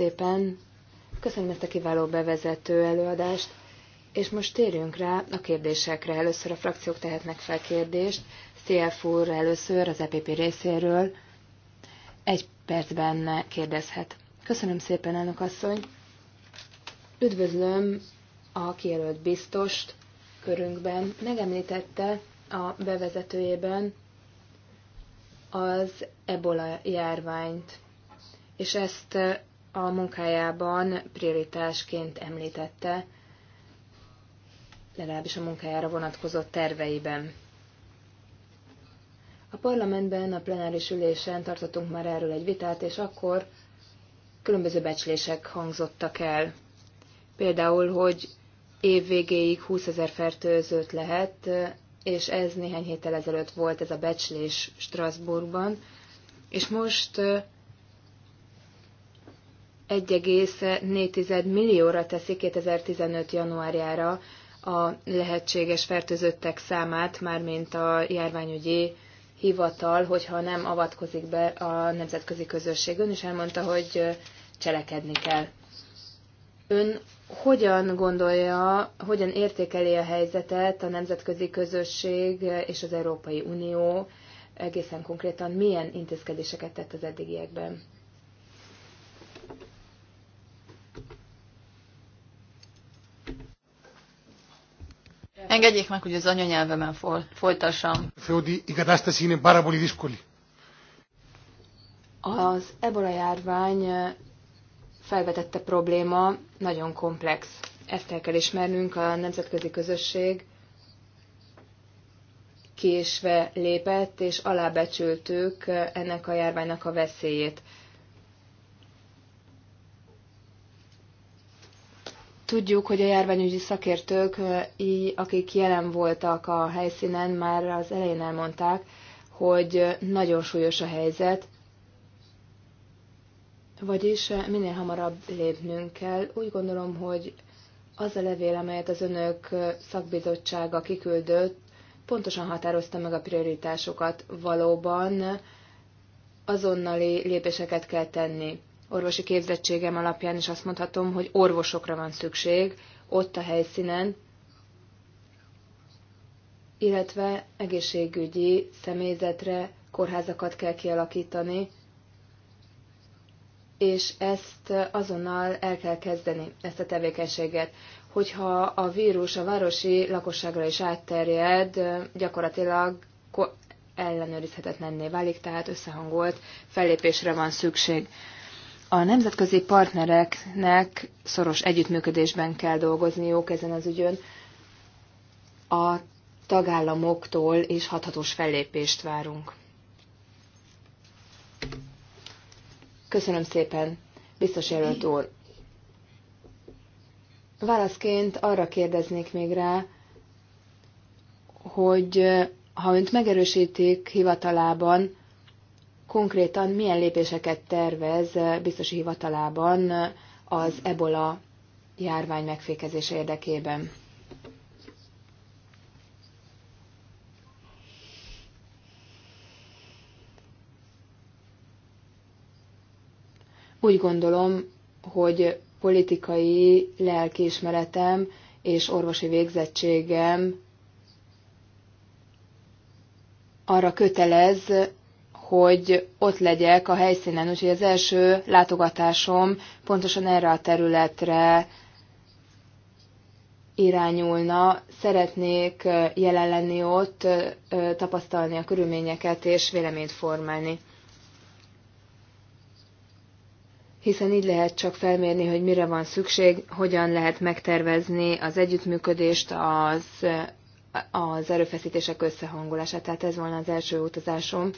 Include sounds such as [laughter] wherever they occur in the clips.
szépen. Köszönöm ezt a kiváló bevezető előadást, és most térjünk rá a kérdésekre. Először a frakciók tehetnek fel kérdést. CF úr először az EPP részéről egy percben kérdezhet. Köszönöm szépen, elnök asszony. Üdvözlöm a kijelölt biztost körünkben. Megemlítette a bevezetőjében az ebola járványt, és ezt a munkájában prioritásként említette, legalábbis a munkájára vonatkozott terveiben. A parlamentben, a plenáris ülésen tartottunk már erről egy vitát, és akkor különböző becslések hangzottak el. Például, hogy év végéig 20 ezer fertőzött lehet, és ez néhány héttel ezelőtt volt ez a becslés Strasbourgban, és most 1,4 millióra teszi 2015. januárjára a lehetséges fertőzöttek számát, mármint a járványügyi hivatal, hogyha nem avatkozik be a nemzetközi közösségön, és elmondta, hogy cselekedni kell. Ön hogyan gondolja, hogyan értékeli a helyzetet a nemzetközi közösség és az Európai Unió egészen konkrétan milyen intézkedéseket tett az eddigiekben? Engedjék meg, hogy az anyanyelvemen folytassam. Az ebola járvány felvetette probléma nagyon komplex. Ezt el kell ismernünk, a nemzetközi közösség késve lépett, és alábecsültük ennek a járványnak a veszélyét. Tudjuk, hogy a járványügyi szakértők, akik jelen voltak a helyszínen, már az elején elmondták, hogy nagyon súlyos a helyzet, vagyis minél hamarabb lépnünk kell. Úgy gondolom, hogy az a levél, amelyet az önök szakbizottsága kiküldött, pontosan határozta meg a prioritásokat. Valóban azonnali lépéseket kell tenni orvosi képzettségem alapján is azt mondhatom, hogy orvosokra van szükség ott a helyszínen, illetve egészségügyi személyzetre kórházakat kell kialakítani, és ezt azonnal el kell kezdeni, ezt a tevékenységet. Hogyha a vírus a városi lakosságra is átterjed, gyakorlatilag ellenőrizhetetlenné válik, tehát összehangolt fellépésre van szükség. A nemzetközi partnereknek szoros együttműködésben kell dolgozniuk ezen az ügyön. A tagállamoktól és hathatós fellépést várunk. Köszönöm szépen, biztos jelölt úr. Válaszként arra kérdeznék még rá, hogy ha önt megerősítik hivatalában, konkrétan milyen lépéseket tervez biztosi hivatalában az ebola járvány megfékezése érdekében. Úgy gondolom, hogy politikai lelkiismeretem és orvosi végzettségem arra kötelez, hogy ott legyek a helyszínen. Úgyhogy az első látogatásom pontosan erre a területre irányulna. Szeretnék jelen lenni ott, tapasztalni a körülményeket és véleményt formálni. Hiszen így lehet csak felmérni, hogy mire van szükség, hogyan lehet megtervezni az együttműködést, az, az erőfeszítések összehangolását. Tehát ez volna az első utazásom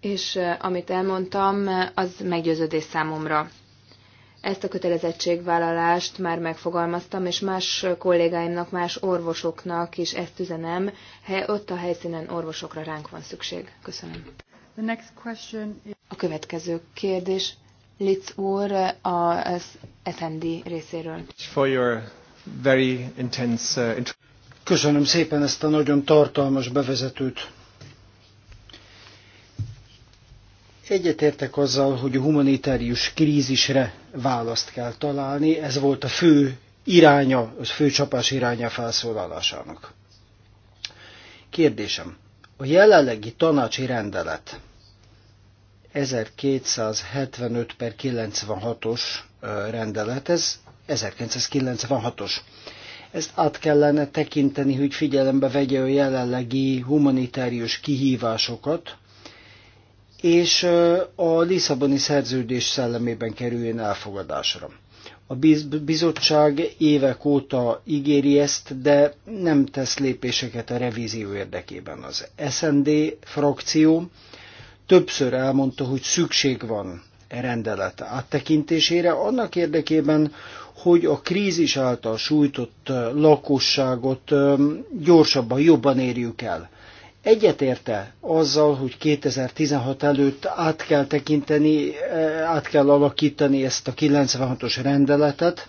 és amit elmondtam, az meggyőződés számomra. Ezt a kötelezettségvállalást már megfogalmaztam, és más kollégáimnak, más orvosoknak is ezt üzenem, hely ott a helyszínen orvosokra ránk van szükség. Köszönöm. The next question is... A következő kérdés Litz úr az SND részéről. For your very intense, uh, Köszönöm szépen ezt a nagyon tartalmas bevezetőt. Egyetértek azzal, hogy a humanitárius krízisre választ kell találni, ez volt a fő iránya, a fő csapás iránya felszólalásának. Kérdésem, a jelenlegi tanácsi rendelet 1275 per 96-os rendelet, ez 1996-os. Ezt át kellene tekinteni, hogy figyelembe vegye a jelenlegi humanitárius kihívásokat, és a Lisszaboni szerződés szellemében kerüljön elfogadásra. A bizottság évek óta ígéri ezt, de nem tesz lépéseket a revízió érdekében. Az SND frakció többször elmondta, hogy szükség van e rendelet áttekintésére, annak érdekében, hogy a krízis által sújtott lakosságot gyorsabban, jobban érjük el. Egyetérte azzal, hogy 2016 előtt át kell tekinteni, eh, át kell alakítani ezt a 96-os rendeletet,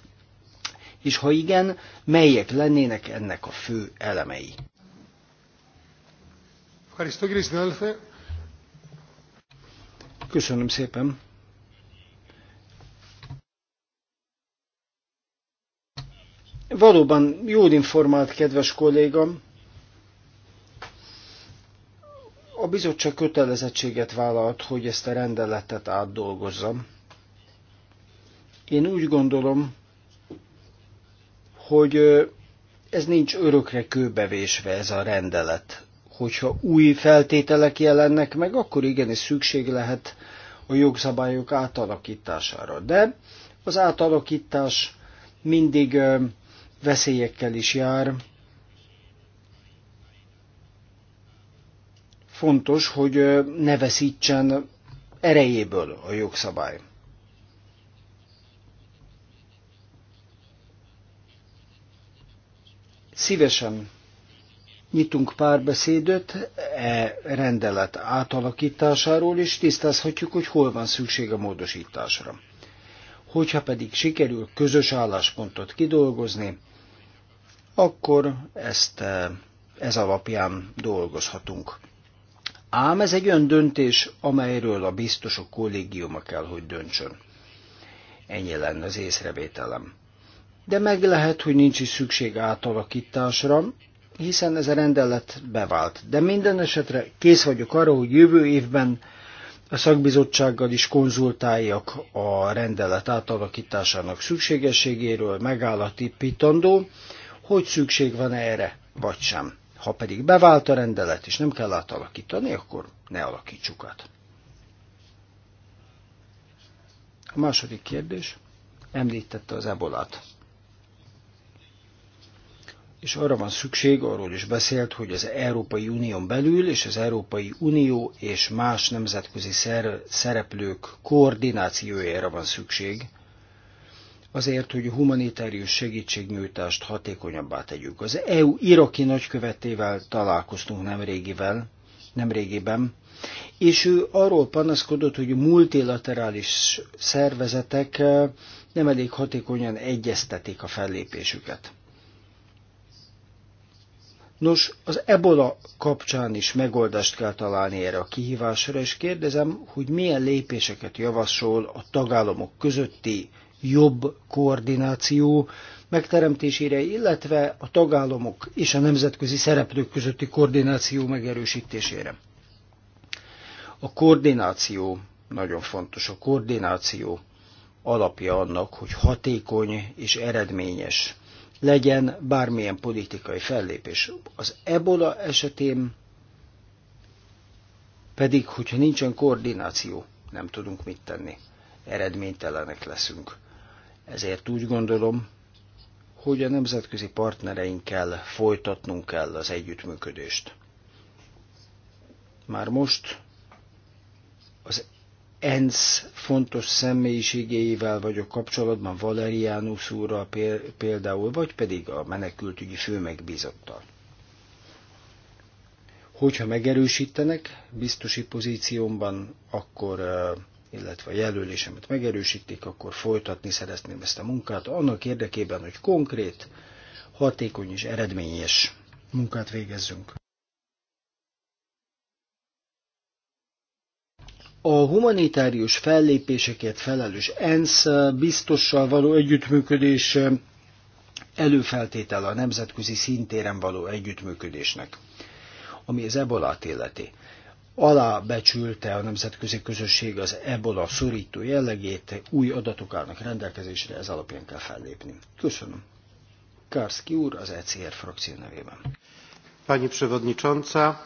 és ha igen, melyek lennének ennek a fő elemei? Köszönöm szépen. Valóban jól informált kedves kollégam, A bizottság kötelezettséget vállalt, hogy ezt a rendeletet átdolgozzam. Én úgy gondolom, hogy ez nincs örökre kőbevésve ez a rendelet. Hogyha új feltételek jelennek meg, akkor igenis szükség lehet a jogszabályok átalakítására. De az átalakítás mindig veszélyekkel is jár, fontos, hogy ne veszítsen erejéből a jogszabály. Szívesen nyitunk párbeszédöt e rendelet átalakításáról, és tisztázhatjuk, hogy hol van szükség a módosításra. Hogyha pedig sikerül közös álláspontot kidolgozni, akkor ezt e, ez alapján dolgozhatunk. Ám ez egy olyan döntés, amelyről a biztosok kollégiuma kell, hogy döntsön. Ennyi lenne az észrevételem. De meg lehet, hogy nincs is szükség átalakításra, hiszen ez a rendelet bevált. De minden esetre kész vagyok arra, hogy jövő évben a szakbizottsággal is konzultáljak a rendelet átalakításának szükségességéről, pitandó, hogy szükség van -e erre, vagy sem. Ha pedig bevált a rendelet, és nem kell átalakítani, akkor ne alakítsuk át. A második kérdés említette az ebolát. És arra van szükség, arról is beszélt, hogy az Európai Unión belül és az Európai Unió és más nemzetközi szereplők koordinációjára van szükség – azért, hogy a humanitárius segítségnyújtást hatékonyabbá tegyük. Az EU iraki nagykövetével találkoztunk nemrégivel, nemrégiben, és ő arról panaszkodott, hogy a multilaterális szervezetek eh, nem elég hatékonyan egyeztetik a fellépésüket. Nos, az ebola kapcsán is megoldást kell találni erre a kihívásra, és kérdezem, hogy milyen lépéseket javasol a tagállamok közötti jobb koordináció megteremtésére, illetve a tagállamok és a nemzetközi szereplők közötti koordináció megerősítésére. A koordináció nagyon fontos. A koordináció alapja annak, hogy hatékony és eredményes legyen bármilyen politikai fellépés. Az ebola esetén pedig, hogyha nincsen koordináció, nem tudunk mit tenni. Eredménytelenek leszünk. Ezért úgy gondolom, hogy a nemzetközi partnereinkkel folytatnunk kell az együttműködést. Már most az ENSZ fontos személyiségeivel vagyok kapcsolatban, Valerianus úrral például, vagy pedig a menekültügyi főmegbízottal. Hogyha megerősítenek biztosi pozíciómban, akkor illetve a jelölésemet megerősítik, akkor folytatni szeretném ezt a munkát, annak érdekében, hogy konkrét, hatékony és eredményes munkát végezzünk. A humanitárius fellépésekért felelős ENSZ biztossal való együttműködés előfeltétele a nemzetközi szintéren való együttműködésnek, ami az ebolát illeti alábecsülte a nemzetközi közösség az ebola szorító jellegét, új adatok állnak rendelkezésre, ez alapján kell fellépni. Köszönöm. Karski úr az ECR frakció nevében. Pani Przewodnicząca,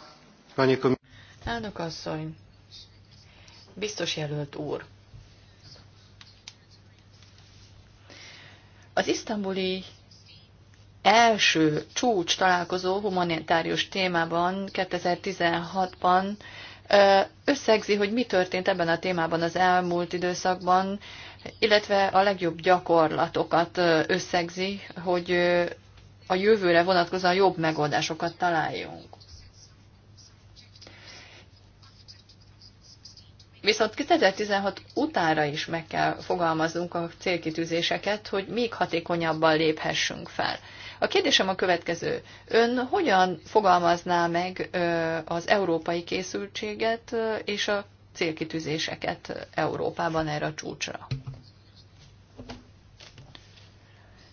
Panie Komis... Elnök asszony, biztos jelölt úr. Az isztambuli első csúcs találkozó humanitárius témában 2016-ban összegzi, hogy mi történt ebben a témában az elmúlt időszakban, illetve a legjobb gyakorlatokat összegzi, hogy a jövőre vonatkozóan jobb megoldásokat találjunk. Viszont 2016 utára is meg kell fogalmaznunk a célkitűzéseket, hogy még hatékonyabban léphessünk fel. A kérdésem a következő. Ön hogyan fogalmazná meg az európai készültséget és a célkitűzéseket Európában erre a csúcsra?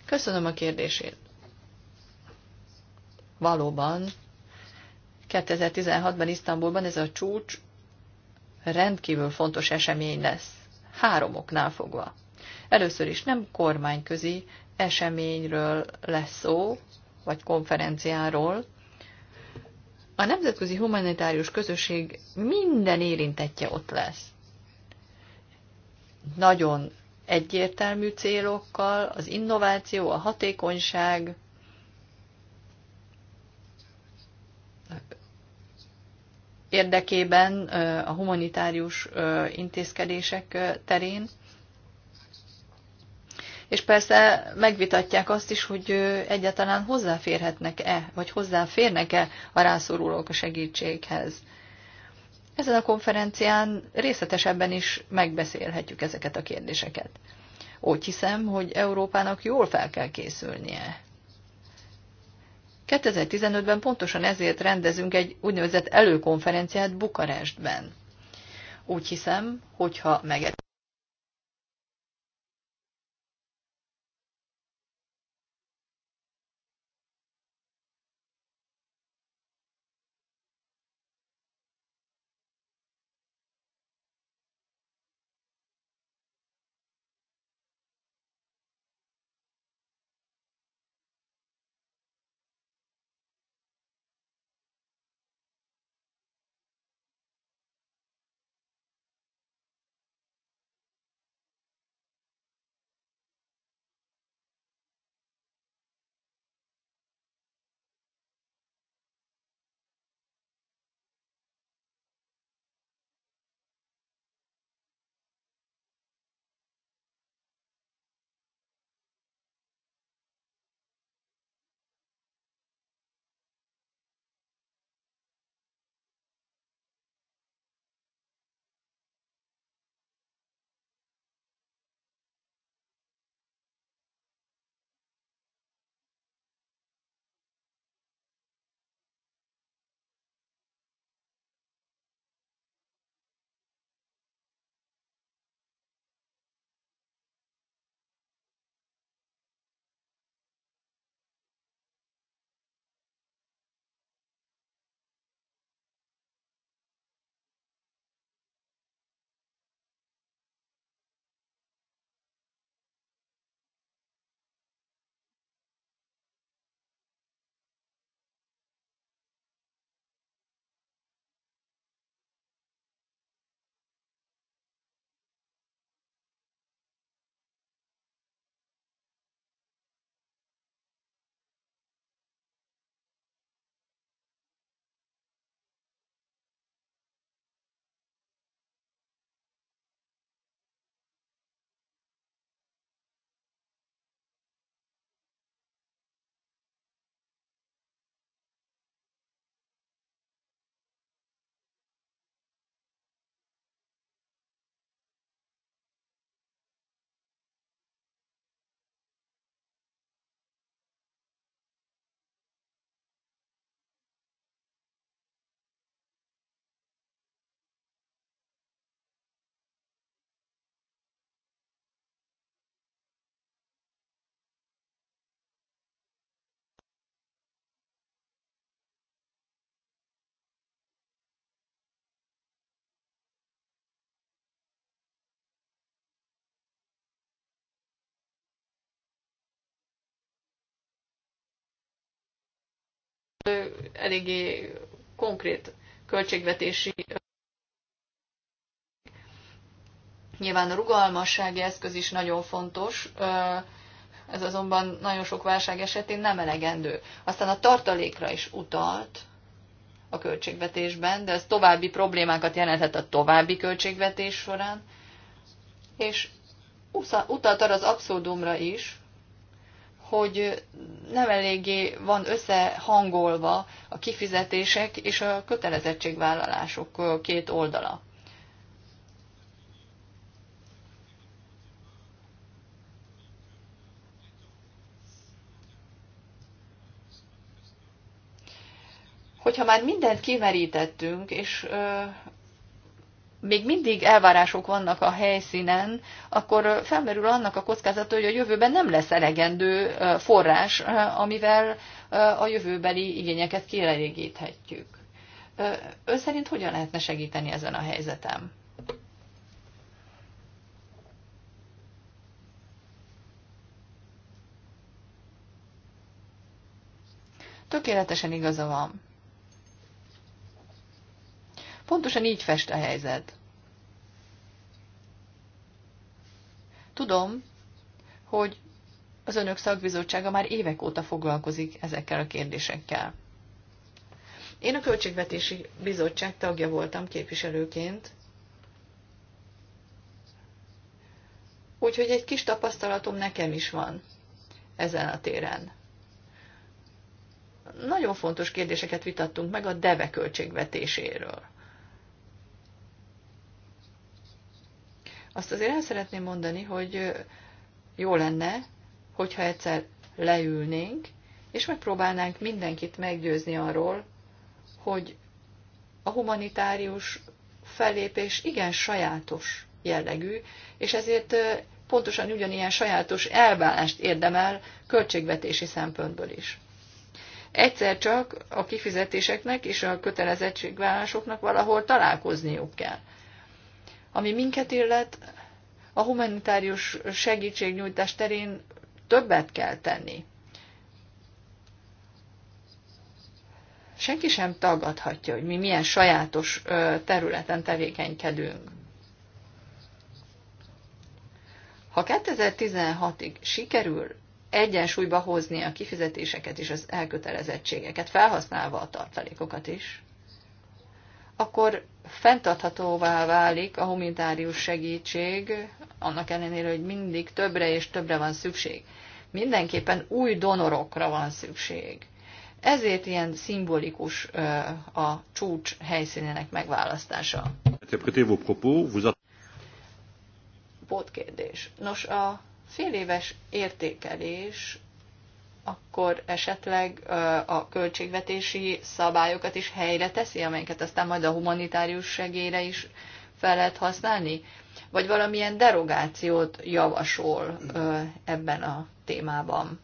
Köszönöm a kérdését. Valóban, 2016-ban Isztambulban ez a csúcs rendkívül fontos esemény lesz. Három oknál fogva. Először is nem kormányközi, eseményről lesz szó, vagy konferenciáról. A nemzetközi humanitárius közösség minden érintettje ott lesz. Nagyon egyértelmű célokkal, az innováció, a hatékonyság, érdekében a humanitárius intézkedések terén és persze megvitatják azt is, hogy egyáltalán hozzáférhetnek-e, vagy hozzáférnek-e a rászorulók a segítséghez. Ezen a konferencián részletesebben is megbeszélhetjük ezeket a kérdéseket. Úgy hiszem, hogy Európának jól fel kell készülnie. 2015-ben pontosan ezért rendezünk egy úgynevezett előkonferenciát Bukarestben. Úgy hiszem, hogyha meg eléggé konkrét költségvetési Nyilván a rugalmassági eszköz is nagyon fontos, ez azonban nagyon sok válság esetén nem elegendő. Aztán a tartalékra is utalt a költségvetésben, de ez további problémákat jelenthet a további költségvetés során, és utalt arra az abszurdumra is, hogy nem eléggé van összehangolva a kifizetések és a kötelezettségvállalások két oldala. Hogyha már mindent kimerítettünk, és még mindig elvárások vannak a helyszínen, akkor felmerül annak a kockázata, hogy a jövőben nem lesz elegendő forrás, amivel a jövőbeli igényeket kielégíthetjük. Ön szerint hogyan lehetne segíteni ezen a helyzetem? Tökéletesen igaza van. Pontosan így fest a helyzet. Tudom, hogy az önök szakbizottsága már évek óta foglalkozik ezekkel a kérdésekkel. Én a Költségvetési Bizottság tagja voltam képviselőként, úgyhogy egy kis tapasztalatom nekem is van ezen a téren. Nagyon fontos kérdéseket vitattunk meg a DEVE költségvetéséről. Azt azért el szeretném mondani, hogy jó lenne, hogyha egyszer leülnénk, és megpróbálnánk mindenkit meggyőzni arról, hogy a humanitárius fellépés igen sajátos jellegű, és ezért pontosan ugyanilyen sajátos elvállást érdemel költségvetési szempontból is. Egyszer csak a kifizetéseknek és a kötelezettségvállásoknak valahol találkozniuk kell. Ami minket illet, a humanitárius segítségnyújtás terén többet kell tenni. Senki sem tagadhatja, hogy mi milyen sajátos területen tevékenykedünk. Ha 2016-ig sikerül egyensúlyba hozni a kifizetéseket és az elkötelezettségeket, felhasználva a tartalékokat is, akkor fenntarthatóvá válik a humanitárius segítség, annak ellenére, hogy mindig többre és többre van szükség. Mindenképpen új donorokra van szükség. Ezért ilyen szimbolikus a csúcs helyszínének megválasztása. Pótkérdés. Nos, a féléves értékelés akkor esetleg a költségvetési szabályokat is helyre teszi, amelyeket aztán majd a humanitárius segélyre is fel lehet használni? Vagy valamilyen derogációt javasol ebben a témában?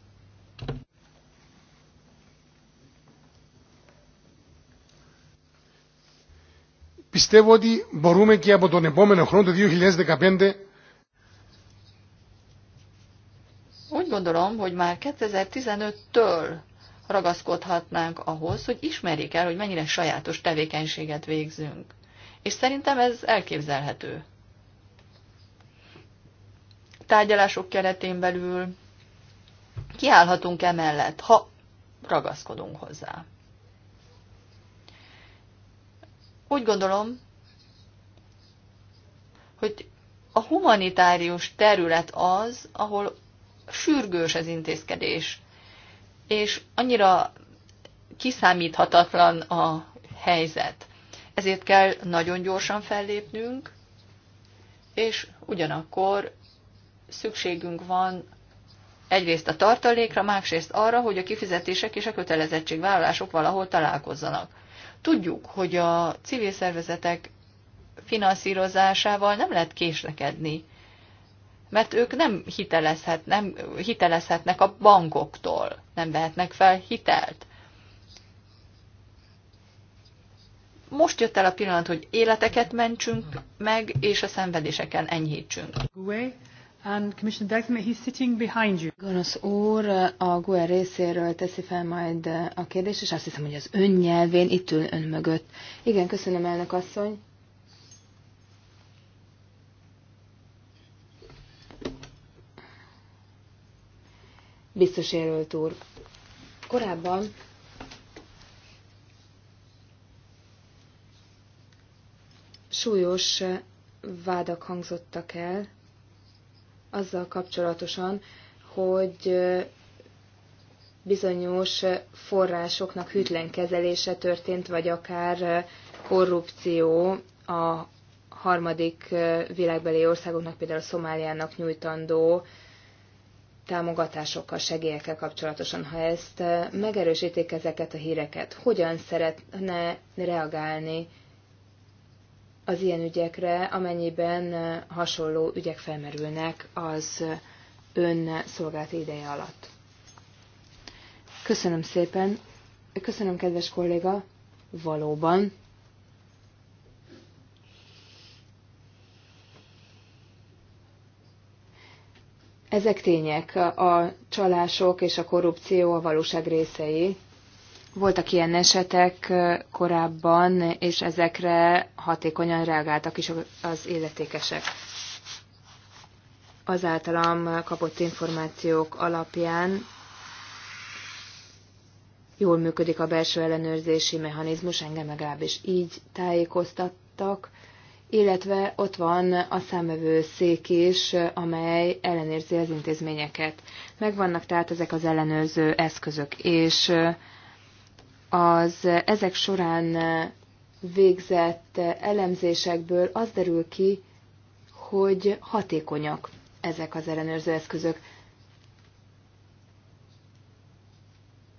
Πιστεύω ότι μπορούμε και από τον επόμενο χρόνο, το 2015, úgy gondolom, hogy már 2015-től ragaszkodhatnánk ahhoz, hogy ismerjék el, hogy mennyire sajátos tevékenységet végzünk. És szerintem ez elképzelhető. Tárgyalások keretén belül kiállhatunk emellett, ha ragaszkodunk hozzá. Úgy gondolom, hogy a humanitárius terület az, ahol sürgős az intézkedés, és annyira kiszámíthatatlan a helyzet. Ezért kell nagyon gyorsan fellépnünk, és ugyanakkor szükségünk van egyrészt a tartalékra, másrészt arra, hogy a kifizetések és a kötelezettségvállalások valahol találkozzanak. Tudjuk, hogy a civil szervezetek finanszírozásával nem lehet késlekedni mert ők nem, hitelezhet, nem hitelezhetnek a bankoktól, nem vehetnek fel hitelt. Most jött el a pillanat, hogy életeket mentsünk meg, és a szenvedéseken enyhítsünk. And Commissioner sitting behind you. Gonosz úr a GUE részéről teszi fel majd a kérdést, és azt hiszem, hogy az ön nyelvén itt ül ön mögött. Igen, köszönöm, elnök asszony. biztos jelölt úr. Korábban súlyos vádak hangzottak el azzal kapcsolatosan, hogy bizonyos forrásoknak hűtlen kezelése történt, vagy akár korrupció a harmadik világbeli országoknak, például a Szomáliának nyújtandó támogatásokkal, segélyekkel kapcsolatosan, ha ezt eh, megerősítik ezeket a híreket, hogyan szeretne reagálni az ilyen ügyekre, amennyiben eh, hasonló ügyek felmerülnek az eh, ön szolgált ideje alatt. Köszönöm szépen. Köszönöm, kedves kolléga. Valóban Ezek tények, a csalások és a korrupció a valóság részei. Voltak ilyen esetek korábban, és ezekre hatékonyan reagáltak is az életékesek. Az általam kapott információk alapján jól működik a belső ellenőrzési mechanizmus, engem legalábbis így tájékoztattak, illetve ott van a szék is, amely ellenérzi az intézményeket. Megvannak tehát ezek az ellenőrző eszközök, és az ezek során végzett elemzésekből az derül ki, hogy hatékonyak ezek az ellenőrző eszközök.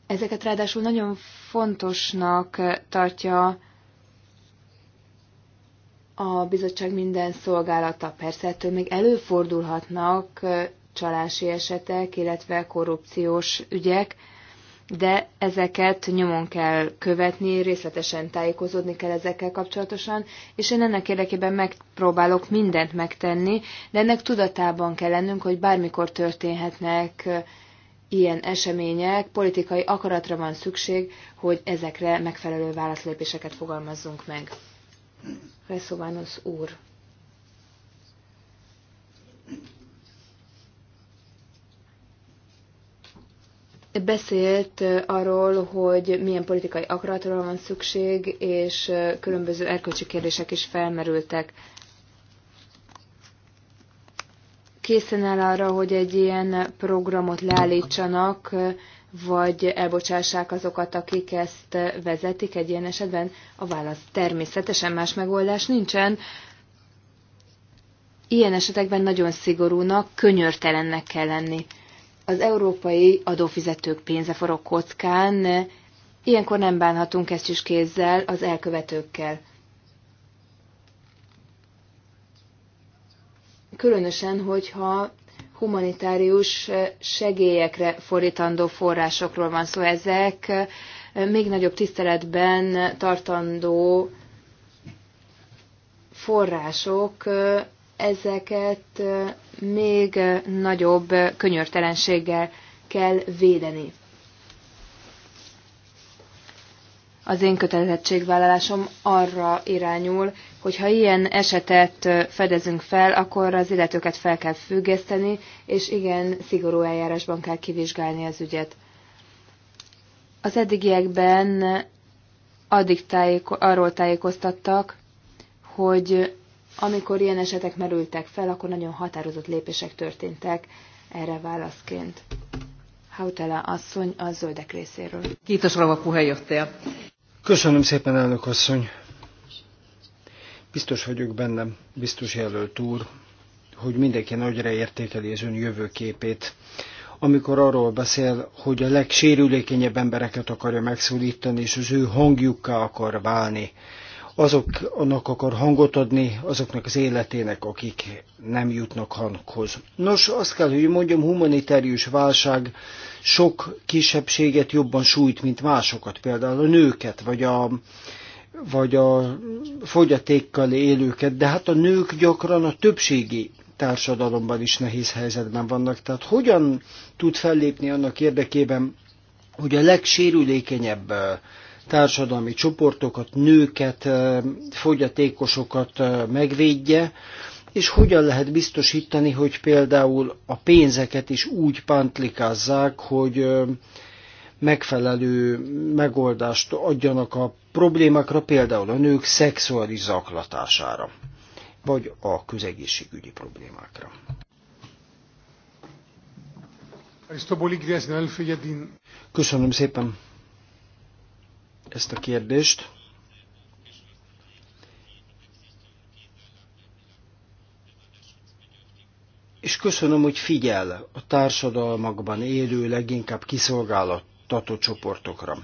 Ezeket ráadásul nagyon fontosnak tartja a bizottság minden szolgálata. Persze ettől még előfordulhatnak csalási esetek, illetve korrupciós ügyek, de ezeket nyomon kell követni, részletesen tájékozódni kell ezekkel kapcsolatosan, és én ennek érdekében megpróbálok mindent megtenni, de ennek tudatában kell lennünk, hogy bármikor történhetnek ilyen események, politikai akaratra van szükség, hogy ezekre megfelelő válaszlépéseket fogalmazzunk meg. Reszobános úr. Beszélt eh, arról, hogy milyen politikai akaratra van szükség, és eh, különböző erkölcsi kérdések is felmerültek. Készen áll arra, hogy egy ilyen programot leállítsanak, eh, vagy elbocsássák azokat, akik ezt vezetik egy ilyen esetben? A válasz természetesen más megoldás nincsen. Ilyen esetekben nagyon szigorúnak, könyörtelennek kell lenni. Az európai adófizetők pénze forog kockán, ilyenkor nem bánhatunk is kézzel az elkövetőkkel. Különösen, hogyha humanitárius segélyekre fordítandó forrásokról van szó. ezek még nagyobb tiszteletben tartandó források, ezeket még nagyobb könyörtelenséggel kell védeni. Az én kötelezettségvállalásom arra irányul, hogyha ilyen esetet fedezünk fel, akkor az illetőket fel kell függeszteni, és igen, szigorú eljárásban kell kivizsgálni az ügyet. Az eddigiekben addig tájéko- arról tájékoztattak, hogy amikor ilyen esetek merültek fel, akkor nagyon határozott lépések történtek erre válaszként. Hautela asszony a zöldek részéről. Kétos Rava Köszönöm szépen, elnök asszony. Biztos vagyok bennem, biztos jelölt úr, hogy mindenki nagyra értékeli az ön jövőképét. Amikor arról beszél, hogy a legsérülékenyebb embereket akarja megszólítani, és az ő hangjukká akar válni, azoknak akar hangot adni, azoknak az életének, akik nem jutnak hanghoz. Nos, azt kell, hogy mondjam, humanitárius válság sok kisebbséget jobban sújt, mint másokat, például a nőket, vagy a vagy a fogyatékkal élőket, de hát a nők gyakran a többségi társadalomban is nehéz helyzetben vannak. Tehát hogyan tud fellépni annak érdekében, hogy a legsérülékenyebb társadalmi csoportokat, nőket, fogyatékosokat megvédje, és hogyan lehet biztosítani, hogy például a pénzeket is úgy pántlikázzák, hogy megfelelő megoldást adjanak a problémákra, például a nők szexuális zaklatására, vagy a közegészségügyi problémákra. Köszönöm szépen ezt a kérdést. és köszönöm, hogy figyel a társadalmakban élő, leginkább kiszolgálat kiszolgáltató csoportokra.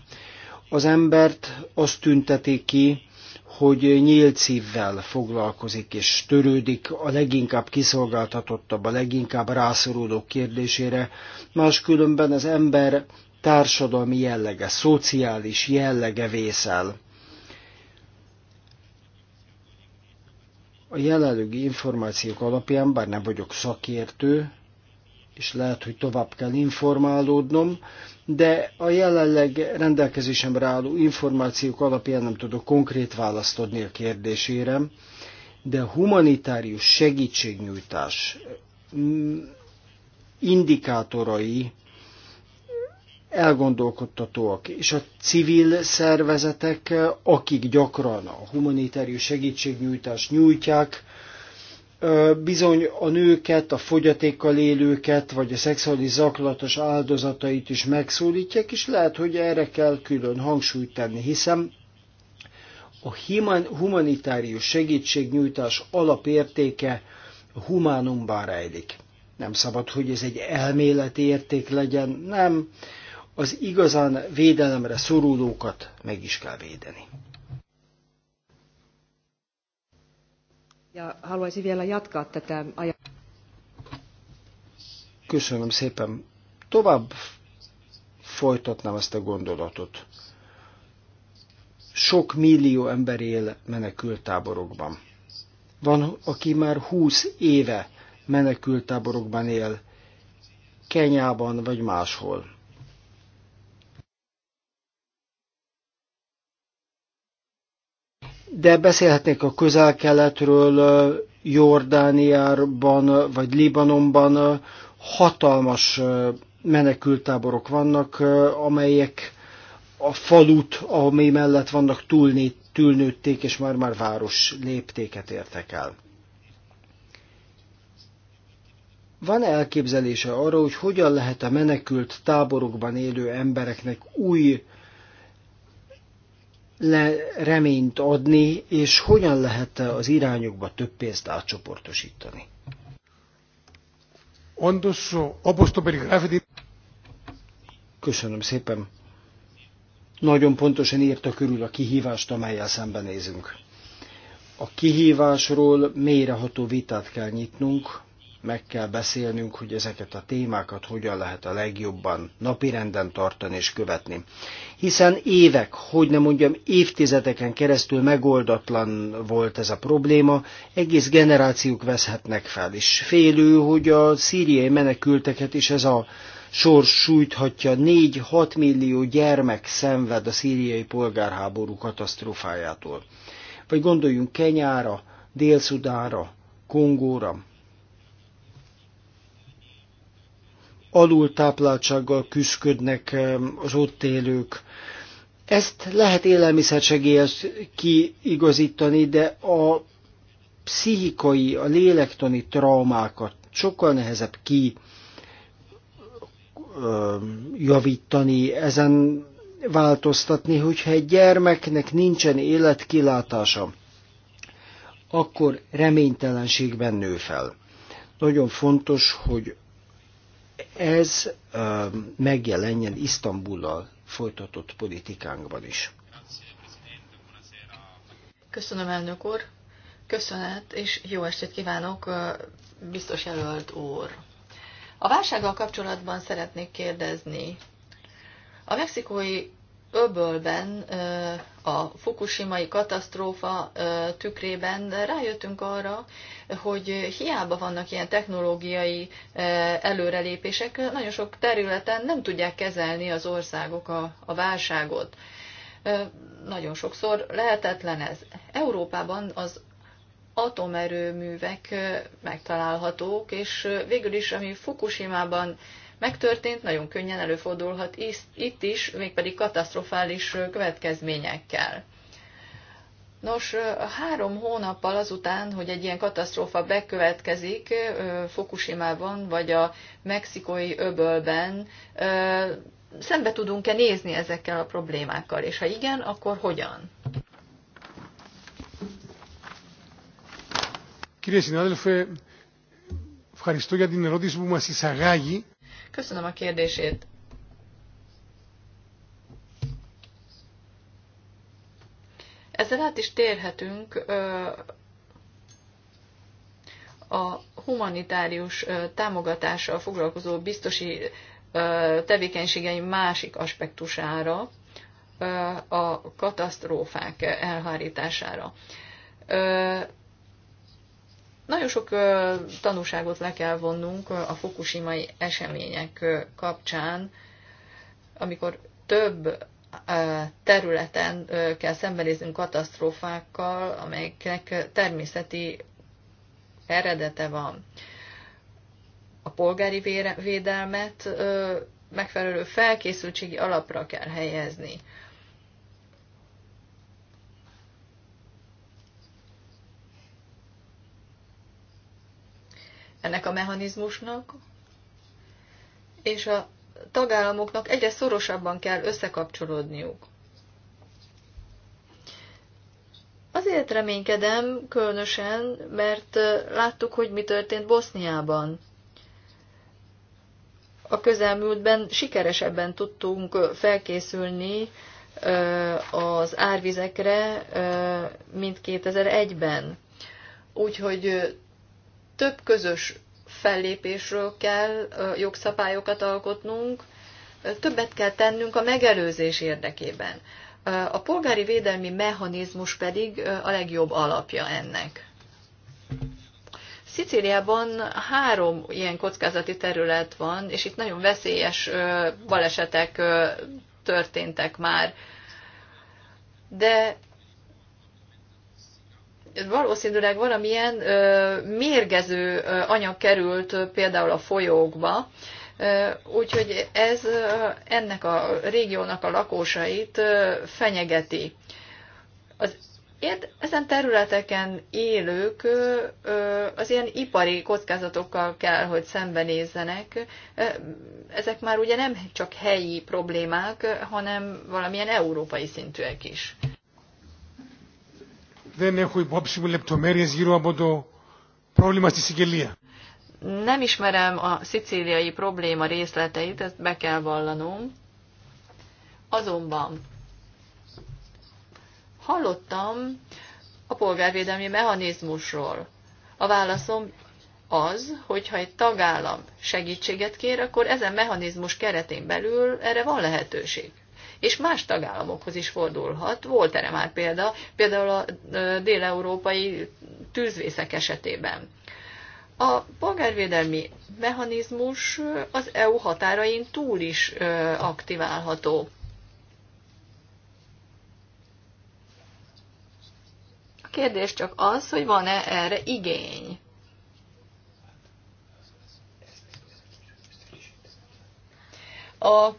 Az embert azt tünteti ki, hogy nyílt szívvel foglalkozik és törődik a leginkább kiszolgáltatottabb, a leginkább rászoruló kérdésére, máskülönben az ember társadalmi jellege, szociális jellege vészel. A jelenlegi információk alapján, bár nem vagyok szakértő, és lehet, hogy tovább kell informálódnom, de a jelenleg rendelkezésemre álló információk alapján nem tudok konkrét választ adni a kérdésére, de humanitárius segítségnyújtás mm, indikátorai elgondolkodtatóak, és a civil szervezetek, akik gyakran a humanitárius segítségnyújtást nyújtják, bizony a nőket, a fogyatékkal élőket, vagy a szexuális zaklatos áldozatait is megszólítják, és lehet, hogy erre kell külön hangsúlyt tenni, hiszen a humanitárius segítségnyújtás alapértéke a humánumban rejlik. Nem szabad, hogy ez egy elméleti érték legyen, nem, az igazán védelemre szorulókat meg is kell védeni. Ja, haluaisin vielä jatkaa tätä Köszönöm szépen. Tovább folytatnám ezt a gondolatot. Sok millió ember él menekültáborokban. Van, aki már húsz éve menekültáborokban él, Kenyában vagy máshol. de beszélhetnék a közel-keletről, Jordániában vagy Libanonban hatalmas menekültáborok vannak, amelyek a falut, ami mellett vannak, túlnét, túlnőtték, és már-már város léptéket értek el. Van elképzelése arra, hogy hogyan lehet a menekült táborokban élő embereknek új le reményt adni, és hogyan lehet az irányokba több pénzt átcsoportosítani. Köszönöm szépen. Nagyon pontosan írta körül a kihívást, amelyel szembenézünk. A kihívásról mélyreható vitát kell nyitnunk, meg kell beszélnünk, hogy ezeket a témákat hogyan lehet a legjobban napirenden tartani és követni. Hiszen évek, hogy nem mondjam évtizedeken keresztül megoldatlan volt ez a probléma, egész generációk veszhetnek fel, és félő, hogy a szíriai menekülteket is ez a sors sújthatja, 4-6 millió gyermek szenved a szíriai polgárháború katasztrófájától. Vagy gondoljunk Kenyára, Dél-Szudára, Kongóra, alultápláltsággal küzdködnek az ott élők. Ezt lehet élelmiszersegélyhez kiigazítani, de a pszichikai, a lélektani traumákat sokkal nehezebb ki javítani, ezen változtatni, hogyha egy gyermeknek nincsen életkilátása, akkor reménytelenségben nő fel. Nagyon fontos, hogy ez megjelenjen Isztambullal folytatott politikánkban is. Köszönöm, elnök úr. Köszönet, és jó estét kívánok, biztos jelölt úr. A válsággal kapcsolatban szeretnék kérdezni. A mexikói öbölben a fukushimai katasztrófa tükrében rájöttünk arra, hogy hiába vannak ilyen technológiai előrelépések, nagyon sok területen nem tudják kezelni az országok a, a válságot. Nagyon sokszor lehetetlen ez. Európában az atomerőművek megtalálhatók, és végül is, ami Fukushima-ban megtörtént, nagyon könnyen előfordulhat itt is, mégpedig katasztrofális következményekkel. Nos, három hónappal azután, hogy egy ilyen katasztrófa bekövetkezik Fukushima-ban vagy a mexikói öbölben, szembe tudunk-e nézni ezekkel a problémákkal, és ha igen, akkor hogyan? Κύριε συνάδελφε, ευχαριστώ για την ερώτηση που μας εισαγάγει. Köszönöm a kérdését. Ezzel át is térhetünk a humanitárius támogatással foglalkozó biztosi tevékenységei másik aspektusára, a katasztrófák elhárítására. Nagyon sok tanúságot le kell vonnunk a fukushimai események kapcsán, amikor több területen kell szembenéznünk katasztrófákkal, amelyeknek természeti eredete van. A polgári védelmet megfelelő felkészültségi alapra kell helyezni. ennek a mechanizmusnak, és a tagállamoknak egyre szorosabban kell összekapcsolódniuk. Azért reménykedem különösen, mert láttuk, hogy mi történt Boszniában. A közelmúltban sikeresebben tudtunk felkészülni az árvizekre, mint 2001-ben. Úgyhogy több közös fellépésről kell jogszabályokat alkotnunk, többet kell tennünk a megelőzés érdekében. A polgári védelmi mechanizmus pedig a legjobb alapja ennek. Szicíliában három ilyen kockázati terület van, és itt nagyon veszélyes balesetek történtek már. De valószínűleg valamilyen mérgező anyag került például a folyókba, úgyhogy ez ennek a régiónak a lakosait fenyegeti. Az ezen területeken élők az ilyen ipari kockázatokkal kell, hogy szembenézzenek. Ezek már ugye nem csak helyi problémák, hanem valamilyen európai szintűek is δεν έχω υπόψη μου λεπτομέρειες γύρω από το πρόβλημα στη Σικελία. Nem ismerem a szicíliai probléma részleteit, ezt be kell vallanom. Azonban hallottam a polgárvédelmi mechanizmusról. A válaszom az, hogyha egy tagállam segítséget kér, akkor ezen mechanizmus keretén belül erre van lehetőség és más tagállamokhoz is fordulhat. Volt erre már példa, például a déleurópai tűzvészek esetében. A polgárvédelmi mechanizmus az EU határain túl is aktiválható. A kérdés csak az, hogy van-e erre igény. A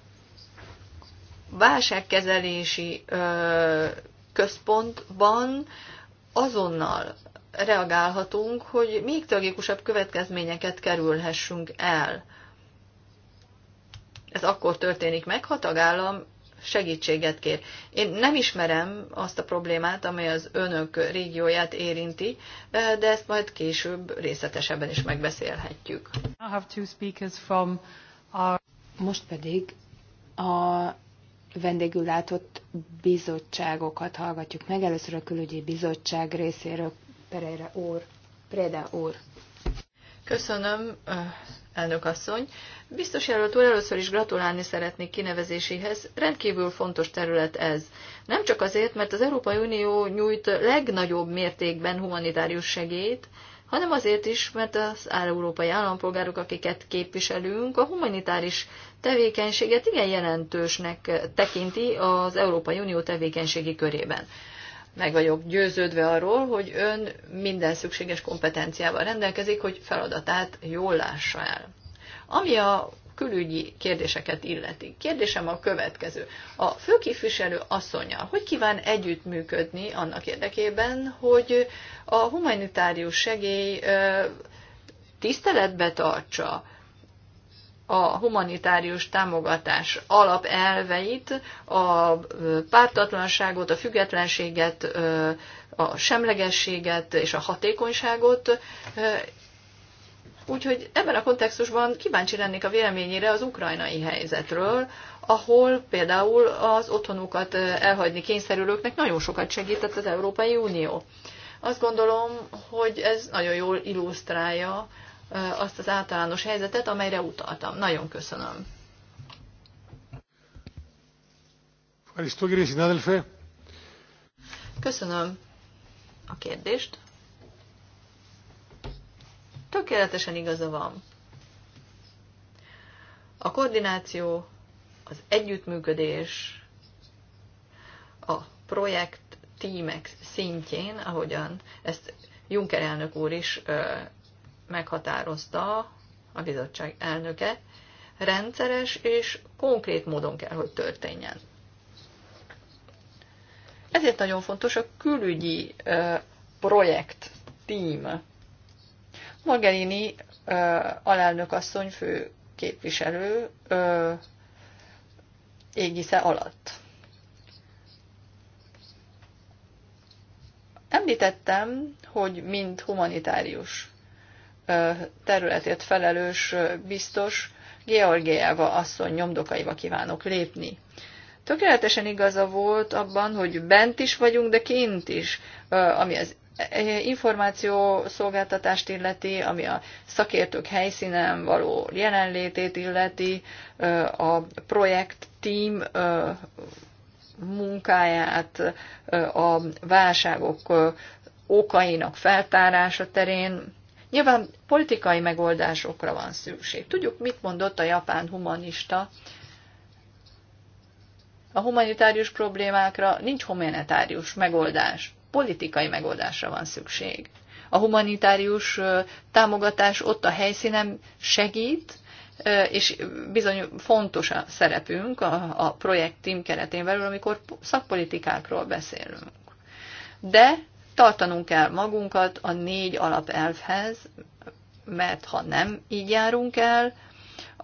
válságkezelési központban azonnal reagálhatunk, hogy még tragikusabb következményeket kerülhessünk el. Ez akkor történik meg, ha tagállam segítséget kér. Én nem ismerem azt a problémát, amely az önök régióját érinti, de ezt majd később részletesebben is megbeszélhetjük. Most pedig a vendégül látott bizottságokat hallgatjuk meg. Először a külügyi bizottság részéről Pereira úr, Preda úr. Köszönöm, eh, elnök asszony. Biztos jelölt úr, először is gratulálni szeretnék kinevezéséhez. Rendkívül fontos terület ez. Nem csak azért, mert az Európai Unió nyújt legnagyobb mértékben humanitárius segélyt, hanem azért is, mert az európai állampolgárok, akiket képviselünk, a humanitáris tevékenységet igen jelentősnek tekinti az Európai Unió tevékenységi körében. Meg vagyok győződve arról, hogy ön minden szükséges kompetenciával rendelkezik, hogy feladatát jól lássa el. Ami a külügyi kérdéseket illeti. Kérdésem a következő. A főképviselő asszonya hogy kíván együttműködni annak érdekében, hogy a humanitárius segély tiszteletbe tartsa a humanitárius támogatás alapelveit, a pártatlanságot, a függetlenséget, a semlegességet és a hatékonyságot, Úgyhogy ebben a kontextusban kíváncsi lennék a véleményére az ukrajnai helyzetről, ahol például az otthonukat elhagyni kényszerülőknek nagyon sokat segített az Európai Unió. Azt gondolom, hogy ez nagyon jól illusztrálja azt az általános helyzetet, amelyre utaltam. Nagyon köszönöm. Köszönöm a kérdést tökéletesen igaza van. A koordináció, az együttműködés, a projekt tímek szintjén, ahogyan ezt Juncker elnök úr is ö, meghatározta, a bizottság elnöke, rendszeres és konkrét módon kell, hogy történjen. Ezért nagyon fontos a külügyi ö, projekt tím Mogherini alelnök asszony fő képviselő égisze alatt. Említettem, hogy mind humanitárius területért felelős biztos Georgieva asszony nyomdokaiba kívánok lépni. Tökéletesen igaza volt abban, hogy bent is vagyunk, de kint is, ami az információszolgáltatást illeti, ami a szakértők helyszínen való jelenlétét illeti, a projekt team munkáját, a válságok okainak feltárása terén. Nyilván politikai megoldásokra van szükség. Tudjuk, mit mondott a japán humanista. A humanitárius problémákra nincs humanitárius megoldás politikai megoldásra van szükség. A humanitárius támogatás ott a helyszínen segít, és bizony fontos a szerepünk a, a projekt team keretén belül, amikor szakpolitikákról beszélünk. De tartanunk kell magunkat a négy alapelvhez, mert ha nem így járunk el,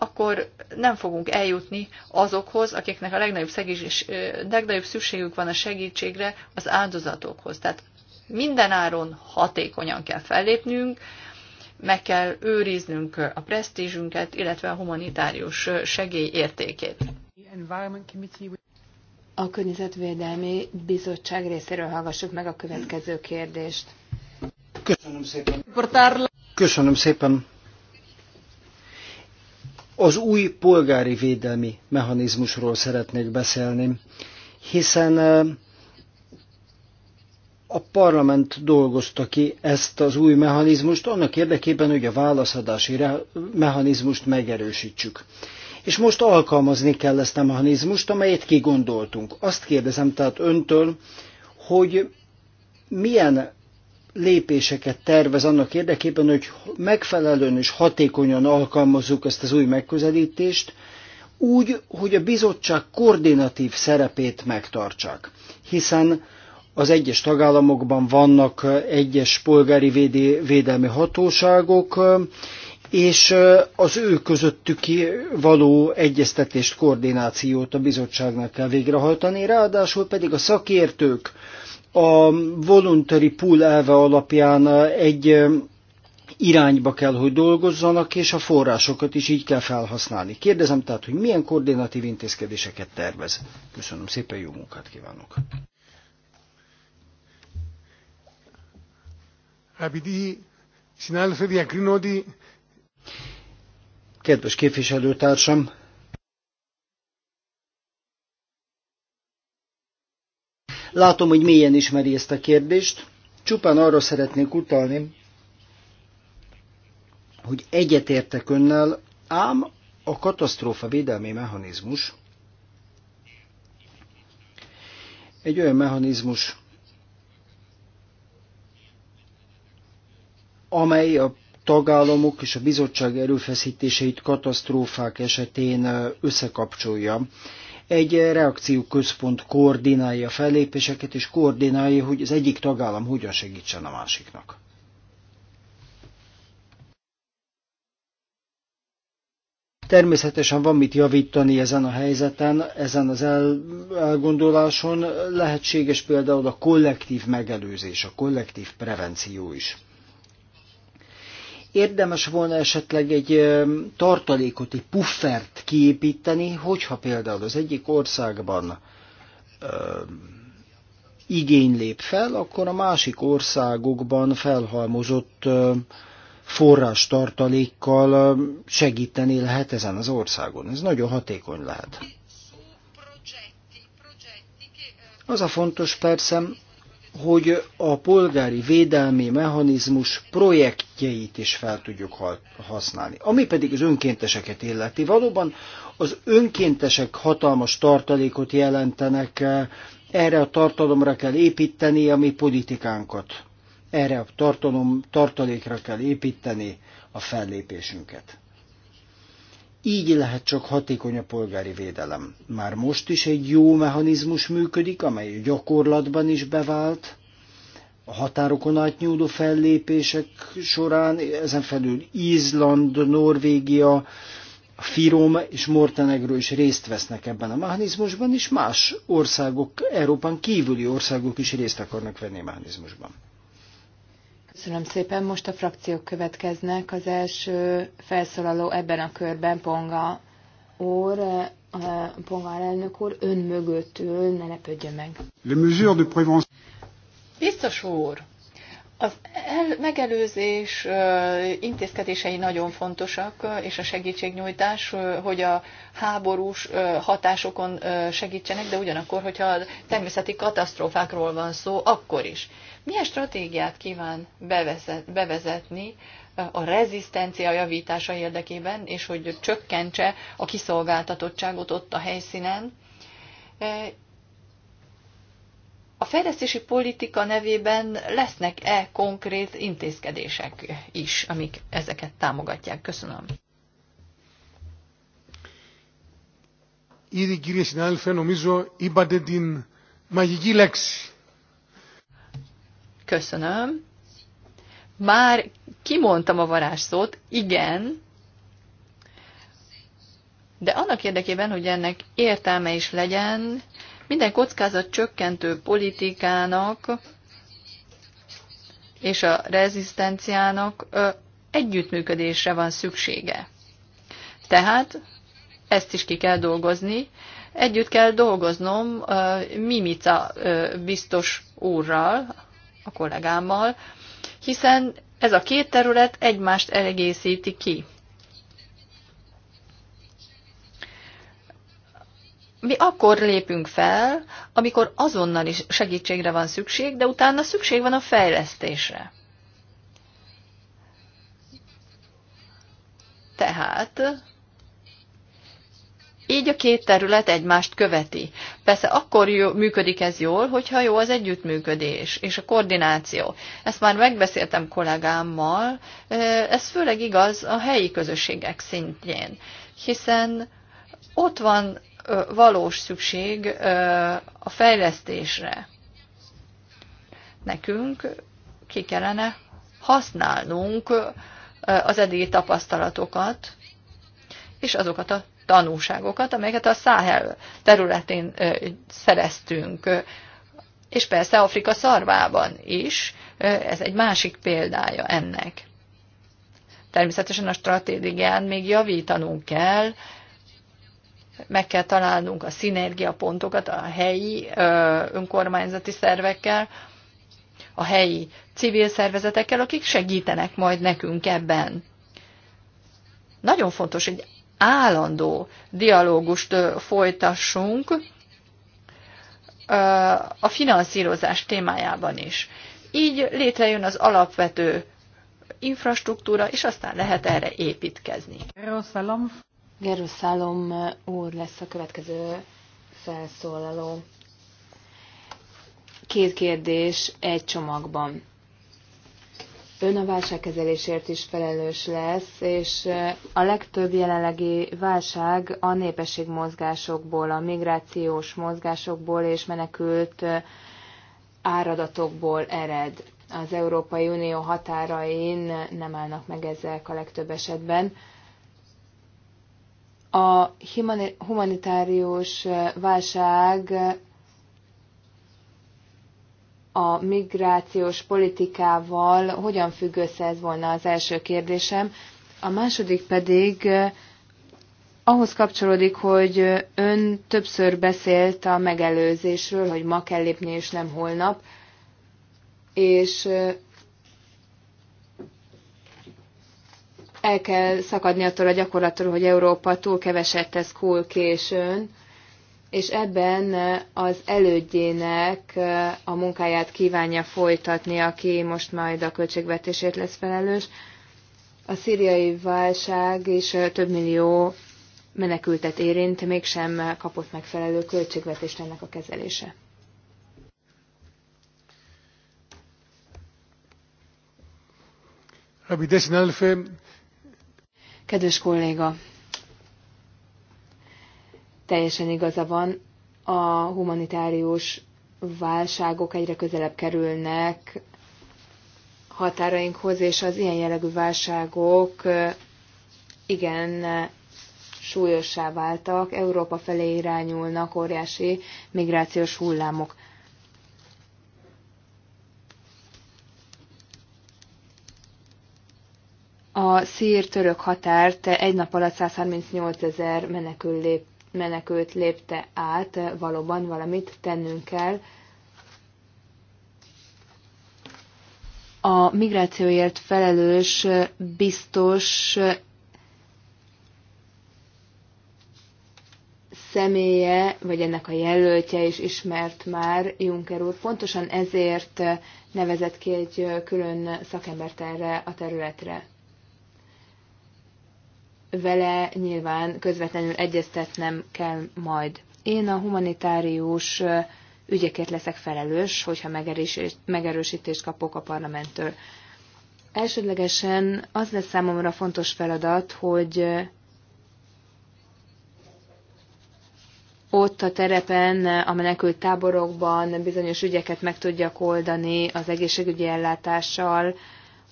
akkor nem fogunk eljutni azokhoz, akiknek a legnagyobb, szegés, legnagyobb szükségük van a segítségre, az áldozatokhoz. Tehát mindenáron hatékonyan kell fellépnünk, meg kell őriznünk a presztízsünket, illetve a humanitárius segély értékét. A Környezetvédelmi Bizottság részéről hallgassuk meg a következő kérdést. Köszönöm szépen. Köszönöm szépen az új polgári védelmi mechanizmusról szeretnék beszélni, hiszen a parlament dolgozta ki ezt az új mechanizmust annak érdekében, hogy a válaszadási mechanizmust megerősítsük. És most alkalmazni kell ezt a mechanizmust, amelyet kigondoltunk. Azt kérdezem tehát öntől, hogy milyen lépéseket tervez annak érdekében, hogy megfelelően és hatékonyan alkalmazzuk ezt az új megközelítést, úgy, hogy a bizottság koordinatív szerepét megtartsák. Hiszen az egyes tagállamokban vannak egyes polgári védelmi hatóságok, és az ő közöttük való egyeztetést, koordinációt a bizottságnak kell végrehajtani, ráadásul pedig a szakértők a voluntary pool elve alapján egy irányba kell, hogy dolgozzanak, és a forrásokat is így kell felhasználni. Kérdezem tehát, hogy milyen koordinatív intézkedéseket tervez. Köszönöm szépen, jó munkát kívánok! Kedves képviselőtársam, Látom, hogy mélyen ismeri ezt a kérdést. Csupán arra szeretnék utalni, hogy egyetértek önnel, ám a katasztrófa védelmi mechanizmus egy olyan mechanizmus, amely a tagállamok és a bizottság erőfeszítéseit katasztrófák esetén összekapcsolja, egy reakcióközpont koordinálja a fellépéseket, és koordinálja, hogy az egyik tagállam hogyan segítsen a másiknak. Természetesen van mit javítani ezen a helyzeten, ezen az el, elgondoláson. Lehetséges például a kollektív megelőzés, a kollektív prevenció is. Érdemes volna esetleg egy tartalékot, egy puffert kiépíteni, hogyha például az egyik országban igény lép fel, akkor a másik országokban felhalmozott forrás tartalékkal segíteni lehet ezen az országon. Ez nagyon hatékony lehet. Az a fontos persze, hogy a polgári védelmi mechanizmus projektjeit is fel tudjuk használni. Ami pedig az önkénteseket illeti, valóban az önkéntesek hatalmas tartalékot jelentenek, erre a tartalomra kell építeni a mi politikánkat. Erre a tartalom, tartalékra kell építeni a fellépésünket. Így lehet csak hatékony a polgári védelem. Már most is egy jó mechanizmus működik, amely gyakorlatban is bevált. A határokon átnyúló fellépések során, ezen felül Izland, Norvégia, Firom és Mortenegro is részt vesznek ebben a mechanizmusban, és más országok, Európán kívüli országok is részt akarnak venni a mechanizmusban. Köszönöm szépen. Most a frakciók következnek. Az első felszólaló ebben a körben Ponga úr, eh, Ponga elnök úr, ön mögött ül, ne lepődjön meg. Biztos úr, az el, megelőzés intézkedései nagyon fontosak, és a segítségnyújtás, hogy a háborús hatásokon segítsenek, de ugyanakkor, hogyha a természeti katasztrófákról van szó, akkor is. Milyen stratégiát kíván bevezetni a rezisztencia javítása érdekében, és hogy csökkentse a kiszolgáltatottságot ott a helyszínen, a fejlesztési politika nevében lesznek-e konkrét intézkedések is, amik ezeket támogatják? Köszönöm. Ήδη κύριε συνάδελφε νομίζω είπατε την μαγική λέξη. Köszönöm. Már kimondtam a varázsszót, igen, de annak érdekében, hogy ennek értelme is legyen, minden kockázat csökkentő politikának és a rezisztenciának együttműködésre van szüksége. Tehát ezt is ki kell dolgozni. Együtt kell dolgoznom Mimica biztos úrral, a kollégámmal, hiszen ez a két terület egymást elegészíti ki. mi akkor lépünk fel, amikor azonnal is segítségre van szükség, de utána szükség van a fejlesztésre. Tehát így a két terület egymást követi. Persze akkor jó, működik ez jól, hogyha jó az együttműködés és a koordináció. Ezt már megbeszéltem kollégámmal, ez főleg igaz a helyi közösségek szintjén, hiszen ott van valós szükség a fejlesztésre. Nekünk ki kellene használnunk az eddigi tapasztalatokat, és azokat a tanúságokat, amelyeket a Száhel területén szereztünk, és persze Afrika szarvában is, ez egy másik példája ennek. Természetesen a stratégián még javítanunk kell, meg kell találnunk a szinergiapontokat a helyi önkormányzati szervekkel, a helyi civil szervezetekkel, akik segítenek majd nekünk ebben. Nagyon fontos, hogy állandó dialógust folytassunk a finanszírozás témájában is. Így létrejön az alapvető infrastruktúra, és aztán lehet erre építkezni. Geruszálom úr lesz a következő felszólaló. Két kérdés egy csomagban. Ön a válságkezelésért is felelős lesz, és a legtöbb jelenlegi válság a népességmozgásokból, a migrációs mozgásokból és menekült áradatokból ered. Az Európai Unió határain nem állnak meg ezek a legtöbb esetben a humanitárius eh, válság eh, a migrációs politikával hogyan függ össze, ez volna az első kérdésem. A második pedig eh, ahhoz kapcsolódik, hogy ön többször beszélt a megelőzésről, hogy ma kell lépni és nem holnap, és El kell szakadni attól a gyakorlattól, hogy Európa túl keveset tesz cool későn, és ebben az elődjének a munkáját kívánja folytatni, aki most majd a költségvetésért lesz felelős. A szíriai válság és több millió menekültet érint, mégsem kapott megfelelő költségvetést ennek a kezelése. Rabbi Desnelfe, Kedves kolléga, teljesen igaza van, a humanitárius válságok egyre közelebb kerülnek határainkhoz, és az ilyen jellegű válságok igen súlyossá váltak, Európa felé irányulnak óriási migrációs hullámok. a szír-török határt egy nap alatt 138 ezer menekül lép, menekült lépte át, valóban valamit tennünk kell. A migrációért felelős biztos személye, vagy ennek a jelöltje is ismert már Juncker úr. Pontosan ezért nevezett ki egy külön szakembert erre a területre vele nyilván közvetlenül egyeztetnem kell majd. Én a humanitárius ügyekért leszek felelős, hogyha megerősítést kapok a parlamenttől. Elsődlegesen az lesz számomra fontos feladat, hogy ott a terepen, a menekült táborokban bizonyos ügyeket meg tudjak oldani az egészségügyi ellátással,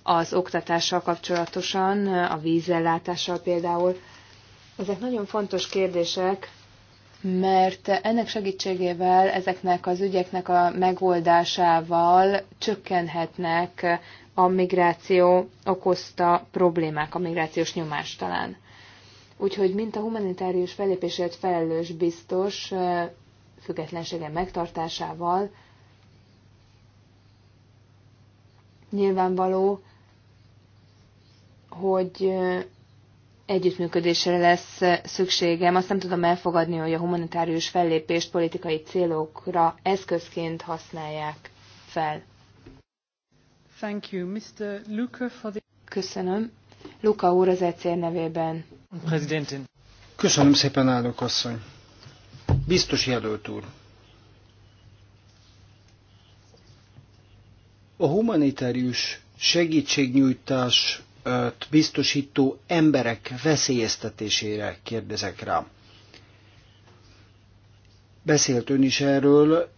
az oktatással kapcsolatosan, a vízellátással például. Ezek nagyon fontos kérdések, mert ennek segítségével, ezeknek az ügyeknek a megoldásával csökkenhetnek a migráció okozta problémák, a migrációs nyomás talán. Úgyhogy, mint a humanitárius felépésért felelős biztos, függetlensége megtartásával Nyilvánvaló, hogy együttműködésre lesz szükségem. Azt nem tudom elfogadni, hogy a humanitárius fellépést politikai célokra eszközként használják fel. Thank you. Mr. Luca for the... Köszönöm. Luka úr az ECR nevében. Köszönöm szépen, állok asszony. Biztos jelölt úr. A humanitárius segítségnyújtás biztosító emberek veszélyeztetésére kérdezek rá. Beszélt ön is erről,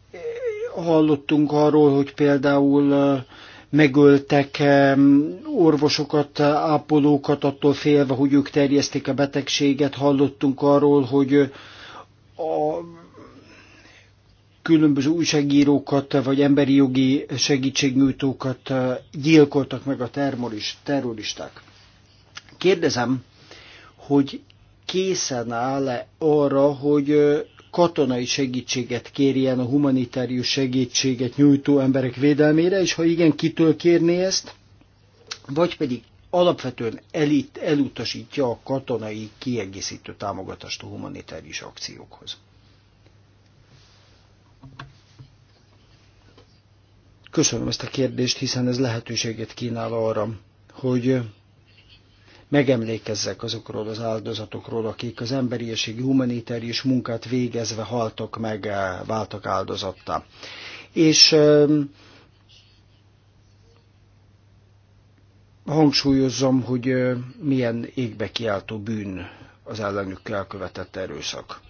hallottunk arról, hogy például megöltek orvosokat, ápolókat, attól félve, hogy ők terjeszték a betegséget, hallottunk arról, hogy a különböző újságírókat vagy emberi jogi segítségnyújtókat eh, gyilkoltak meg a terroristák. Kérdezem, hogy készen áll-e arra, hogy eh, katonai segítséget kérjen a humanitárius segítséget nyújtó emberek védelmére, és ha igen, kitől kérné ezt, vagy pedig alapvetően elit elutasítja a katonai kiegészítő támogatást a humanitárius akciókhoz. Köszönöm ezt a kérdést, hiszen ez lehetőséget kínál arra, hogy megemlékezzek azokról az áldozatokról, akik az emberiességi humanitárius munkát végezve haltak meg, eh, váltak áldozattá. És eh, hangsúlyozzam, hogy eh, milyen égbe kiáltó bűn az ellenükkel követett erőszak.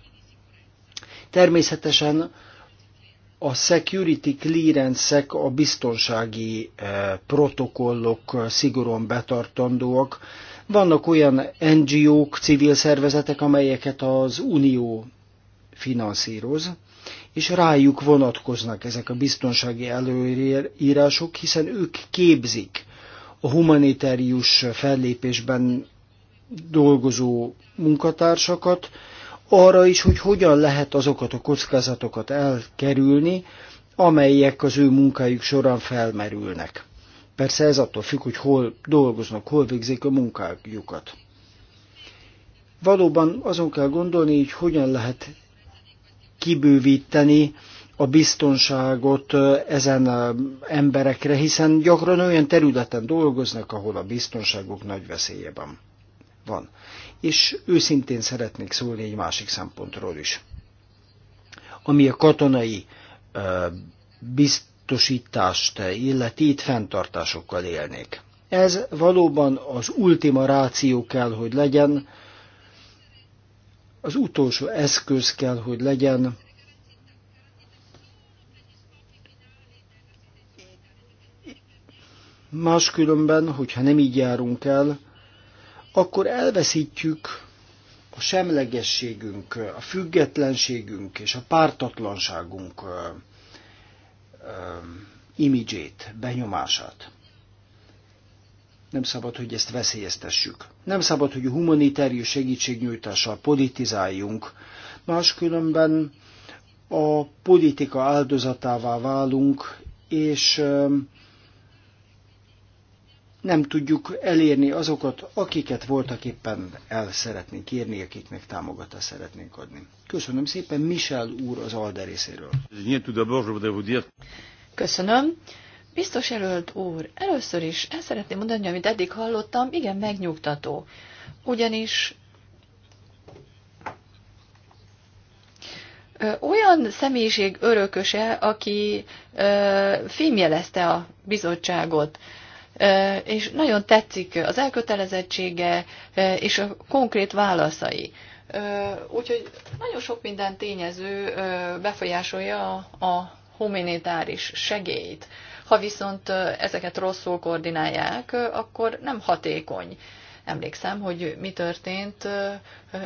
Természetesen a security clearance a biztonsági eh, protokollok eh, szigorúan betartandóak. Vannak olyan NGO-k, civil szervezetek, amelyeket az Unió finanszíroz, és rájuk vonatkoznak ezek a biztonsági előírások, hiszen ők képzik a humanitárius fellépésben dolgozó munkatársakat, arra is, hogy hogyan lehet azokat a kockázatokat elkerülni, amelyek az ő munkájuk során felmerülnek. Persze ez attól függ, hogy hol dolgoznak, hol végzik a munkájukat. Valóban azon kell gondolni, hogy hogyan lehet kibővíteni a biztonságot ezen emberekre, hiszen gyakran olyan területen dolgoznak, ahol a biztonságuk nagy veszélyeben van és őszintén szeretnék szólni egy másik szempontról is. Ami a katonai biztosítást illeti, itt fenntartásokkal élnék. Ez valóban az ultima ráció kell, hogy legyen, az utolsó eszköz kell, hogy legyen, Máskülönben, hogyha nem így járunk el, akkor elveszítjük a semlegességünk, a függetlenségünk és a pártatlanságunk imidzsét, benyomását. Nem szabad, hogy ezt veszélyeztessük. Nem szabad, hogy a humanitárius segítségnyújtással politizáljunk, máskülönben a politika áldozatává válunk, és nem tudjuk elérni azokat, akiket voltak éppen el szeretnénk kérni akiknek támogatást szeretnénk adni. Köszönöm szépen, Michel úr az Alde részéről. Köszönöm. Biztos jelölt úr, először is el szeretném mondani, amit eddig hallottam, igen megnyugtató. Ugyanis olyan személyiség örököse, aki ö, fémjelezte a bizottságot. Ö, és nagyon tetszik az elkötelezettsége és a konkrét válaszai. Úgyhogy nagyon sok minden tényező befolyásolja a hominitáris segélyt. Ha viszont ezeket rosszul koordinálják, akkor nem hatékony. Emlékszem, hogy mi történt,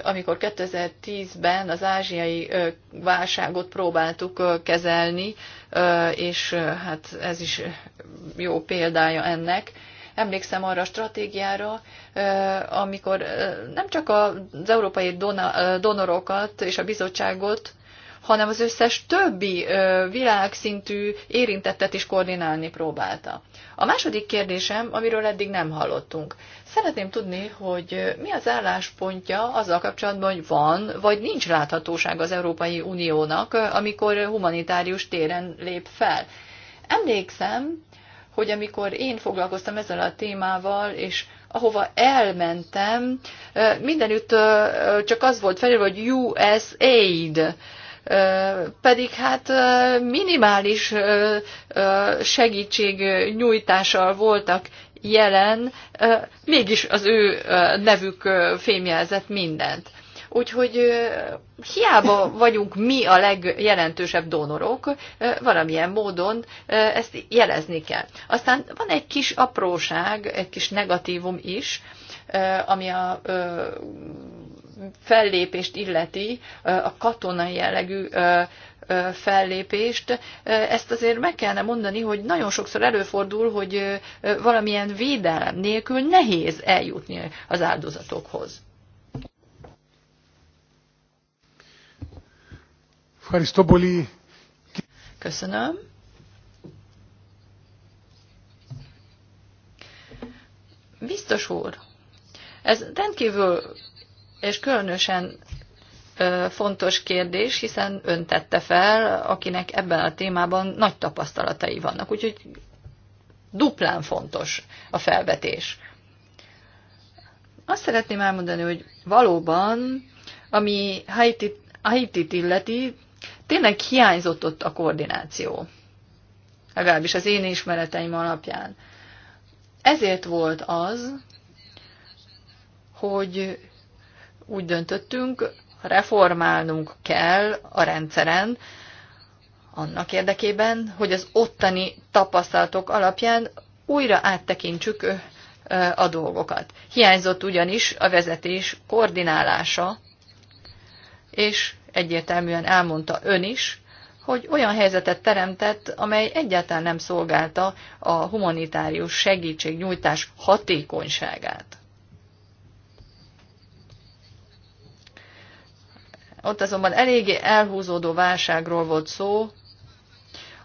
amikor 2010-ben az ázsiai válságot próbáltuk kezelni, és hát ez is jó példája ennek emlékszem arra a stratégiára, amikor nem csak az európai donorokat és a bizottságot, hanem az összes többi világszintű érintettet is koordinálni próbálta. A második kérdésem, amiről eddig nem hallottunk. Szeretném tudni, hogy mi az álláspontja azzal kapcsolatban, hogy van vagy nincs láthatóság az Európai Uniónak, amikor humanitárius téren lép fel. Emlékszem, hogy amikor én foglalkoztam ezzel a témával, és ahova elmentem, mindenütt csak az volt felül, hogy USAID pedig hát minimális segítség voltak jelen, mégis az ő nevük fémjelzett mindent. Úgyhogy hiába vagyunk mi a legjelentősebb donorok, valamilyen módon ezt jelezni kell. Aztán van egy kis apróság, egy kis negatívum is, ami a fellépést illeti, a katonai jellegű fellépést. Ezt azért meg kellene mondani, hogy nagyon sokszor előfordul, hogy valamilyen védelem nélkül nehéz eljutni az áldozatokhoz. Köszönöm. Biztos úr, ez rendkívül és különösen fontos kérdés, hiszen ön tette fel, akinek ebben a témában nagy tapasztalatai vannak, úgyhogy duplán fontos a felvetés. Azt szeretném elmondani, hogy valóban, ami Haitit, illeti, tényleg hiányzott ott a koordináció. Legalábbis az én ismereteim alapján. Ezért volt az, hogy úgy döntöttünk, reformálnunk kell a rendszeren, annak érdekében, hogy az ottani tapasztalatok alapján újra áttekintsük a dolgokat. Hiányzott ugyanis a vezetés koordinálása, és egyértelműen elmondta ön is, hogy olyan helyzetet teremtett, amely egyáltalán nem szolgálta a humanitárius segítségnyújtás hatékonyságát. Ott azonban eléggé elhúzódó válságról volt szó,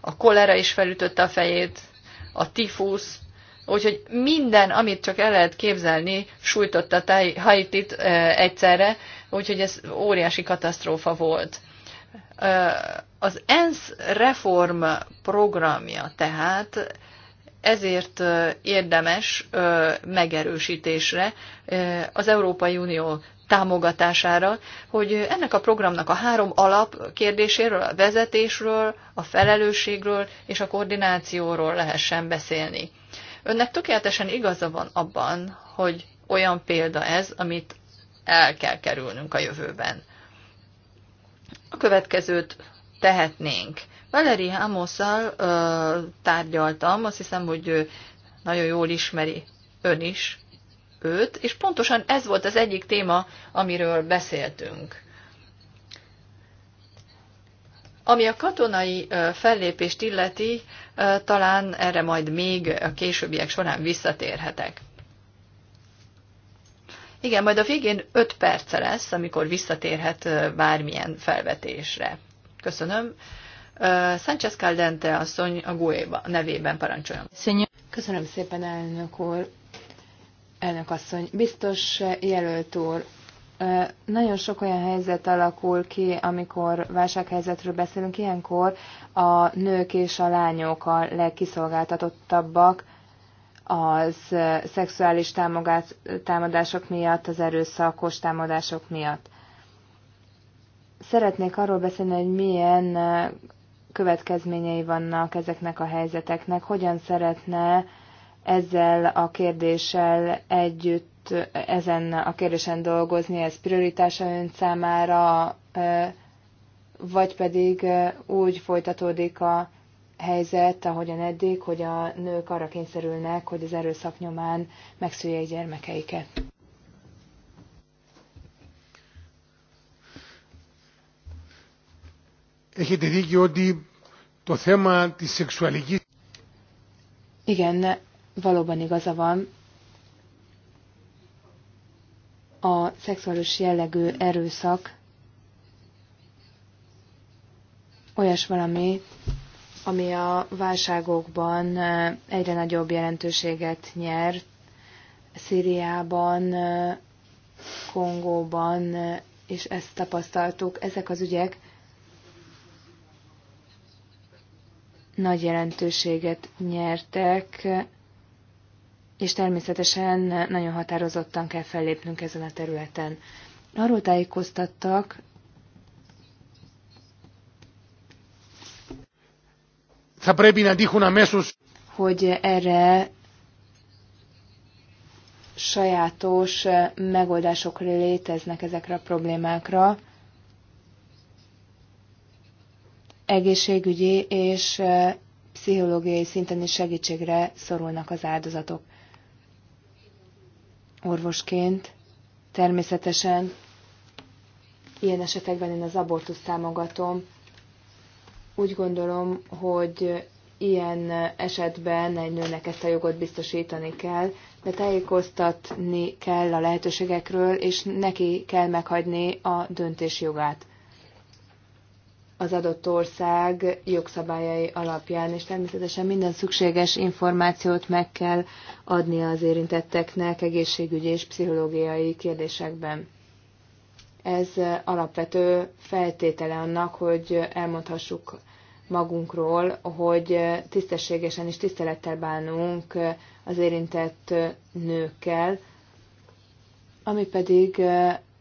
a kolera is felütötte a fejét, a tifusz, úgyhogy minden, amit csak el lehet képzelni, sújtotta Haitit egyszerre, úgyhogy ez óriási katasztrófa volt. Az ENSZ reform programja tehát ezért érdemes megerősítésre, az Európai Unió támogatására, hogy ennek a programnak a három alap kérdéséről, a vezetésről, a felelősségről és a koordinációról lehessen beszélni. Önnek tökéletesen igaza van abban, hogy olyan példa ez, amit el kell kerülnünk a jövőben. A következőt tehetnénk. Valeri ö, tárgyaltam, azt hiszem, hogy nagyon jól ismeri ön is őt, és pontosan ez volt az egyik téma, amiről beszéltünk. Ami a katonai fellépést illeti, talán erre majd még a későbbiek során visszatérhetek. Igen, majd a végén 5 perce lesz, amikor visszatérhet bármilyen felvetésre. Köszönöm. Sánchez Caldente asszony a GUE nevében parancsoljon. Köszönöm szépen, elnök úr. Elnök asszony, biztos jelölt úr, nagyon sok olyan helyzet alakul ki, amikor válsághelyzetről beszélünk, ilyenkor a nők és a lányok a legkiszolgáltatottabbak az szexuális támadások miatt, az erőszakos támadások miatt. Szeretnék arról beszélni, hogy milyen következményei vannak ezeknek a helyzeteknek, hogyan szeretne ezzel a kérdéssel együtt, ezen a kérdésen dolgozni, ez prioritása ön számára, vagy pedig úgy folytatódik a helyzet, ahogyan eddig, hogy a nők arra kényszerülnek, hogy az erőszak nyomán megszülje gyermekeiket. Έχετε δίκιο ότι το θέμα της σεξουαλικής... Igen, valóban igaza van. A szexuális jellegű erőszak olyas valami, ami a válságokban eh, egyre nagyobb jelentőséget nyert. Szíriában, eh, Kongóban, eh, és ezt tapasztaltuk. Ezek az ügyek nagy jelentőséget nyertek, és természetesen nagyon határozottan kell fellépnünk ezen a területen. Arról tájékoztattak, hogy erre sajátos megoldások léteznek ezekre a problémákra. egészségügyi és pszichológiai szinten is segítségre szorulnak az áldozatok. Orvosként természetesen ilyen esetekben én az abortus számogatom. Úgy gondolom, hogy ilyen esetben egy nőnek ezt a jogot biztosítani kell, de tájékoztatni kell a lehetőségekről, és neki kell meghagyni a döntés jogát az adott ország jogszabályai alapján, és természetesen minden szükséges információt meg kell adni az érintetteknek egészségügyi és pszichológiai kérdésekben. Ez alapvető feltétele annak, hogy elmondhassuk magunkról, hogy tisztességesen és tisztelettel bánunk az érintett nőkkel, ami pedig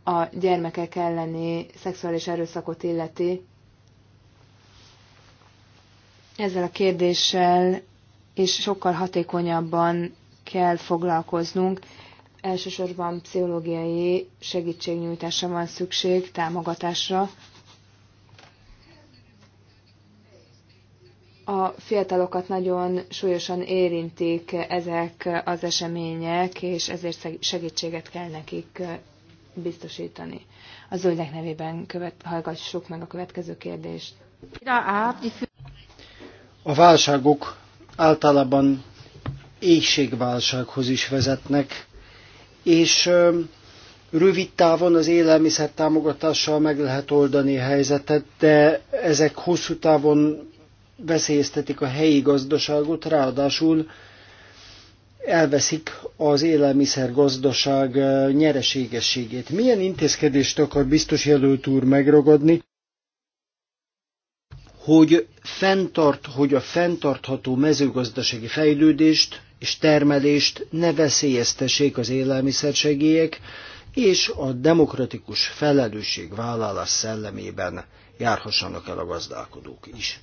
a gyermekek elleni szexuális erőszakot illeti, ezzel a kérdéssel és sokkal hatékonyabban kell foglalkoznunk. Elsősorban pszichológiai segítségnyújtásra van szükség, támogatásra. A fiatalokat nagyon súlyosan érintik ezek az események, és ezért segítséget kell nekik biztosítani. A zöldek nevében követ, hallgassuk meg a következő kérdést. A válságok általában éjségválsághoz is vezetnek, és rövid távon az élelmiszer támogatással meg lehet oldani a helyzetet, de ezek hosszú távon veszélyeztetik a helyi gazdaságot, ráadásul elveszik az gazdaság nyereségességét. Milyen intézkedést akar biztos jelölt úr megragadni, hogy, fenntart, hogy a fenntartható mezőgazdasági fejlődést és termelést ne veszélyeztessék az élelmiszersegélyek, és a demokratikus felelősség vállalás szellemében járhassanak el a gazdálkodók is.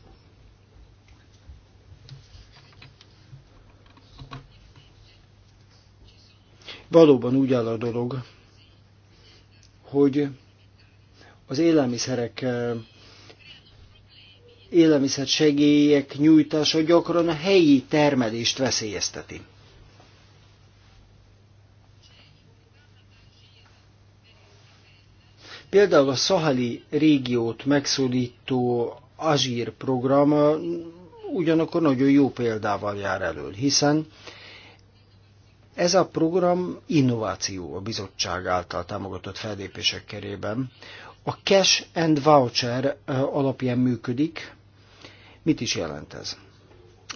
Valóban úgy áll a dolog, hogy az élelmiszerek eh, élelmiszersegélyek nyújtása gyakran a helyi termelést veszélyezteti. Például a Szahali régiót megszólító Azsír program ugyanakkor nagyon jó példával jár elől, hiszen ez a program innováció a bizottság által támogatott fellépések kerében. A cash and voucher alapján működik, Mit is jelent ez?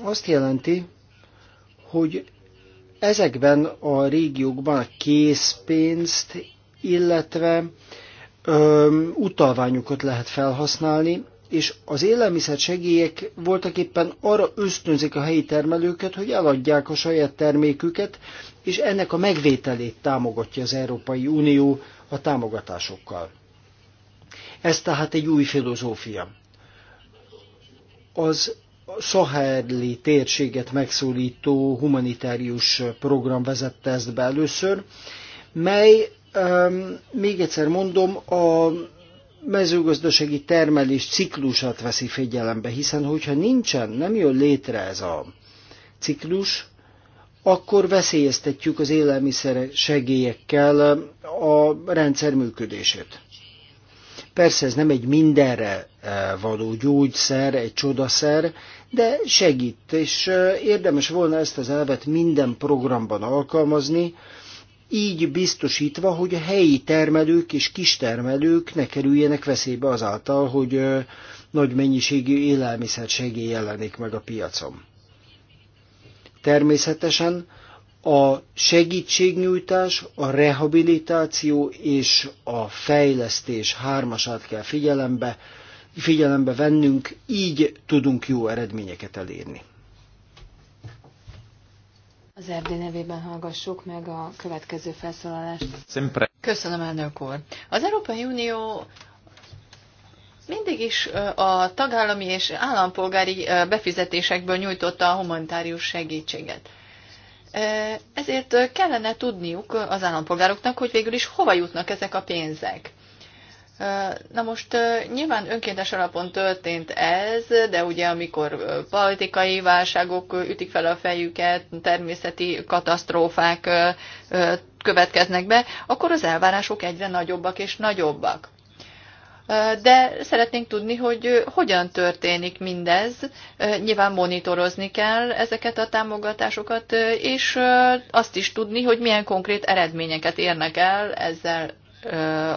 Azt jelenti, hogy ezekben a régiókban a készpénzt, illetve ö, utalványokat lehet felhasználni, és az élelmiszer segélyek voltak éppen arra ösztönzik a helyi termelőket, hogy eladják a saját terméküket, és ennek a megvételét támogatja az Európai Unió a támogatásokkal. Ez tehát egy új filozófia az Szaháli térséget megszólító humanitárius program vezette ezt be először, mely, még egyszer mondom, a mezőgazdasági termelés ciklusát veszi figyelembe, hiszen hogyha nincsen, nem jön létre ez a ciklus, akkor veszélyeztetjük az élelmiszer segélyekkel a rendszer működését. Persze ez nem egy mindenre eh, való gyógyszer, egy csodaszer, de segít, és eh, érdemes volna ezt az elvet minden programban alkalmazni, így biztosítva, hogy a helyi termelők és kistermelők ne kerüljenek veszélybe azáltal, hogy eh, nagy mennyiségű élelmiszer segély jelenik meg a piacon. Természetesen a segítségnyújtás, a rehabilitáció és a fejlesztés hármasát kell figyelembe, figyelembe vennünk, így tudunk jó eredményeket elérni. Az RD nevében hallgassuk meg a következő felszólalást. Szempre. Köszönöm, elnök úr. Az Európai Unió mindig is a tagállami és állampolgári befizetésekből nyújtotta a humanitárius segítséget. Ezért kellene tudniuk az állampolgároknak, hogy végül is hova jutnak ezek a pénzek. Na most nyilván önkéntes alapon történt ez, de ugye amikor politikai válságok ütik fel a fejüket, természeti katasztrófák következnek be, akkor az elvárások egyre nagyobbak és nagyobbak de szeretnénk tudni, hogy hogyan történik mindez. Nyilván monitorozni kell ezeket a támogatásokat, és azt is tudni, hogy milyen konkrét eredményeket érnek el ezzel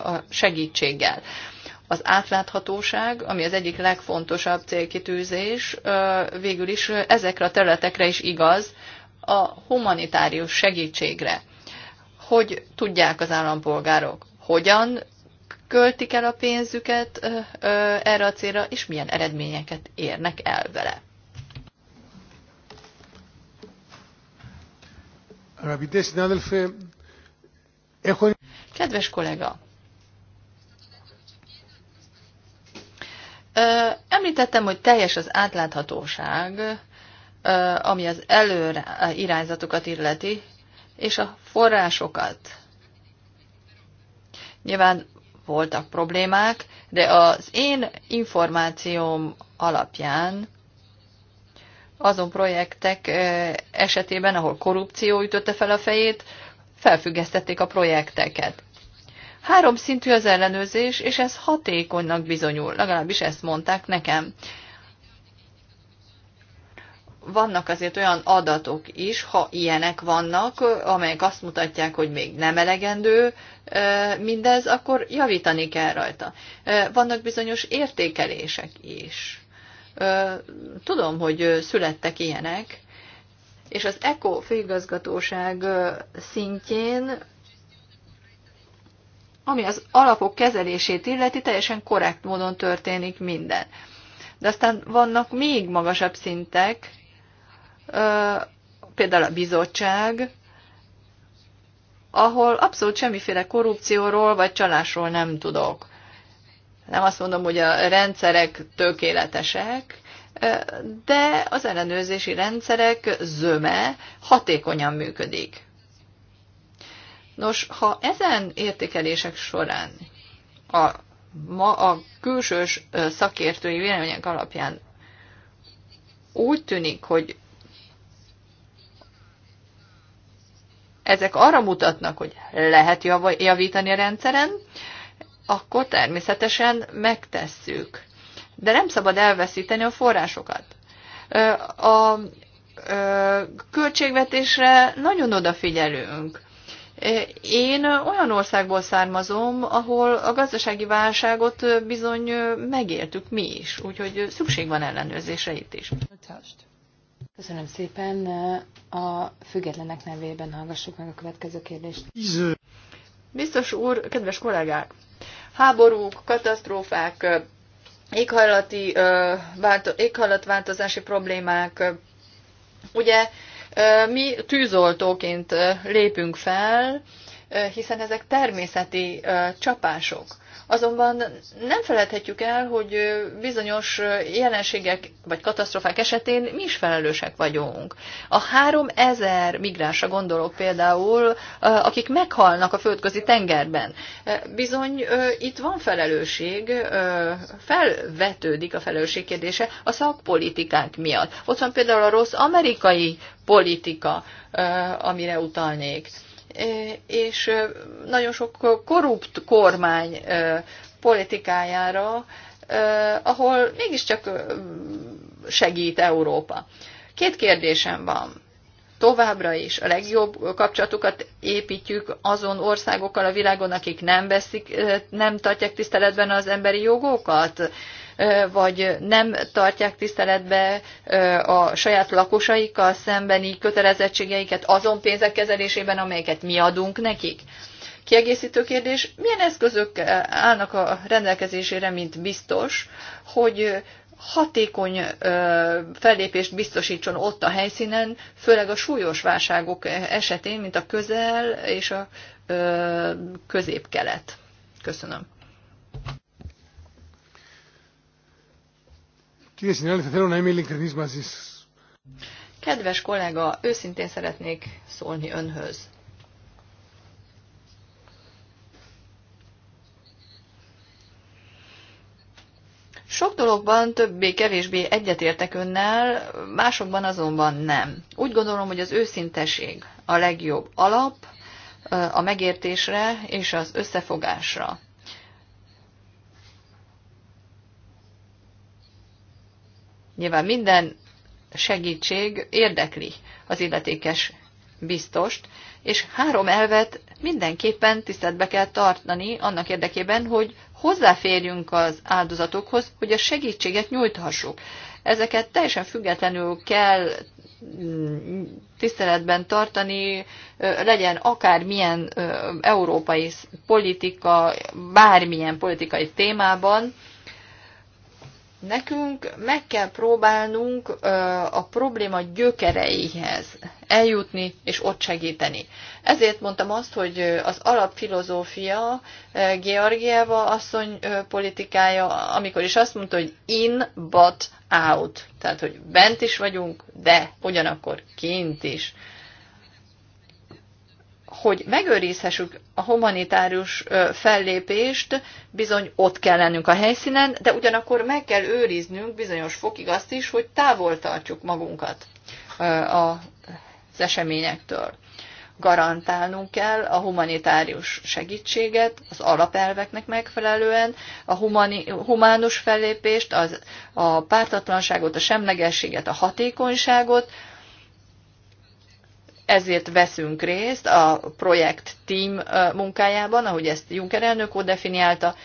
a segítséggel. Az átláthatóság, ami az egyik legfontosabb célkitűzés, végül is ezekre a területekre is igaz, a humanitárius segítségre, hogy tudják az állampolgárok, hogyan költik el a pénzüket erre a célra, és milyen eredményeket érnek el vele. Kedves kollega! Említettem, hogy teljes az átláthatóság, ami az előre irányzatokat illeti, és a forrásokat. Nyilván voltak problémák, de az én információm alapján azon projektek esetében, ahol korrupció ütötte fel a fejét, felfüggesztették a projekteket. Három szintű az ellenőrzés, és ez hatékonynak bizonyul, legalábbis ezt mondták nekem vannak azért olyan adatok is, ha ilyenek vannak, amelyek azt mutatják, hogy még nem elegendő mindez, akkor javítani kell rajta. Vannak bizonyos értékelések is. Tudom, hogy születtek ilyenek, és az ECO főigazgatóság szintjén, ami az alapok kezelését illeti, teljesen korrekt módon történik minden. De aztán vannak még magasabb szintek, például a bizottság, ahol abszolút semmiféle korrupcióról vagy csalásról nem tudok. Nem azt mondom, hogy a rendszerek tökéletesek, de az ellenőrzési rendszerek zöme hatékonyan működik. Nos, ha ezen értékelések során a, ma a külsős szakértői vélemények alapján úgy tűnik, hogy ezek arra mutatnak, hogy lehet javítani a rendszeren, akkor természetesen megtesszük. De nem szabad elveszíteni a forrásokat. A költségvetésre nagyon odafigyelünk. Én olyan országból származom, ahol a gazdasági válságot bizony megértük mi is, úgyhogy szükség van ellenőrzésre itt is. Köszönöm szépen. A függetlenek nevében hallgassuk meg a következő kérdést. Biztos úr, kedves kollégák! Háborúk, katasztrófák, éghajlati, éghajlatváltozási problémák, ugye mi tűzoltóként lépünk fel, hiszen ezek természeti csapások Azonban nem feledhetjük el, hogy bizonyos jelenségek vagy katasztrofák esetén mi is felelősek vagyunk. A 3000 migránsra gondolok például, akik meghalnak a földközi tengerben. Bizony itt van felelősség, felvetődik a felelősség kérdése a szakpolitikánk miatt. Ott van például a rossz amerikai politika, amire utalnék és nagyon sok korrupt kormány politikájára, ahol mégiscsak segít Európa. Két kérdésem van. Továbbra is a legjobb kapcsolatokat építjük azon országokkal a világon, akik nem, veszik, nem tartják tiszteletben az emberi jogokat, vagy nem tartják tiszteletbe a saját lakosaikkal szembeni kötelezettségeiket azon pénzek kezelésében, amelyeket mi adunk nekik. Kiegészítő kérdés, milyen eszközök állnak a rendelkezésére, mint biztos, hogy hatékony fellépést biztosítson ott a helyszínen, főleg a súlyos válságok esetén, mint a közel és a középkelet. Köszönöm. Kedves kollega, őszintén szeretnék szólni önhöz. Sok dologban többé-kevésbé egyetértek önnel, másokban azonban nem. Úgy gondolom, hogy az őszinteség a legjobb alap a megértésre és az összefogásra. Nyilván minden segítség érdekli az illetékes biztost, és három elvet mindenképpen tiszteletbe kell tartani annak érdekében, hogy hozzáférjünk az áldozatokhoz, hogy a segítséget nyújthassuk. Ezeket teljesen függetlenül kell mm, tiszteletben tartani, legyen akármilyen európai politika, bármilyen politikai témában, Nekünk meg kell próbálnunk a probléma gyökereihez eljutni és ott segíteni. Ezért mondtam azt, hogy az alapfilozófia Georgieva asszony politikája, amikor is azt mondta, hogy in, but out. Tehát, hogy bent is vagyunk, de ugyanakkor kint is hogy megőrizhessük a humanitárius fellépést, bizony ott kell lennünk a helyszínen, de ugyanakkor meg kell őriznünk bizonyos fokig azt is, hogy távol tartjuk magunkat az eseményektől. Garantálnunk kell a humanitárius segítséget az alapelveknek megfelelően, a humani, humánus fellépést, az, a pártatlanságot, a semlegességet, a hatékonyságot, ezért veszünk részt a projekt team munkájában, ahogy ezt Juncker elnök úr definiálta,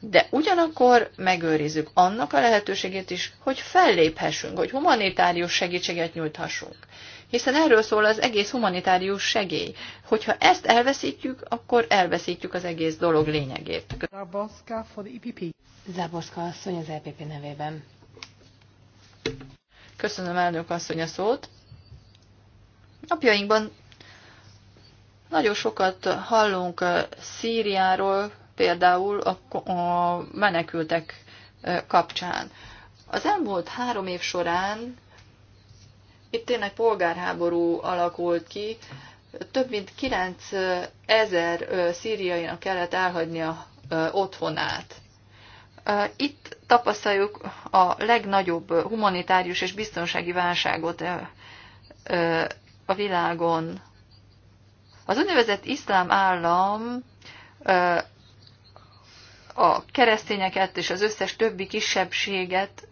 de ugyanakkor megőrizzük annak a lehetőségét is, hogy felléphessünk, hogy humanitárius segítséget nyújthassunk. Hiszen erről szól az egész humanitárius segély. Hogyha ezt elveszítjük, akkor elveszítjük az egész dolog lényegét. Zaborska for the EPP. Zaborska asszony az EPP nevében. Köszönöm elnök asszony a szót. Napjainkban nagyon sokat hallunk eh, Szíriáról, például a menekültek eh, kapcsán. Az elmúlt három év során itt tényleg polgárháború alakult ki, több mint 9 ezer eh, szíriainak kellett a otthonát. Itt tapasztaljuk a legnagyobb humanitárius és biztonsági válságot a világon. Az úgynevezett iszlám állam a keresztényeket és az összes többi kisebbséget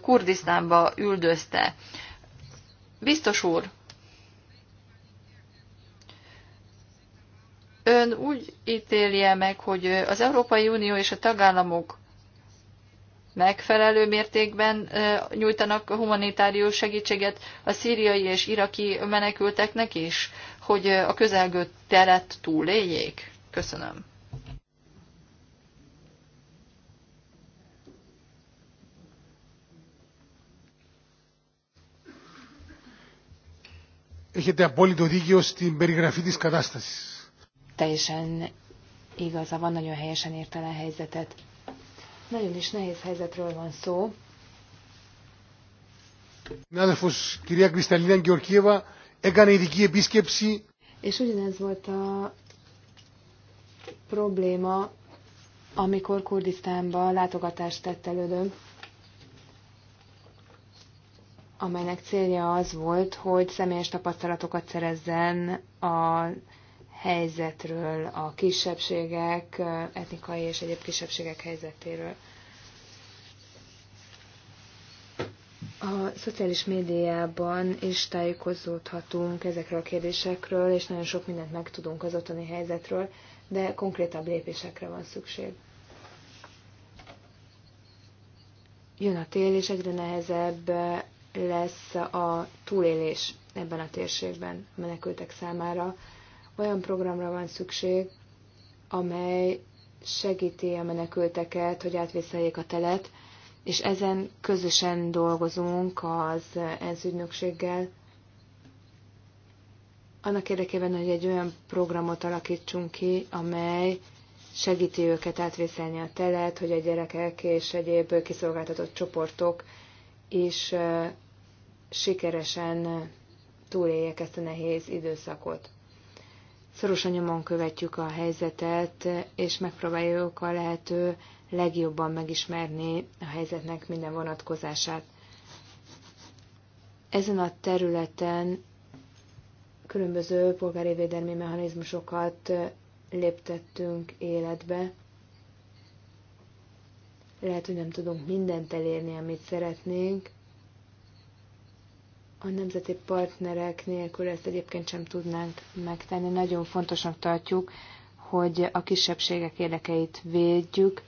Kurdisztánba üldözte. Biztos úr, ön úgy ítélje meg, hogy az Európai Unió és a tagállamok megfelelő mértékben nyújtanak humanitárius segítséget a szíriai és iraki menekülteknek is, hogy a közelgő teret túléljék? Köszönöm. Έχετε απόλυτο δίκιο στην περιγραφή της κατάστασης. Teljesen igaza van, nagyon helyesen érte a helyzetet. Nagyon is nehéz helyzetről van szó. Συνάδελφος Kristalina Georgieva? Γεωργίευα έκανε ειδική επίσκεψη. És ugyanez volt a probléma, amikor Kurdisztánba látogatást tett elődöm, amelynek célja az volt, hogy személyes tapasztalatokat szerezzen a helyzetről, a kisebbségek, etnikai és egyéb kisebbségek helyzetéről. A szociális médiában is tájékozódhatunk ezekről a kérdésekről, és nagyon sok mindent megtudunk az otthoni helyzetről, de konkrétabb lépésekre van szükség. Jön a tél, és egyre nehezebb lesz a túlélés ebben a térségben a menekültek számára olyan programra van szükség, amely segíti a menekülteket, hogy átvészeljék a telet, és ezen közösen dolgozunk az ENSZ ügynökséggel, annak érdekében, hogy egy olyan programot alakítsunk ki, amely segíti őket átvészelni a telet, hogy a gyerekek és egyéb kiszolgáltatott csoportok is sikeresen túléljék ezt a nehéz időszakot. Szorosan nyomon követjük a helyzetet, és megpróbáljuk a lehető legjobban megismerni a helyzetnek minden vonatkozását. Ezen a területen különböző polgári védelmi mechanizmusokat léptettünk életbe. Lehet, hogy nem tudunk mindent elérni, amit szeretnénk, a nemzeti partnerek nélkül ezt egyébként sem tudnánk megtenni. Nagyon fontosnak tartjuk, hogy a kisebbségek érdekeit védjük,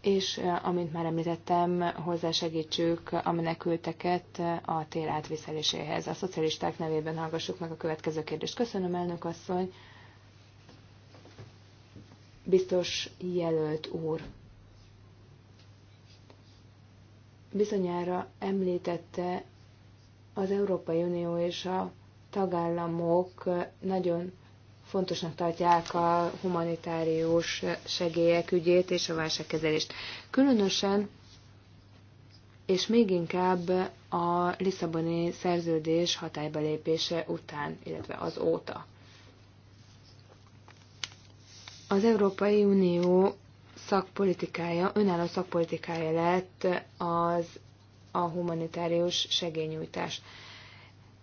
és eh, amint már említettem, hozzásegítsük a menekülteket a tér átviseléséhez. A szocialisták nevében hallgassuk meg a következő kérdést. Köszönöm, elnök asszony. Biztos jelölt úr. bizonyára említette az Európai Unió és a tagállamok nagyon fontosnak tartják a humanitárius segélyek ügyét és a válságkezelést. Különösen és még inkább a Lisszaboni szerződés hatályba lépése után, illetve az óta. Az Európai Unió szakpolitikája, önálló szakpolitikája lett az a humanitárius segélynyújtás.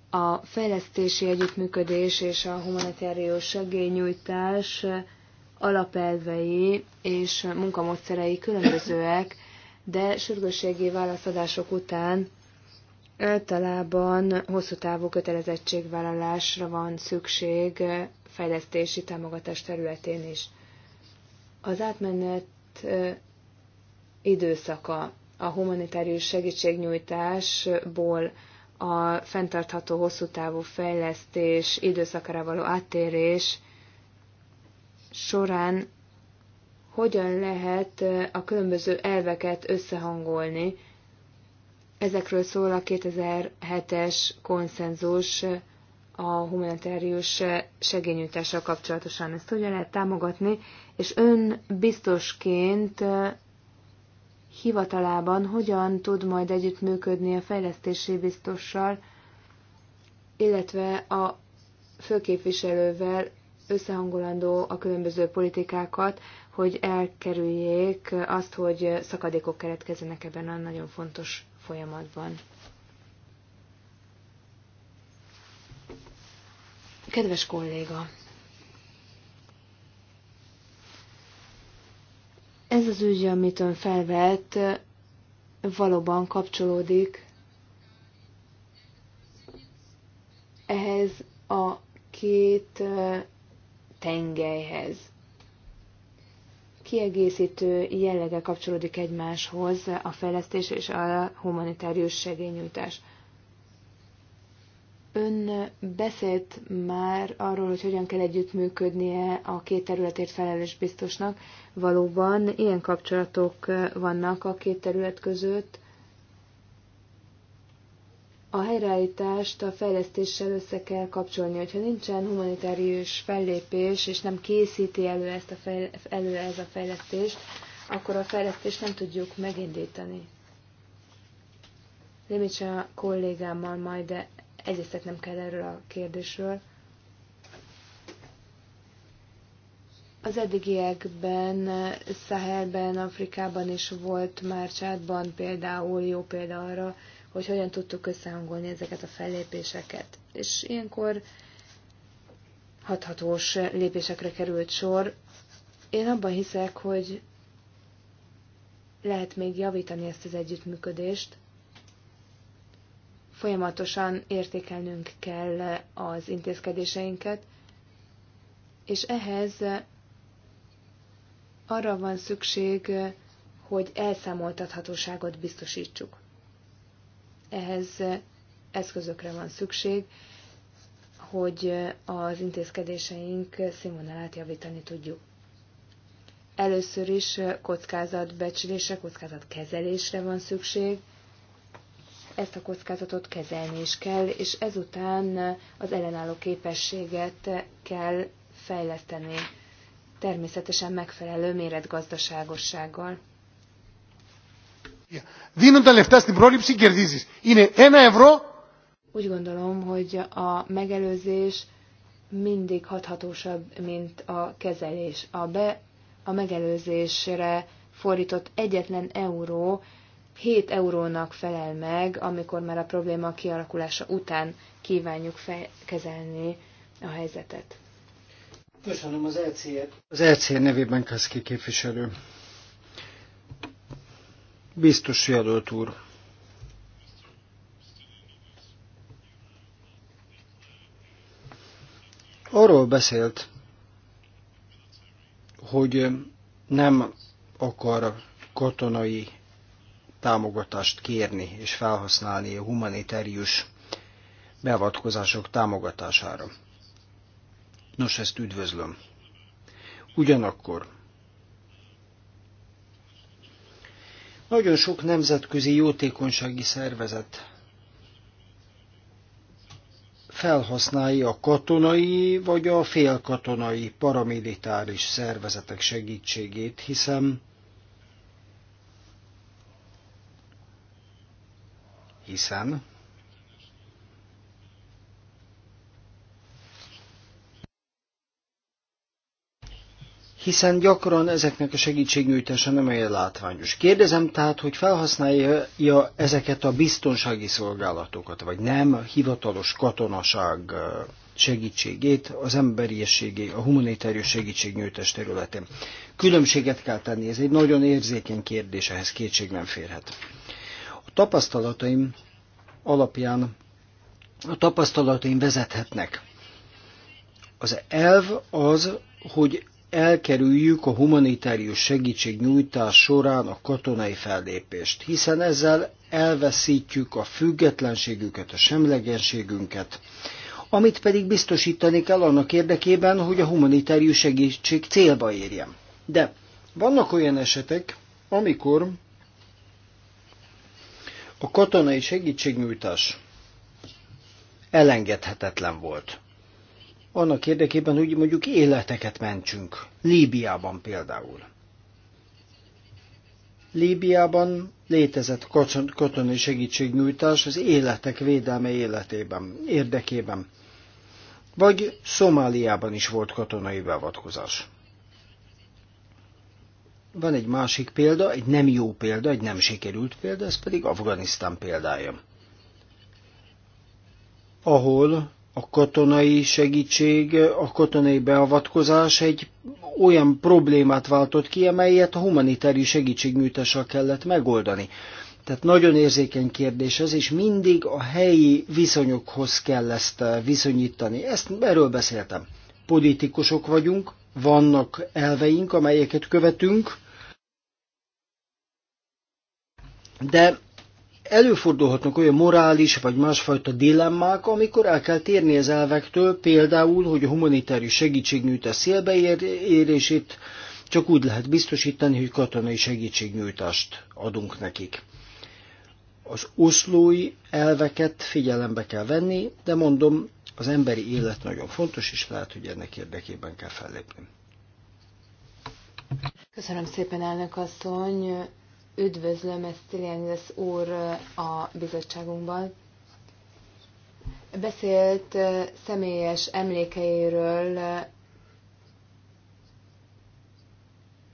A fejlesztési együttműködés és a humanitárius segélynyújtás alapelvei és munkamódszerei különbözőek, de sürgősségi válaszadások után általában hosszú távú kötelezettségvállalásra van szükség fejlesztési támogatás területén is. Az átmenet időszaka a humanitárius segítségnyújtásból a fenntartható hosszú távú fejlesztés időszakára való áttérés során hogyan lehet a különböző elveket összehangolni. Ezekről szól a 2007-es konszenzus a humanitárius segényújtással kapcsolatosan. Ezt hogyan lehet támogatni, és ön biztosként hivatalában hogyan tud majd együttműködni a fejlesztési biztossal, illetve a főképviselővel összehangolandó a különböző politikákat, hogy elkerüljék azt, hogy szakadékok keletkezzenek ebben a nagyon fontos folyamatban. Kedves kolléga, ez az ügy, amit ön felvett, valóban kapcsolódik ehhez a két tengelyhez. Kiegészítő jellege kapcsolódik egymáshoz a fejlesztés és a humanitárius segélynyújtás. Ön beszélt már arról, hogy hogyan kell együttműködnie a két területért felelős biztosnak. Valóban ilyen kapcsolatok vannak a két terület között. A helyreállítást a fejlesztéssel össze kell kapcsolni. Hogyha nincsen humanitárius fellépés, és nem készíti elő, ezt a fejl- elő ez a fejlesztést, akkor a fejlesztést nem tudjuk megindítani. a kollégámmal majd egyeztetnem kell erről a kérdésről. Az eddigiekben, Szahelben, Afrikában is volt már csátban például jó példa arra, hogy hogyan tudtuk összehangolni ezeket a fellépéseket. És ilyenkor hathatós lépésekre került sor. Én abban hiszek, hogy lehet még javítani ezt az együttműködést, Folyamatosan értékelnünk kell az intézkedéseinket, és ehhez arra van szükség, hogy elszámoltathatóságot biztosítsuk. Ehhez eszközökre van szükség, hogy az intézkedéseink színvonalát javítani tudjuk. Először is kockázatbecsülésre, kockázatkezelésre van szükség, ezt a kockázatot kezelni is kell, és ezután az ellenálló képességet kell fejleszteni, természetesen megfelelő méretgazdaságossággal. Δίνοντα Úgy gondolom, hogy a megelőzés mindig hathatósabb, mint a kezelés. A, be, a megelőzésre fordított egyetlen euró 7 eurónak felel meg, amikor már a probléma kialakulása után kívánjuk kezelni a helyzetet. Köszönöm az LCR. E az LCR e nevében Kaszki képviselő. Biztos jelölt úr. Arról beszélt, hogy nem akar katonai támogatást kérni és felhasználni a humanitárius beavatkozások támogatására. Nos, ezt üdvözlöm. Ugyanakkor nagyon sok nemzetközi jótékonysági szervezet felhasználja a katonai vagy a félkatonai paramilitáris szervezetek segítségét, hiszen hiszen hiszen gyakran ezeknek a segítségnyújtása nem olyan látványos. Kérdezem tehát, hogy felhasználja ezeket a biztonsági szolgálatokat, vagy nem a hivatalos katonaság segítségét az emberiességé, a humanitárius segítségnyújtás területén. Különbséget kell tenni, ez egy nagyon érzékeny kérdés, ehhez kétség nem férhet tapasztalataim alapján a tapasztalataim vezethetnek. Az elv az, hogy elkerüljük a humanitárius segítségnyújtás során a katonai fellépést, hiszen ezzel elveszítjük a függetlenségüket, a semlegenségünket, amit pedig biztosítani kell annak érdekében, hogy a humanitárius segítség célba érjen. De vannak olyan esetek, amikor a katonai segítségnyújtás elengedhetetlen volt. Annak érdekében, hogy mondjuk életeket mentsünk. Líbiában például. Líbiában létezett katonai segítségnyújtás az életek védelme életében, érdekében. Vagy Szomáliában is volt katonai beavatkozás. Van egy másik példa, egy nem jó példa, egy nem sikerült példa, ez pedig Afganisztán példája. Ahol a katonai segítség, a katonai beavatkozás egy olyan problémát váltott ki, amelyet a humanitári segítségnyújtással kellett megoldani. Tehát nagyon érzékeny kérdés ez, és mindig a helyi viszonyokhoz kell ezt eh, viszonyítani. Ezt erről beszéltem. Politikusok vagyunk, vannak elveink, amelyeket követünk, de előfordulhatnak olyan morális vagy másfajta dilemmák, amikor el kell térni az elvektől, például, hogy a humanitárius segítségnyújtás szélbeérését csak úgy lehet biztosítani, hogy katonai segítségnyújtást adunk nekik. Az oszlói elveket figyelembe kell venni, de mondom, az emberi élet nagyon fontos, és lehet, hogy ennek érdekében kell fellépni. Köszönöm szépen, elnök asszony. Üdvözlöm ezt Tilianides úr a bizottságunkban. Beszélt személyes emlékeiről,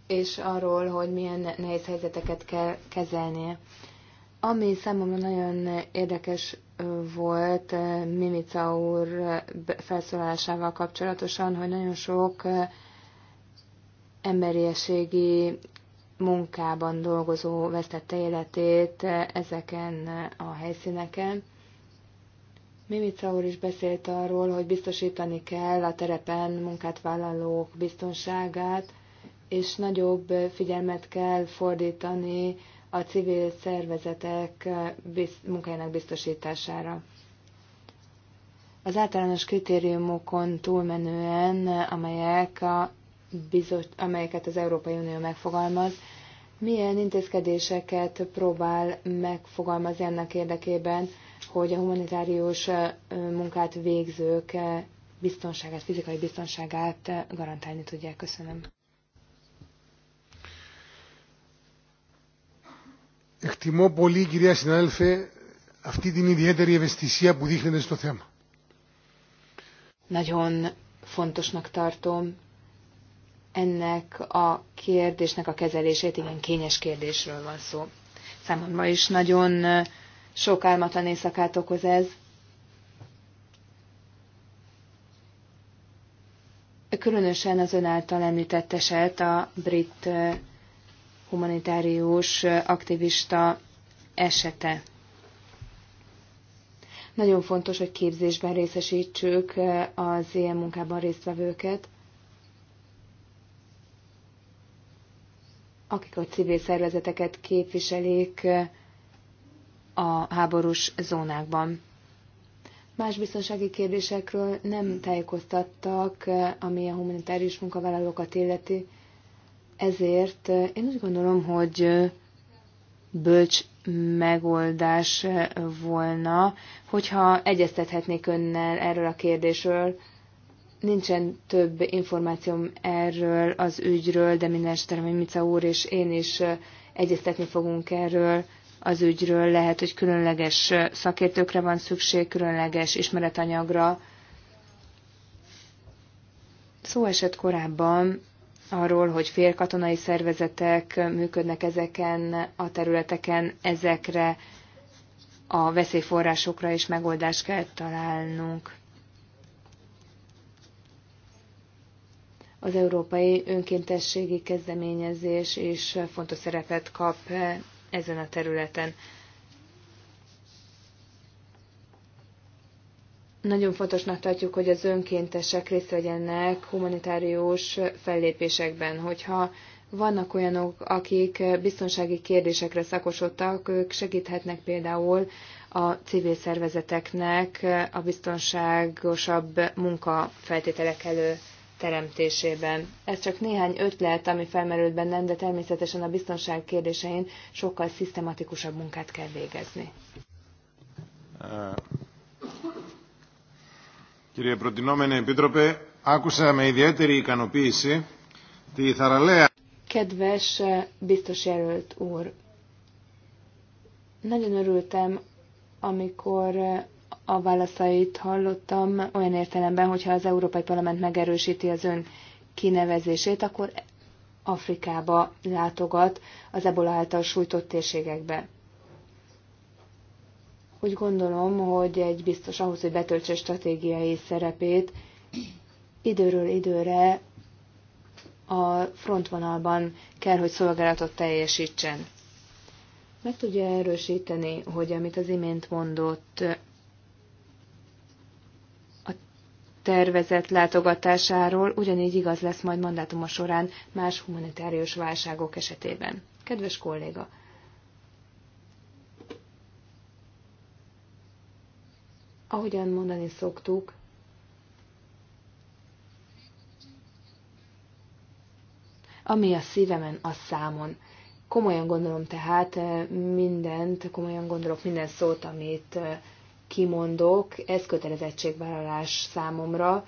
és arról, hogy milyen nehéz helyzeteket kell kezelnie. Ami számomra nagyon érdekes volt eh, Mimica úr eh, felszólásával kapcsolatosan, hogy nagyon sok eh, emberiességi munkában dolgozó vesztette életét ezeken a helyszíneken. Mimica úr is beszélt arról, hogy biztosítani kell a terepen munkát vállalók biztonságát, és nagyobb figyelmet kell fordítani a civil szervezetek munkájának biztosítására. Az általános kritériumokon túlmenően, amelyek a bizot, amelyeket az Európai Unió megfogalmaz, milyen intézkedéseket próbál megfogalmazni ennek érdekében, hogy a humanitárius munkát végzők biztonságát, fizikai biztonságát garantálni tudják. Köszönöm. εκτιμώ πολύ κυρία συνάδελφε αυτή την ιδιαίτερη ευαισθησία που δείχνετε στο θέμα. Nagyon fontosnak tartom ennek a kérdésnek a kezelését, igen, kényes kérdésről van szó. Számomra is nagyon sok álmatlan éjszakát okoz ez. Különösen az ön által említett eset, a brit humanitárius aktivista esete. Nagyon fontos, hogy képzésben részesítsük az ilyen munkában résztvevőket, akik a civil szervezeteket képviselik a háborús zónákban. Más biztonsági kérdésekről nem tájékoztattak, ami a humanitárius munkavállalókat illeti. Ezért eh, én úgy gondolom, hogy eh, bölcs megoldás eh, volna, hogyha egyeztethetnék önnel erről a kérdésről. Nincsen több információm erről az ügyről, de minden esetre Mica úr és én is egyeztetni fogunk erről az ügyről. Lehet, hogy különleges szakértőkre van szükség, különleges ismeretanyagra. Szó esett korábban arról, hogy félkatonai szervezetek működnek ezeken a területeken, ezekre a veszélyforrásokra is megoldást kell találnunk. Az európai önkéntességi kezdeményezés is fontos szerepet kap ezen a területen. Nagyon fontosnak tartjuk, hogy az önkéntesek részt vegyenek humanitárius fellépésekben. Hogyha vannak olyanok, akik biztonsági kérdésekre szakosodtak, ők segíthetnek például a civil szervezeteknek a biztonságosabb munkafeltételek elő teremtésében. Ez csak néhány ötlet, ami felmerült bennem, de természetesen a biztonság kérdésein sokkal szisztematikusabb munkát kell végezni. Uh, Κύριε Προτινόμενε Επίτροπε, άκουσα με ιδιαίτερη ικανοποίηση τη θαραλέα... Kedves biztos jelölt úr, nagyon örültem, amikor e, a válaszait hallottam olyan értelemben, hogyha az Európai Parlament megerősíti az ön kinevezését, akkor Afrikába látogat az ebola által sújtott térségekbe. Úgy gondolom, hogy egy biztos ahhoz, hogy betöltse stratégiai szerepét, időről időre a frontvonalban kell, hogy szolgálatot teljesítsen. Meg tudja erősíteni, hogy amit az imént mondott, a tervezett látogatásáról ugyanígy igaz lesz majd mandátuma során más humanitárius válságok esetében. Kedves kolléga, Ahogyan mondani szoktuk, ami a szívemen, a számon. Komolyan gondolom tehát eh, mindent, komolyan gondolok minden szót, amit eh, kimondok, ez kötelezettségvállalás számomra,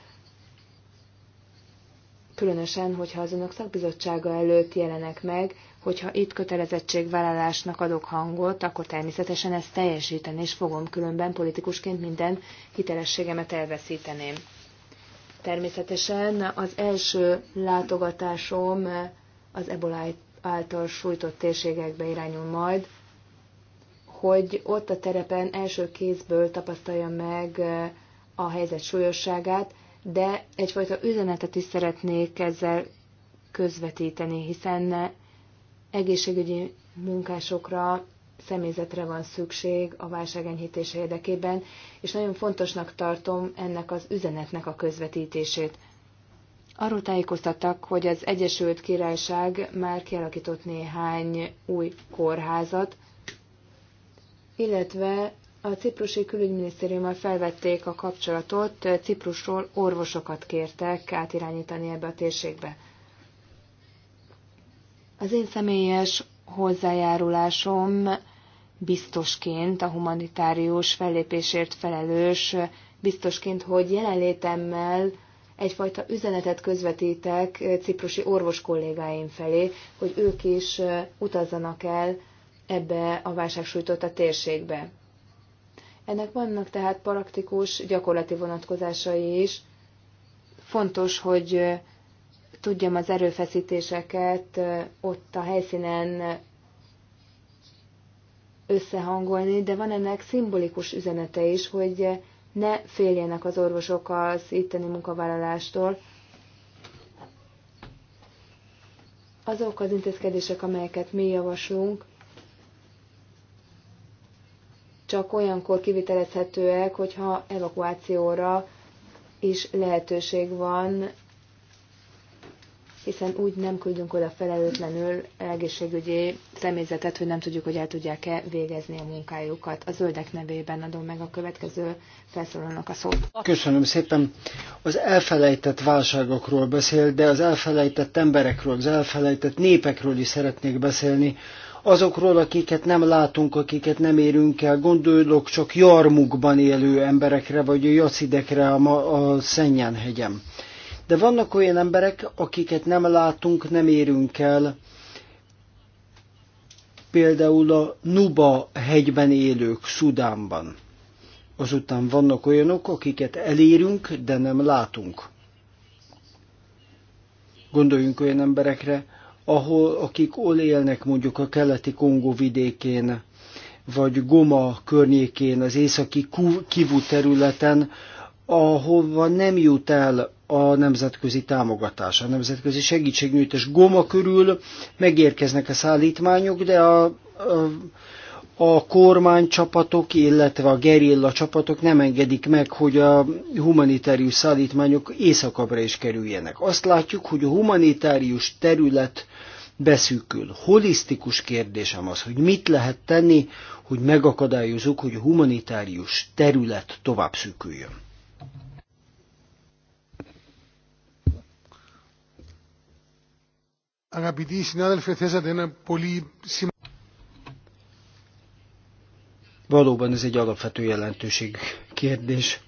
különösen, hogyha az önök szakbizottsága előtt jelenek meg, hogyha itt kötelezettségvállalásnak adok hangot, akkor természetesen ezt teljesíteni és fogom, különben politikusként minden hitelességemet elveszíteném. Természetesen az első látogatásom az ebola által sújtott térségekbe irányul majd, hogy ott a terepen első kézből tapasztalja meg a helyzet súlyosságát, de egyfajta üzenetet is szeretnék ezzel közvetíteni, hiszen egészségügyi munkásokra, személyzetre van szükség a válságenyhítése érdekében, és nagyon fontosnak tartom ennek az üzenetnek a közvetítését. Arról tájékoztattak, hogy az Egyesült Királyság már kialakított néhány új kórházat, illetve a ciprusi külügyminisztériummal felvették a kapcsolatot, Ciprusról orvosokat kértek átirányítani ebbe a térségbe. Az én személyes hozzájárulásom biztosként, a humanitárius fellépésért felelős biztosként, hogy jelenlétemmel egyfajta üzenetet közvetítek ciprusi orvos kollégáim felé, hogy ők is utazzanak el ebbe a a térségbe. Ennek vannak tehát praktikus, gyakorlati vonatkozásai is. Fontos, hogy tudjam az erőfeszítéseket ott a helyszínen összehangolni, de van ennek szimbolikus üzenete is, hogy ne féljenek az orvosok az itteni munkavállalástól. Azok az intézkedések, amelyeket mi javaslunk, csak olyankor kivitelezhetőek, hogyha evakuációra is lehetőség van hiszen úgy nem küldünk oda felelőtlenül egészségügyi személyzetet, hogy nem tudjuk, hogy el tudják-e végezni a munkájukat. A zöldek nevében adom meg a következő felszólalónak a szót. Köszönöm szépen. Az elfelejtett válságokról beszél, de az elfelejtett emberekről, az elfelejtett népekről is szeretnék beszélni. Azokról, akiket nem látunk, akiket nem érünk el, gondolok csak jarmukban élő emberekre, vagy a jacidekre a, ma, a Szennyán hegyen de vannak olyan emberek, akiket nem látunk, nem érünk el. Például a Nuba hegyben élők Szudánban. Azután vannak olyanok, akiket elérünk, de nem látunk. Gondoljunk olyan emberekre, ahol, akik ol élnek mondjuk a keleti Kongó vidékén, vagy Goma környékén, az északi Kivu területen, ahova nem jut el a nemzetközi támogatás, a nemzetközi segítségnyújtás goma körül megérkeznek a szállítmányok, de a, a, a kormánycsapatok, illetve a gerilla csapatok nem engedik meg, hogy a humanitárius szállítmányok északabbra is kerüljenek. Azt látjuk, hogy a humanitárius terület beszűkül. Holisztikus kérdésem az, hogy mit lehet tenni, hogy megakadályozzuk, hogy a humanitárius terület tovább szűküljön. Αγαπητοί συνάδελφοι, θέσατε ένα πολύ σημαντικό... Valóban ez egy alapvető jelentőség kérdés.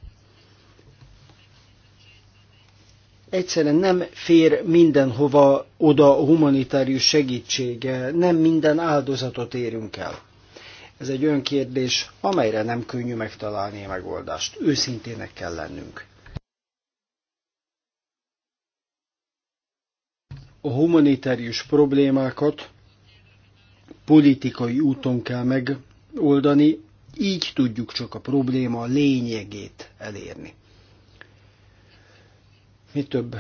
Egyszerűen nem fér mindenhova oda a humanitárius segítsége, nem minden áldozatot érünk el. Ez egy olyan kérdés, amelyre nem könnyű megtalálni a megoldást. Őszintének kell lennünk. a humanitárius problémákat politikai úton kell megoldani, így tudjuk csak a probléma lényegét elérni. Mi több,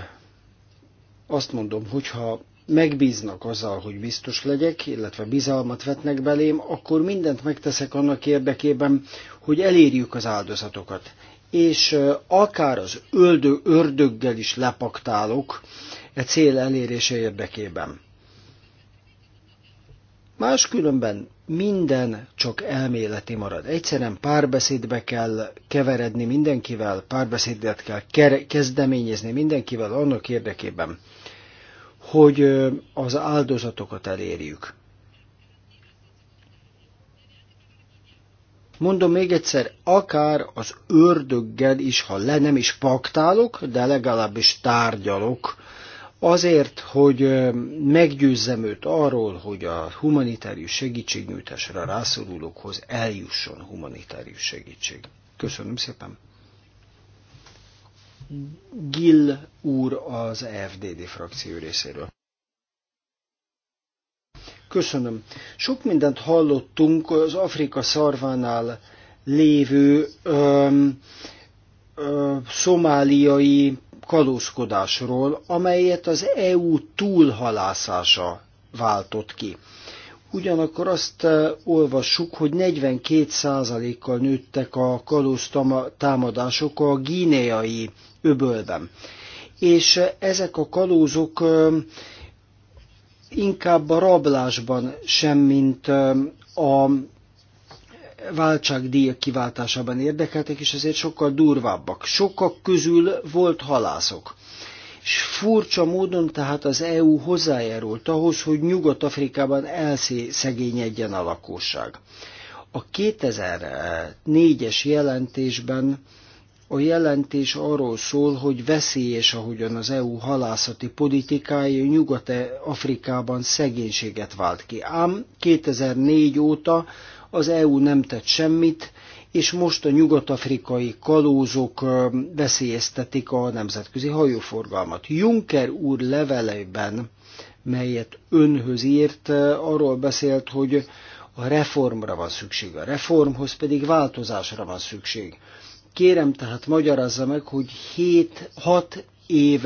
azt mondom, hogyha megbíznak azzal, hogy biztos legyek, illetve bizalmat vetnek belém, akkor mindent megteszek annak érdekében, hogy elérjük az áldozatokat. És akár az öldö, ördöggel is lepaktálok, e cél elérése érdekében. Máskülönben minden csak elméleti marad. Egyszerűen párbeszédbe kell keveredni mindenkivel, párbeszédet kell kezdeményezni mindenkivel annak érdekében, hogy az áldozatokat elérjük. Mondom még egyszer, akár az ördöggel is, ha le nem is paktálok, de legalábbis tárgyalok, azért, hogy meggyőzzem őt arról, hogy a humanitárius segítségnyújtásra rászorulókhoz eljusson humanitárius segítség. Köszönöm szépen. Gill úr az e FDD frakció részéről. Köszönöm. Sok mindent hallottunk az Afrika szarvánál lévő ö, ö, szomáliai kalózkodásról, amelyet az EU túlhalászása váltott ki. Ugyanakkor azt eh, olvassuk, hogy 42%-kal nőttek a kalóz támadások a gíneai öbölben. És eh, ezek a kalózok eh, inkább a rablásban sem, mint a váltságdíjak kiváltásában érdekeltek, és ezért sokkal durvábbak. Sokak közül volt halászok. És furcsa módon tehát az EU hozzájárult ahhoz, hogy Nyugat-Afrikában elszegényedjen a lakosság. A 2004-es jelentésben a jelentés arról szól, hogy veszélyes, ahogyan az EU halászati politikája Nyugat-Afrikában szegénységet vált ki. Ám 2004 óta az EU nem tett semmit, és most a nyugat-afrikai kalózok veszélyeztetik a nemzetközi hajóforgalmat. Juncker úr leveleiben, melyet önhöz írt, arról beszélt, hogy a reformra van szükség, a reformhoz pedig változásra van szükség. Kérem tehát magyarázza meg, hogy 7-6 év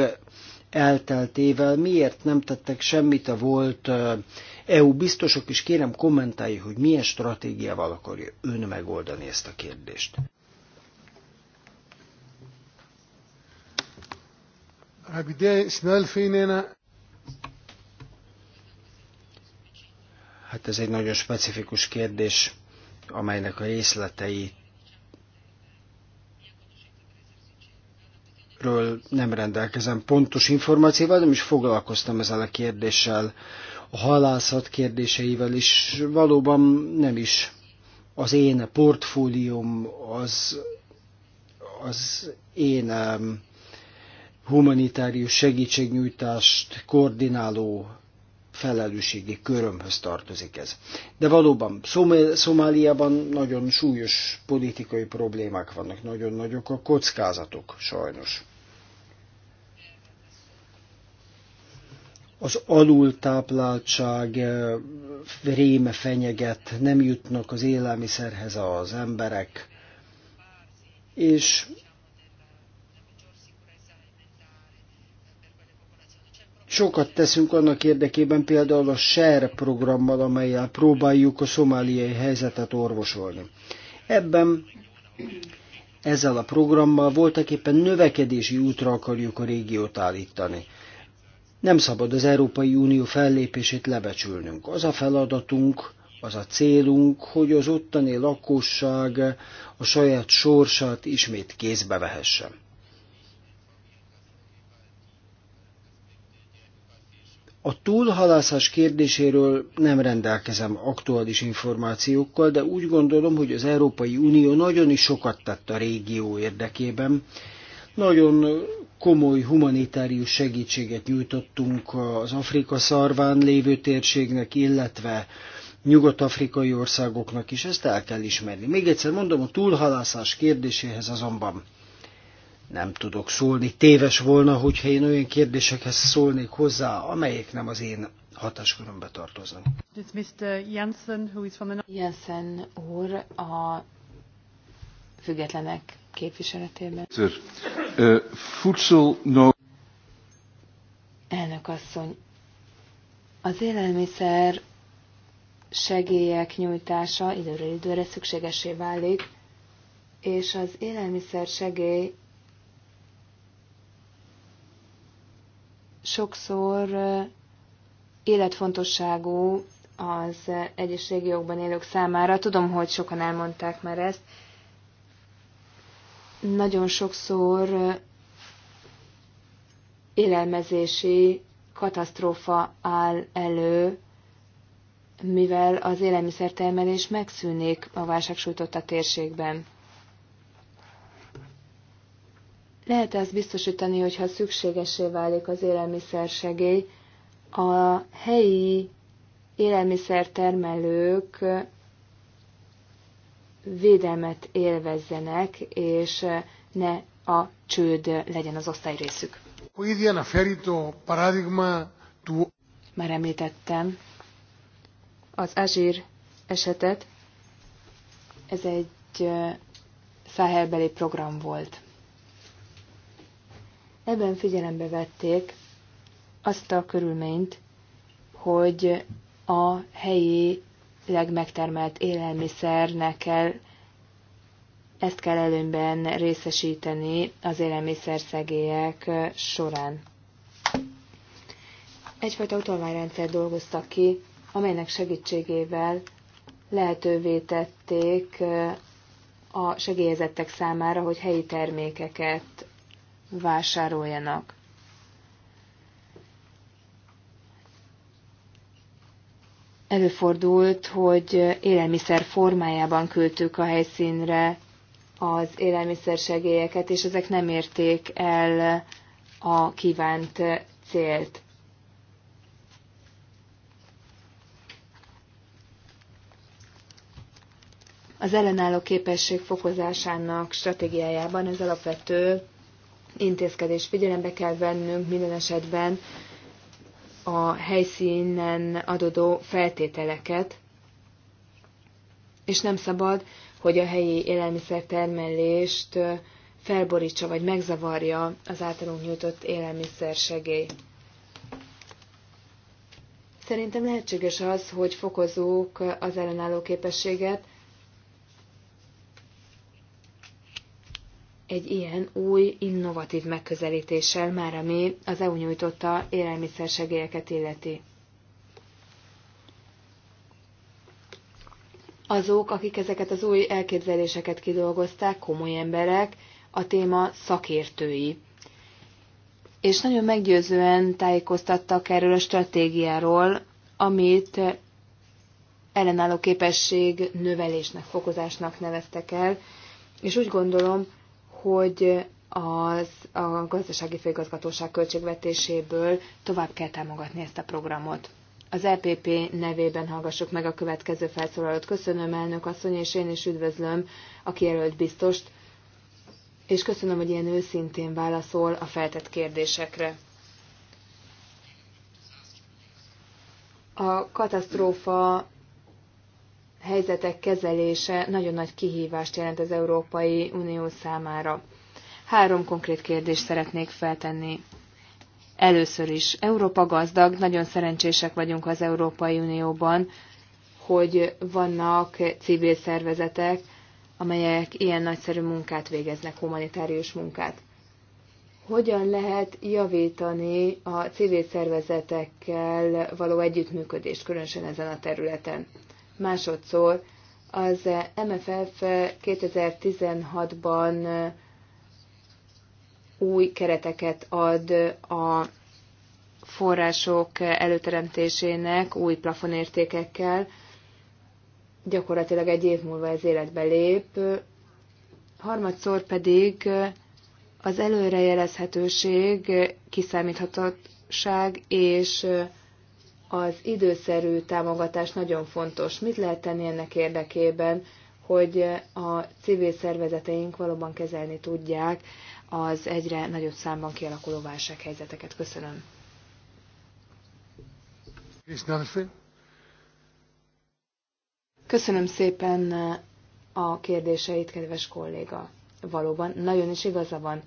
elteltével miért nem tettek semmit a volt EU biztosok is kérem kommentálja, hogy milyen stratégiával akarja ön megoldani ezt a kérdést. Hát ez egy nagyon specifikus kérdés, amelynek a részletei ről nem rendelkezem pontos információval, nem is foglalkoztam ezzel a kérdéssel a halászat kérdéseivel, és valóban nem is az én portfólium az, az én humanitárius segítségnyújtást koordináló felelősségi körömhöz tartozik ez. De valóban Szomáliában nagyon súlyos politikai problémák vannak, nagyon nagyok a kockázatok sajnos. az alultápláltság eh, réme fenyeget, nem jutnak az élelmiszerhez az emberek, és sokat teszünk annak érdekében, például a SHARE programmal, amelyel próbáljuk a szomáliai helyzetet orvosolni. Ebben ezzel a programmal voltak éppen növekedési útra akarjuk a régiót állítani. Nem szabad az Európai Unió fellépését lebecsülnünk. Az a feladatunk, az a célunk, hogy az ottani lakosság a saját sorsát ismét kézbe vehesse. A túlhalászás kérdéséről nem rendelkezem aktuális információkkal, de úgy gondolom, hogy az Európai Unió nagyon is sokat tett a régió érdekében. Nagyon komoly humanitárius segítséget nyújtottunk az Afrika szarván lévő térségnek, illetve nyugat-afrikai országoknak is, ezt el kell ismerni. Még egyszer mondom, a túlhalászás kérdéséhez azonban nem tudok szólni. Téves volna, hogyha én olyan kérdésekhez szólnék hozzá, amelyek nem az én hatáskörömbe tartoznak. Jensen, the... Jensen úr a függetlenek képviseletében. Sir. Eh, Elnök asszony, az élelmiszer segélyek nyújtása időről időre szükségesé válik, és az élelmiszer segély sokszor eh, életfontosságú az egyes régiókban élők számára. Tudom, hogy sokan elmondták már ezt, nagyon sokszor élelmezési katasztrófa áll elő, mivel az élelmiszertermelés megszűnik a válság sújtotta térségben. Lehet ezt biztosítani, hogyha szükségesé válik az segély, a helyi élelmiszertermelők védelmet élvezzenek, és ne a csőd legyen az osztály részük. Már említettem az Azsír esetet, ez egy száhelbeli program volt. Ebben figyelembe vették azt a körülményt, hogy a helyi megtermelt élelmiszernek kell, ezt kell előnyben részesíteni az élelmiszer szegélyek során. Egyfajta utalványrendszer dolgoztak ki, amelynek segítségével lehetővé tették a segélyezettek számára, hogy helyi termékeket vásároljanak. előfordult, hogy élelmiszer formájában küldtük a helyszínre az élelmiszersegélyeket, és ezek nem érték el a kívánt célt. Az ellenálló képesség fokozásának stratégiájában az alapvető intézkedés figyelembe kell vennünk minden esetben a helyszínen adódó feltételeket, és nem szabad, hogy a helyi élelmiszertermelést felborítsa vagy megzavarja az általunk nyújtott segély. Szerintem lehetséges az, hogy fokozzuk az ellenálló képességet, egy ilyen új, innovatív megközelítéssel már, ami az EU nyújtotta segélyeket illeti. Azok, akik ezeket az új elképzeléseket kidolgozták, komoly emberek, a téma szakértői. És nagyon meggyőzően tájékoztattak erről a stratégiáról, amit ellenálló képesség növelésnek, fokozásnak neveztek el, és úgy gondolom, hogy az, a gazdasági főigazgatóság költségvetéséből tovább kell támogatni ezt a programot. Az EPP nevében hallgassuk meg a következő felszólalót. Köszönöm, elnök asszony, és én is üdvözlöm a kijelölt biztost, és köszönöm, hogy ilyen őszintén válaszol a feltett kérdésekre. A katasztrófa helyzetek kezelése nagyon nagy kihívást jelent az Európai Unió számára. Három konkrét kérdést szeretnék feltenni. Először is, Európa gazdag, nagyon szerencsések vagyunk az Európai Unióban, hogy vannak civil szervezetek, amelyek ilyen nagyszerű munkát végeznek, humanitárius munkát. Hogyan lehet javítani a civil szervezetekkel való együttműködést, különösen ezen a területen? Másodszor az MFF 2016-ban új kereteket ad a források előteremtésének új plafonértékekkel. Gyakorlatilag egy év múlva ez életbe lép. Harmadszor pedig az előrejelezhetőség, kiszámíthatóság és az időszerű támogatás nagyon fontos. Mit lehet tenni ennek érdekében, hogy a civil szervezeteink valóban kezelni tudják az egyre nagyobb számban kialakuló válsághelyzeteket? Köszönöm. Köszönöm szépen a kérdéseit, kedves kolléga. Valóban, nagyon is igaza van.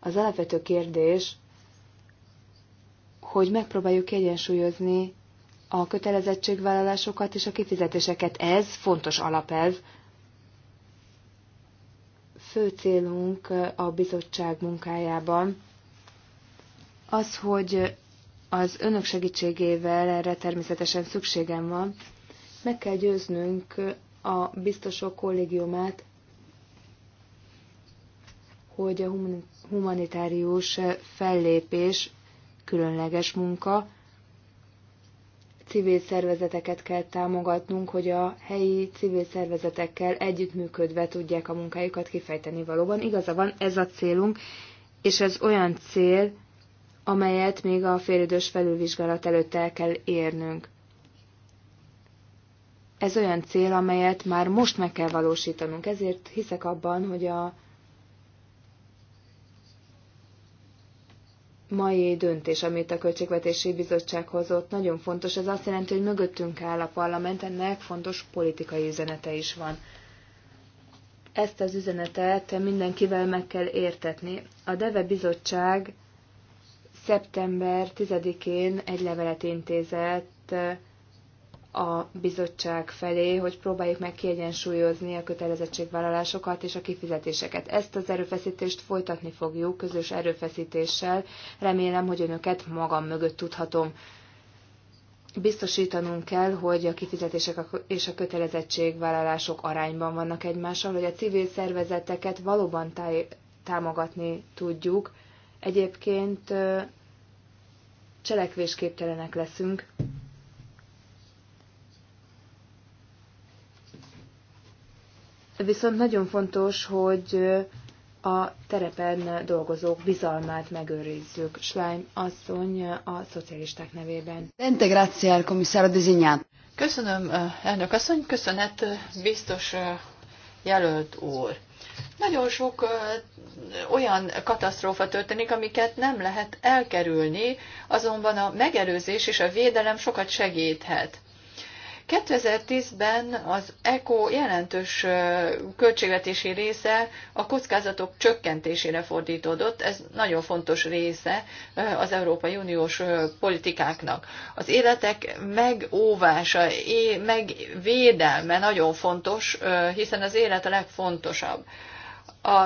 Az alapvető kérdés, hogy megpróbáljuk egyensúlyozni a kötelezettségvállalásokat és a kifizetéseket. Ez fontos alapelv. Fő célunk a bizottság munkájában az, hogy az önök segítségével erre természetesen szükségem van, meg kell győznünk a biztosok kollégiumát, hogy a humanitárius fellépés különleges munka, civil szervezeteket kell támogatnunk, hogy a helyi civil szervezetekkel együttműködve tudják a munkájukat kifejteni valóban. Igaza van, ez a célunk, és ez olyan cél, amelyet még a félidős felülvizsgálat előtt el kell érnünk. Ez olyan cél, amelyet már most meg kell valósítanunk, ezért hiszek abban, hogy a mai döntés, amit a Költségvetési Bizottság hozott, nagyon fontos. Ez azt jelenti, hogy mögöttünk áll a parlament, ennek fontos politikai üzenete is van. Ezt az üzenetet mindenkivel meg kell értetni. A DEVE Bizottság szeptember 10-én egy levelet intézett a bizottság felé, hogy próbáljuk meg kiegyensúlyozni a kötelezettségvállalásokat és a kifizetéseket. Ezt az erőfeszítést folytatni fogjuk közös erőfeszítéssel. Remélem, hogy önöket magam mögött tudhatom. Biztosítanunk kell, hogy a kifizetések és a kötelezettségvállalások arányban vannak egymással, hogy a civil szervezeteket valóban táj- támogatni tudjuk. Egyébként cselekvésképtelenek leszünk. Viszont nagyon fontos, hogy a terepen dolgozók bizalmát megőrizzük. Schleim asszony a szocialisták nevében. Integráciál komisszára dizinyát. Köszönöm, elnök asszony, köszönet biztos jelölt úr. Nagyon sok olyan katasztrófa történik, amiket nem lehet elkerülni, azonban a megelőzés és a védelem sokat segíthet. 2010-ben az ECO jelentős költségvetési része a kockázatok csökkentésére fordítódott. Ez nagyon fontos része az Európai Uniós politikáknak. Az életek megóvása, megvédelme nagyon fontos, hiszen az élet a legfontosabb. A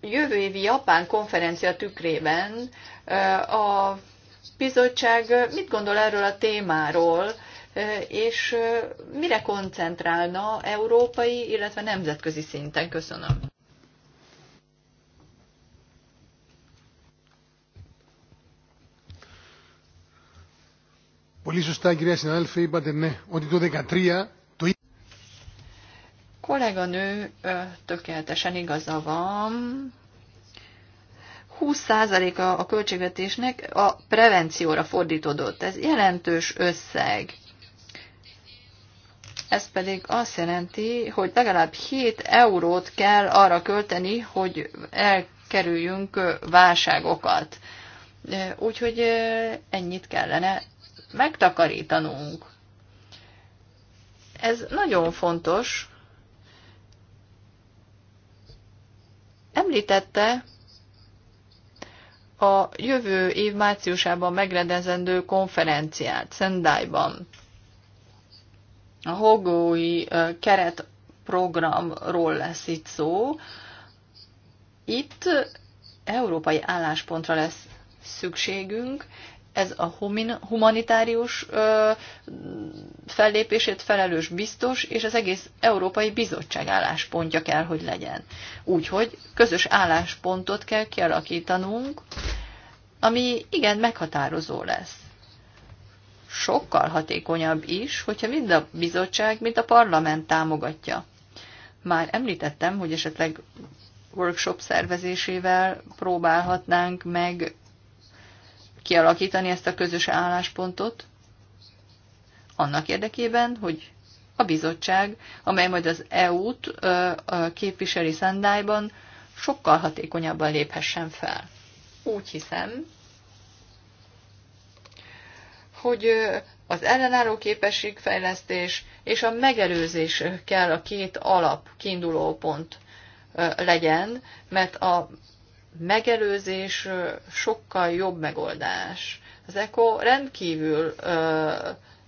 jövő évi Japán konferencia tükrében a bizottság mit gondol erről a témáról, és mire koncentrálna európai, illetve nemzetközi szinten? Köszönöm. Πολύ σωστά κυρία συνάδελφε είπατε ναι ότι το 2013 το Kolléganő tökéletesen igaza van, 20%-a a költségvetésnek a prevencióra fordítódott. Ez jelentős összeg. Ez pedig azt jelenti, hogy legalább 7 eurót kell arra költeni, hogy elkerüljünk válságokat. Úgyhogy ennyit kellene megtakarítanunk. Ez nagyon fontos. Említette, a jövő év márciusában megrendezendő konferenciát Szendályban. A Hogói keretprogramról lesz itt szó. Itt európai álláspontra lesz szükségünk, ez a humanitárius fellépését felelős biztos, és az egész Európai Bizottság álláspontja kell, hogy legyen. Úgyhogy közös álláspontot kell kialakítanunk, ami igen meghatározó lesz. Sokkal hatékonyabb is, hogyha mind a bizottság, mind a parlament támogatja. Már említettem, hogy esetleg workshop szervezésével próbálhatnánk meg kialakítani ezt a közös álláspontot, annak érdekében, hogy a bizottság, amely majd az EU-t képviseli Szendályban, sokkal hatékonyabban léphessen fel. Úgy hiszem, hogy az ellenálló képességfejlesztés és a megelőzés kell a két alap kiinduló pont legyen, mert a megelőzés sokkal jobb megoldás. Az ECO rendkívül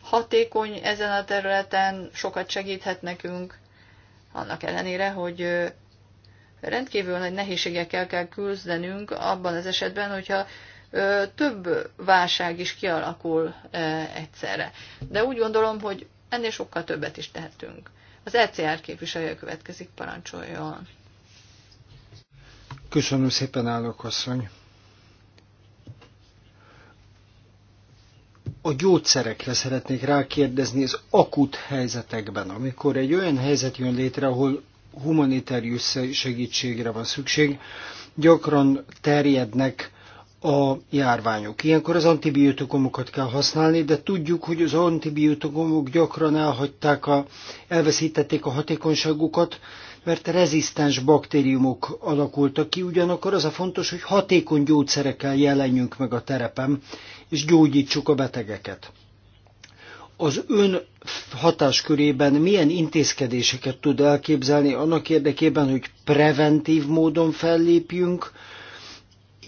hatékony ezen a területen, sokat segíthet nekünk, annak ellenére, hogy rendkívül nagy nehézségekkel kell küzdenünk abban az esetben, hogyha több válság is kialakul egyszerre. De úgy gondolom, hogy ennél sokkal többet is tehetünk. Az ECR képviselője következik, parancsoljon. Köszönöm szépen, állok asszony. A gyógyszerekre szeretnék rákérdezni az akut helyzetekben, amikor egy olyan helyzet jön létre, ahol humanitárius segítségre van szükség, gyakran terjednek a járványok. Ilyenkor az antibiotikumokat kell használni, de tudjuk, hogy az antibiotikumok gyakran elhagyták a, elveszítették a hatékonyságukat, mert rezisztens baktériumok alakultak ki, ugyanakkor az a fontos, hogy hatékony gyógyszerekkel jelenjünk meg a terepen, és gyógyítsuk a betegeket. Az ön hatáskörében milyen intézkedéseket tud elképzelni annak érdekében, hogy preventív módon fellépjünk,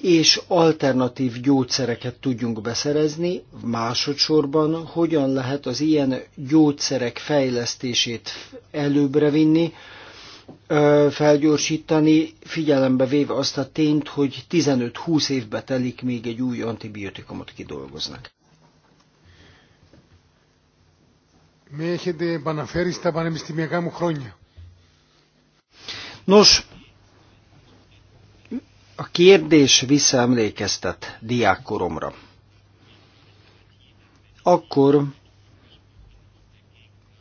és alternatív gyógyszereket tudjunk beszerezni, másodszorban hogyan lehet az ilyen gyógyszerek fejlesztését előbbre vinni, felgyorsítani, figyelembe véve azt a tényt, hogy 15-20 évbe telik, még egy új antibiotikumot kidolgoznak. Nos, a kérdés visszaemlékeztet diákkoromra. Akkor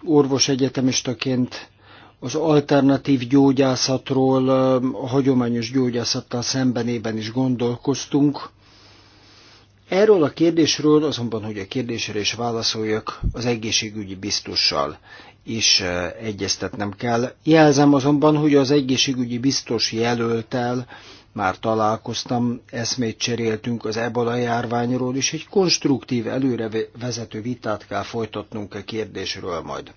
orvos egyetemistaként az alternatív gyógyászatról, a hagyományos gyógyászattal szembenében is gondolkoztunk. Erről a kérdésről azonban, hogy a kérdésre is válaszoljak, az egészségügyi biztossal is egyeztetnem kell. Jelzem azonban, hogy az egészségügyi biztos jelöltel már találkoztam, eszmét cseréltünk az ebola járványról, és egy konstruktív előrevezető vitát kell folytatnunk a kérdésről majd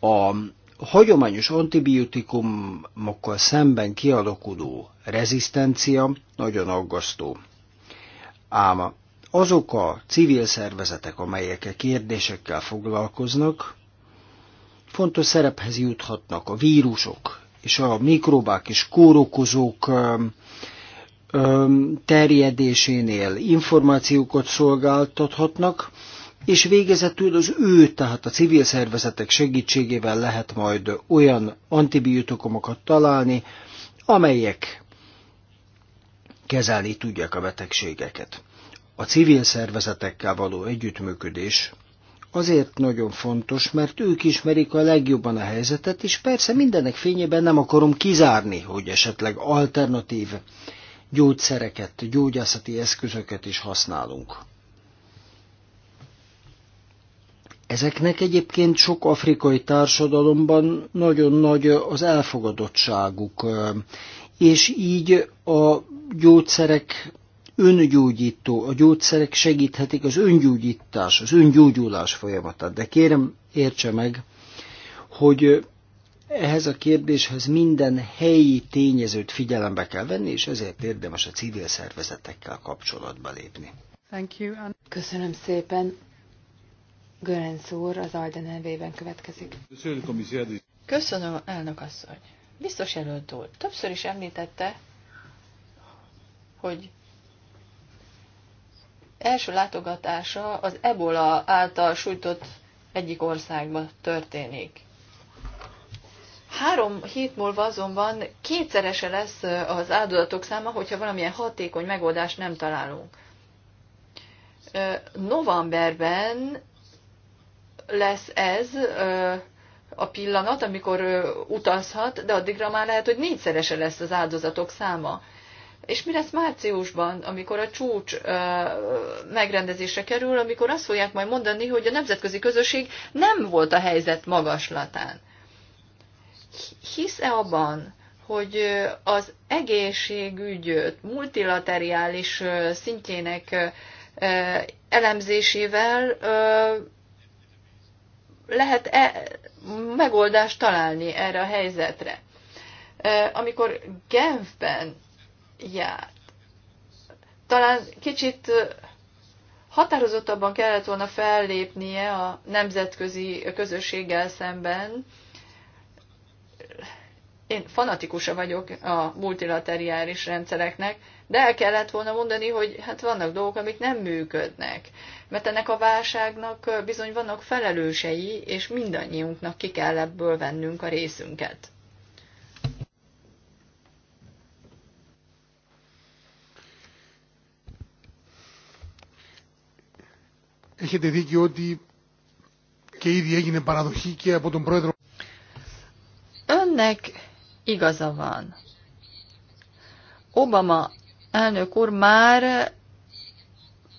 a hagyományos antibiotikumokkal szemben kialakuló rezisztencia nagyon aggasztó. Ám azok a civil szervezetek, amelyek a e kérdésekkel foglalkoznak, fontos szerephez juthatnak a vírusok és a mikrobák és kórokozók terjedésénél információkat szolgáltathatnak, és végezetül az ő, tehát a civil szervezetek segítségével lehet majd olyan antibiotikumokat találni, amelyek kezelni tudják a betegségeket. A civil szervezetekkel való együttműködés azért nagyon fontos, mert ők ismerik a legjobban a helyzetet, és persze mindenek fényében nem akarom kizárni, hogy esetleg alternatív gyógyszereket, gyógyászati eszközöket is használunk. Ezeknek egyébként sok afrikai társadalomban nagyon nagy az elfogadottságuk, és így a gyógyszerek öngyógyító, a gyógyszerek segíthetik az öngyógyítás, az öngyógyulás folyamatát. De kérem, értse meg, hogy ehhez a kérdéshez minden helyi tényezőt figyelembe kell venni, és ezért érdemes a civil szervezetekkel kapcsolatba lépni. Thank you. Köszönöm szépen. Görenc úr az Alde nevében következik. Köszönöm, elnök asszony. Biztos jelölt úr, többször is említette, hogy első látogatása az ebola által sújtott egyik országba történik. Három hét múlva azonban kétszerese lesz az áldozatok száma, hogyha valamilyen hatékony megoldást nem találunk. Novemberben lesz ez a pillanat, amikor utazhat, de addigra már lehet, hogy négyszerese lesz az áldozatok száma. És mi lesz márciusban, amikor a csúcs ö, megrendezésre kerül, amikor azt fogják majd mondani, hogy a nemzetközi közösség nem volt a helyzet magaslatán? Hisz-e abban, hogy az egészségügyöt multilateriális szintjének elemzésével lehet-e megoldást találni erre a helyzetre. Amikor Genfben járt, talán kicsit határozottabban kellett volna fellépnie a nemzetközi közösséggel szemben. Én fanatikusa vagyok a multilateriális rendszereknek, de el kellett volna mondani, hogy hát vannak dolgok, amik nem működnek. Mert ennek a válságnak bizony vannak felelősei, és mindannyiunknak ki kell ebből vennünk a részünket. Έχετε δίκιο ότι και ήδη έγινε παραδοχή και από τον πρόεδρο. Önnek igaza van. Obama elnök úr már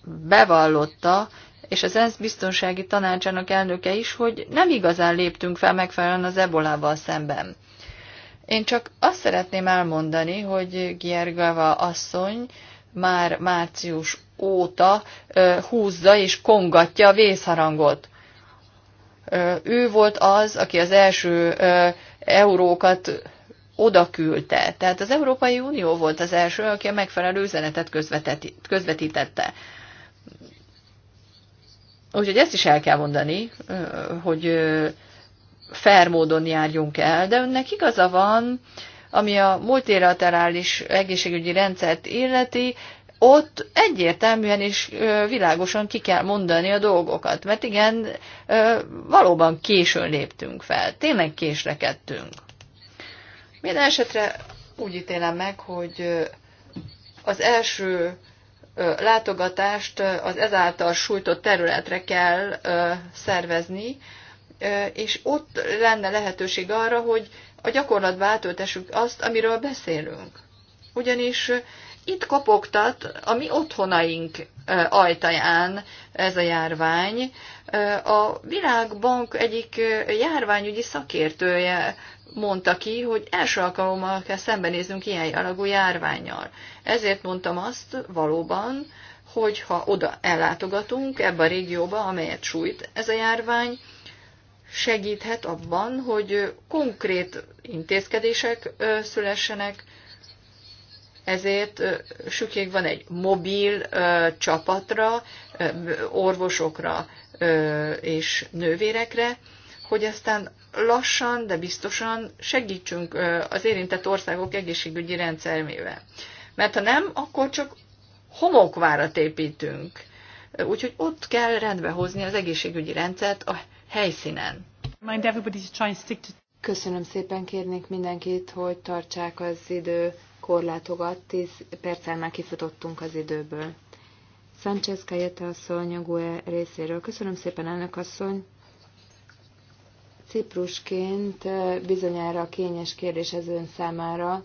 bevallotta, és az ENSZ biztonsági tanácsának elnöke is, hogy nem igazán léptünk fel megfelelően az ebolával szemben. Én csak azt szeretném elmondani, hogy Giergava asszony már március óta húzza és kongatja a vészharangot. ő volt az, aki az első eurókat oda küldte. Tehát az Európai Unió volt az első, aki a megfelelő üzenetet közvetítette. Úgyhogy ezt is el kell mondani, hogy fair módon járjunk el, de önnek igaza van, ami a multilaterális egészségügyi rendszert illeti, ott egyértelműen és világosan ki kell mondani a dolgokat, mert igen, valóban későn léptünk fel, tényleg késlekedtünk. Minden esetre úgy ítélem meg, hogy az első látogatást az ezáltal sújtott területre kell szervezni, és ott lenne lehetőség arra, hogy a gyakorlatba átöltessük azt, amiről beszélünk. Ugyanis itt kopogtat a mi otthonaink ajtaján ez a járvány. A Világbank egyik járványügyi szakértője mondta ki, hogy első alkalommal kell szembenéznünk ilyen alagú járványjal. Ezért mondtam azt valóban, hogy ha oda ellátogatunk ebbe a régióba, amelyet sújt ez a járvány, segíthet abban, hogy konkrét intézkedések szülessenek, ezért szükség van egy mobil csapatra, orvosokra és nővérekre, hogy aztán lassan, de biztosan segítsünk az érintett országok egészségügyi rendszermével. Mert ha nem, akkor csak homokvárat építünk. Úgyhogy ott kell rendbe hozni az egészségügyi rendszert a helyszínen. Köszönöm szépen, kérnék mindenkit, hogy tartsák az idő korlátokat. Tíz perccel már kifutottunk az időből. Sánchez Cayeta asszony a GUE részéről. Köszönöm szépen, elnök asszony. Ciprusként bizonyára kényes kérdés ez ön számára.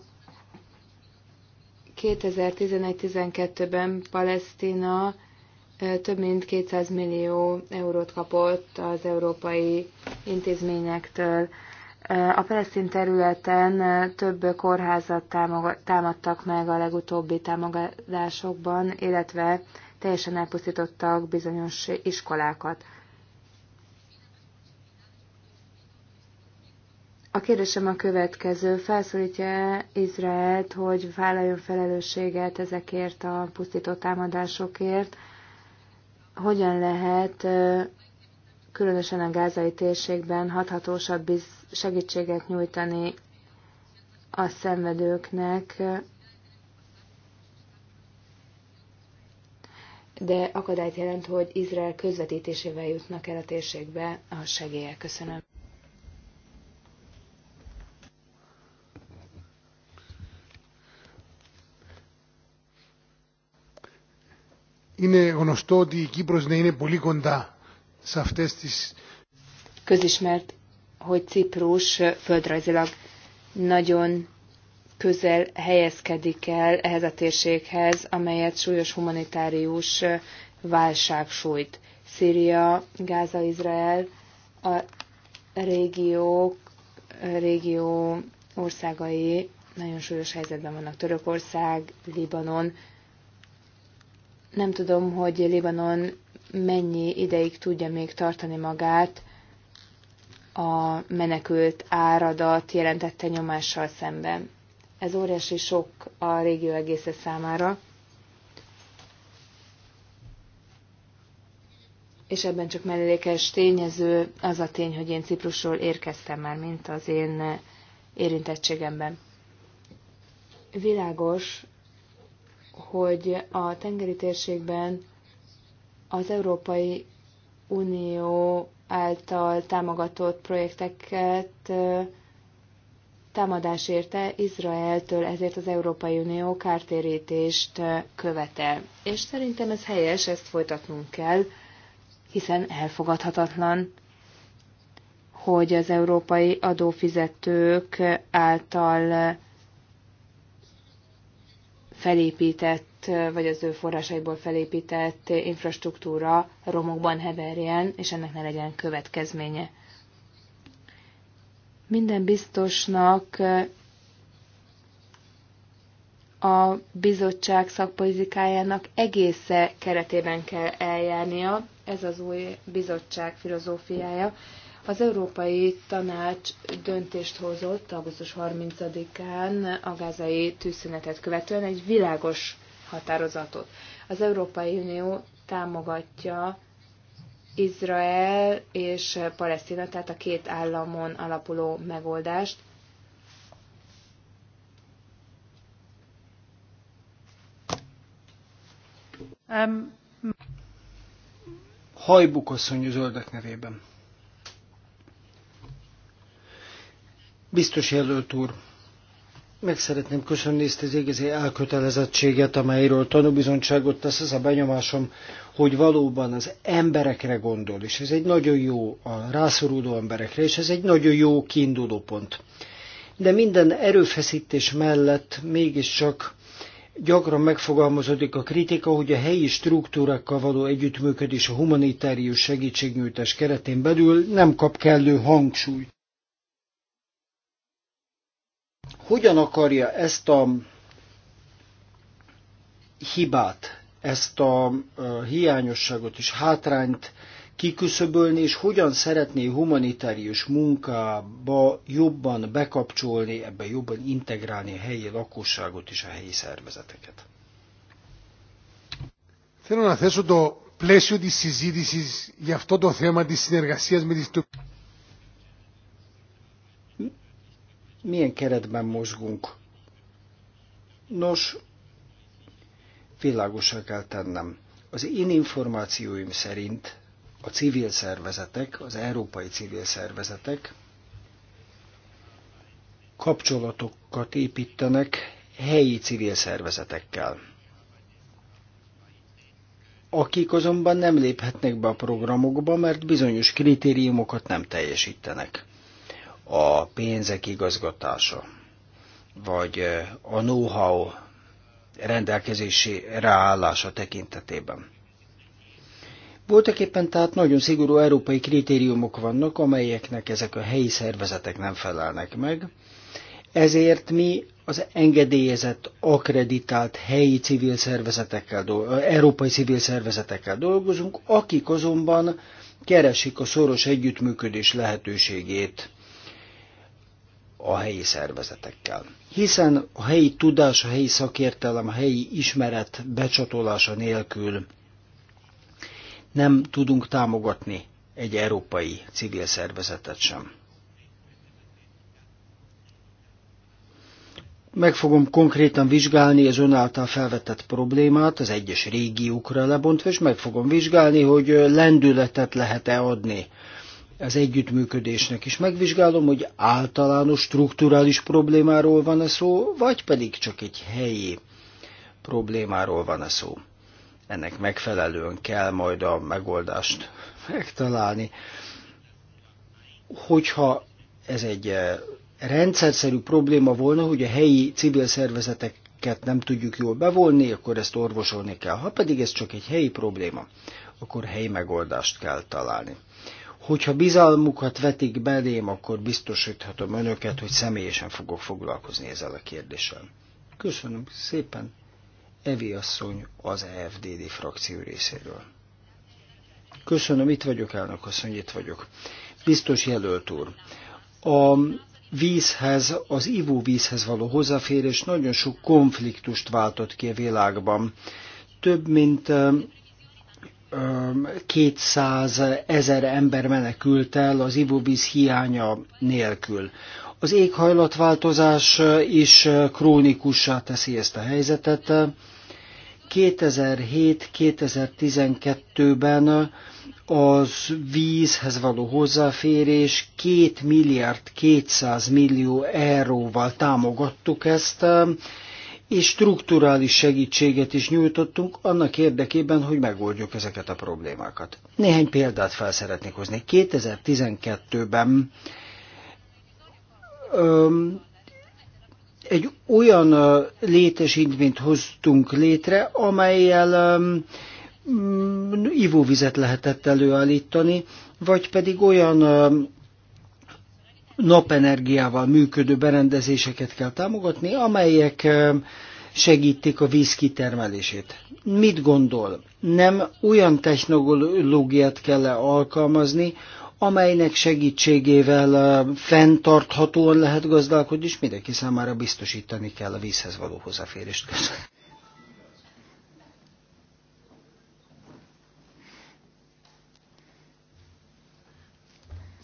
2011-12-ben Palesztina több mint 200 millió eurót kapott az európai intézményektől. A palesztin területen több kórházat támadtak meg a legutóbbi támogatásokban, illetve teljesen elpusztítottak bizonyos iskolákat. A kérdésem a következő. Felszólítja Izraelt, hogy vállaljon felelősséget ezekért a pusztító támadásokért? Hogyan lehet különösen a gázai térségben hathatósabb segítséget nyújtani a szenvedőknek, de akadályt jelent, hogy Izrael közvetítésével jutnak el a térségbe a segélyek. Köszönöm. Είναι γνωστό ότι η Κύπρος να είναι πολύ κοντά σε αυτές τις... Közismert, hogy Ciprus földrajzilag nagyon közel helyezkedik el ehhez a térséghez, amelyet súlyos humanitárius válság sújt. Szíria, Gáza, Izrael, a régiók, régió országai nagyon súlyos helyzetben vannak. Törökország, Libanon, nem tudom, hogy Libanon mennyi ideig tudja még tartani magát a menekült áradat jelentette nyomással szemben. Ez óriási sok a régió egésze számára. és ebben csak mellékes tényező az a tény, hogy én Ciprusról érkeztem már, mint az én érintettségemben. Világos, hogy a tengeri térségben az Európai Unió által támogatott projekteket támadás érte Izraeltől, ezért az Európai Unió kártérítést követel. És szerintem ez helyes, ezt folytatnunk kell, hiszen elfogadhatatlan, hogy az európai adófizetők által felépített, vagy az ő forrásaiból felépített infrastruktúra romokban heverjen, és ennek ne legyen következménye. Minden biztosnak a bizottság szakpolitikájának egésze keretében kell eljárnia, ez az új bizottság filozófiája, az Európai Tanács döntést hozott augusztus 30-án a gázai tűzszünetet követően egy világos határozatot. Az Európai Unió támogatja Izrael és Palesztina, tehát a két államon alapuló megoldást. Um, Hajbuk asszony zöldek nevében. Biztos jelölt úr, meg szeretném köszönni ezt az igazi elkötelezettséget, amelyről tanúbizonyságot tesz ez a benyomásom, hogy valóban az emberekre gondol, és ez egy nagyon jó, a rászoruló emberekre, és ez egy nagyon jó kiinduló pont. De minden erőfeszítés mellett mégiscsak gyakran megfogalmazódik a kritika, hogy a helyi struktúrákkal való együttműködés a humanitárius segítségnyújtás keretén belül nem kap kellő hangsúlyt. Hogyan akarja ezt a hibát, ezt a hiányosságot és hátrányt kiküszöbölni, és hogyan szeretné humanitárius munkába jobban bekapcsolni, ebbe jobban integrálni a helyi lakosságot és a helyi szervezeteket. Θέλω να θέσω το πλαίσιο της συζήτησης για αυτό το θέμα της συνεργασίας με τις milyen keretben mozgunk. Nos, világosra kell tennem. Az én információim szerint a civil szervezetek, az európai civil szervezetek kapcsolatokat építenek helyi civil szervezetekkel. Akik azonban nem léphetnek be a programokba, mert bizonyos kritériumokat nem teljesítenek a pénzek igazgatása, vagy eh, a know-how rendelkezésére állása tekintetében. Voltak éppen tehát nagyon szigorú európai kritériumok vannak, amelyeknek ezek a helyi szervezetek nem felelnek meg, ezért mi az engedélyezett, akreditált helyi civil szervezetekkel, eh, európai civil szervezetekkel dolgozunk, akik azonban keresik a szoros együttműködés lehetőségét a helyi szervezetekkel. Hiszen a helyi tudás, a helyi szakértelem, a helyi ismeret becsatolása nélkül nem tudunk támogatni egy európai civil szervezetet sem. Meg fogom konkrétan vizsgálni az ön által felvetett problémát, az egyes régiókra lebontva, és meg fogom vizsgálni, hogy lendületet lehet-e adni az együttműködésnek is. Megvizsgálom, hogy általános strukturális problémáról van-e szó, vagy pedig csak egy helyi problémáról van-e szó. Ennek megfelelően kell majd a megoldást megtalálni. Hogyha ez egy eh, rendszerszerű probléma volna, hogy a helyi civil szervezeteket nem tudjuk jól bevonni, akkor ezt orvosolni kell. Ha pedig ez csak egy helyi probléma, akkor helyi megoldást kell találni. Hogyha bizalmukat vetik belém, akkor biztosíthatom önöket, hogy személyesen fogok foglalkozni ezzel a kérdéssel. Köszönöm szépen, Evi asszony az EFDD frakció részéről. Köszönöm, itt vagyok, elnök asszony, itt vagyok. Biztos jelölt úr. A vízhez, az ivóvízhez való hozzáférés nagyon sok konfliktust váltott ki a világban. Több mint 200 ezer ember menekült el az ivóvíz hiánya nélkül. Az éghajlatváltozás is krónikussá teszi ezt a helyzetet. 2007-2012-ben az vízhez való hozzáférés 2 milliárd 200 millió euróval támogattuk ezt, és strukturális segítséget is nyújtottunk annak érdekében, hogy megoldjuk ezeket a problémákat. Néhány példát fel szeretnék hozni. 2012-ben öm, egy olyan létesítményt hoztunk létre, amelyel öm, ivóvizet lehetett előállítani, vagy pedig olyan napenergiával működő berendezéseket kell támogatni, amelyek segítik a víz kitermelését. Mit gondol? Nem olyan technológiát kell -e alkalmazni, amelynek segítségével fenntarthatóan lehet gazdálkodni, és mindenki számára biztosítani kell a vízhez való hozzáférést. Köszönöm.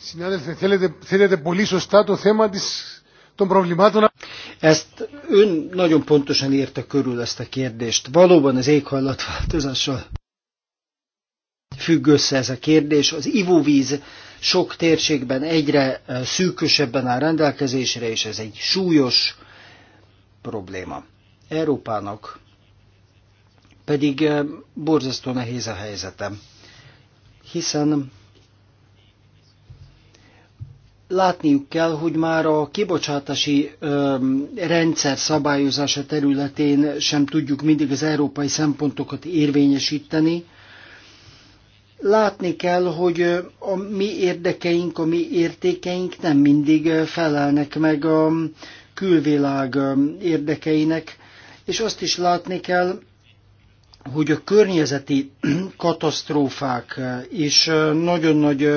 Συνάδελφε, θέλετε, θέλετε πολύ σωστά το θέμα της, των προβλημάτων. Ezt ön nagyon pontosan érte körül ezt a kérdést. Valóban az éghajlatváltozással függ össze ez a kérdés. Az ivóvíz sok térségben egyre szűkösebben áll rendelkezésre, és ez egy súlyos probléma. Európának pedig borzasztó nehéz a helyzetem, hiszen látniuk kell, hogy már a kibocsátási ö, rendszer szabályozása területén sem tudjuk mindig az európai szempontokat érvényesíteni. Látni kell, hogy a mi érdekeink, a mi értékeink nem mindig felelnek meg a külvilág érdekeinek, és azt is látni kell, hogy a környezeti [clears throat] katasztrófák és nagyon nagy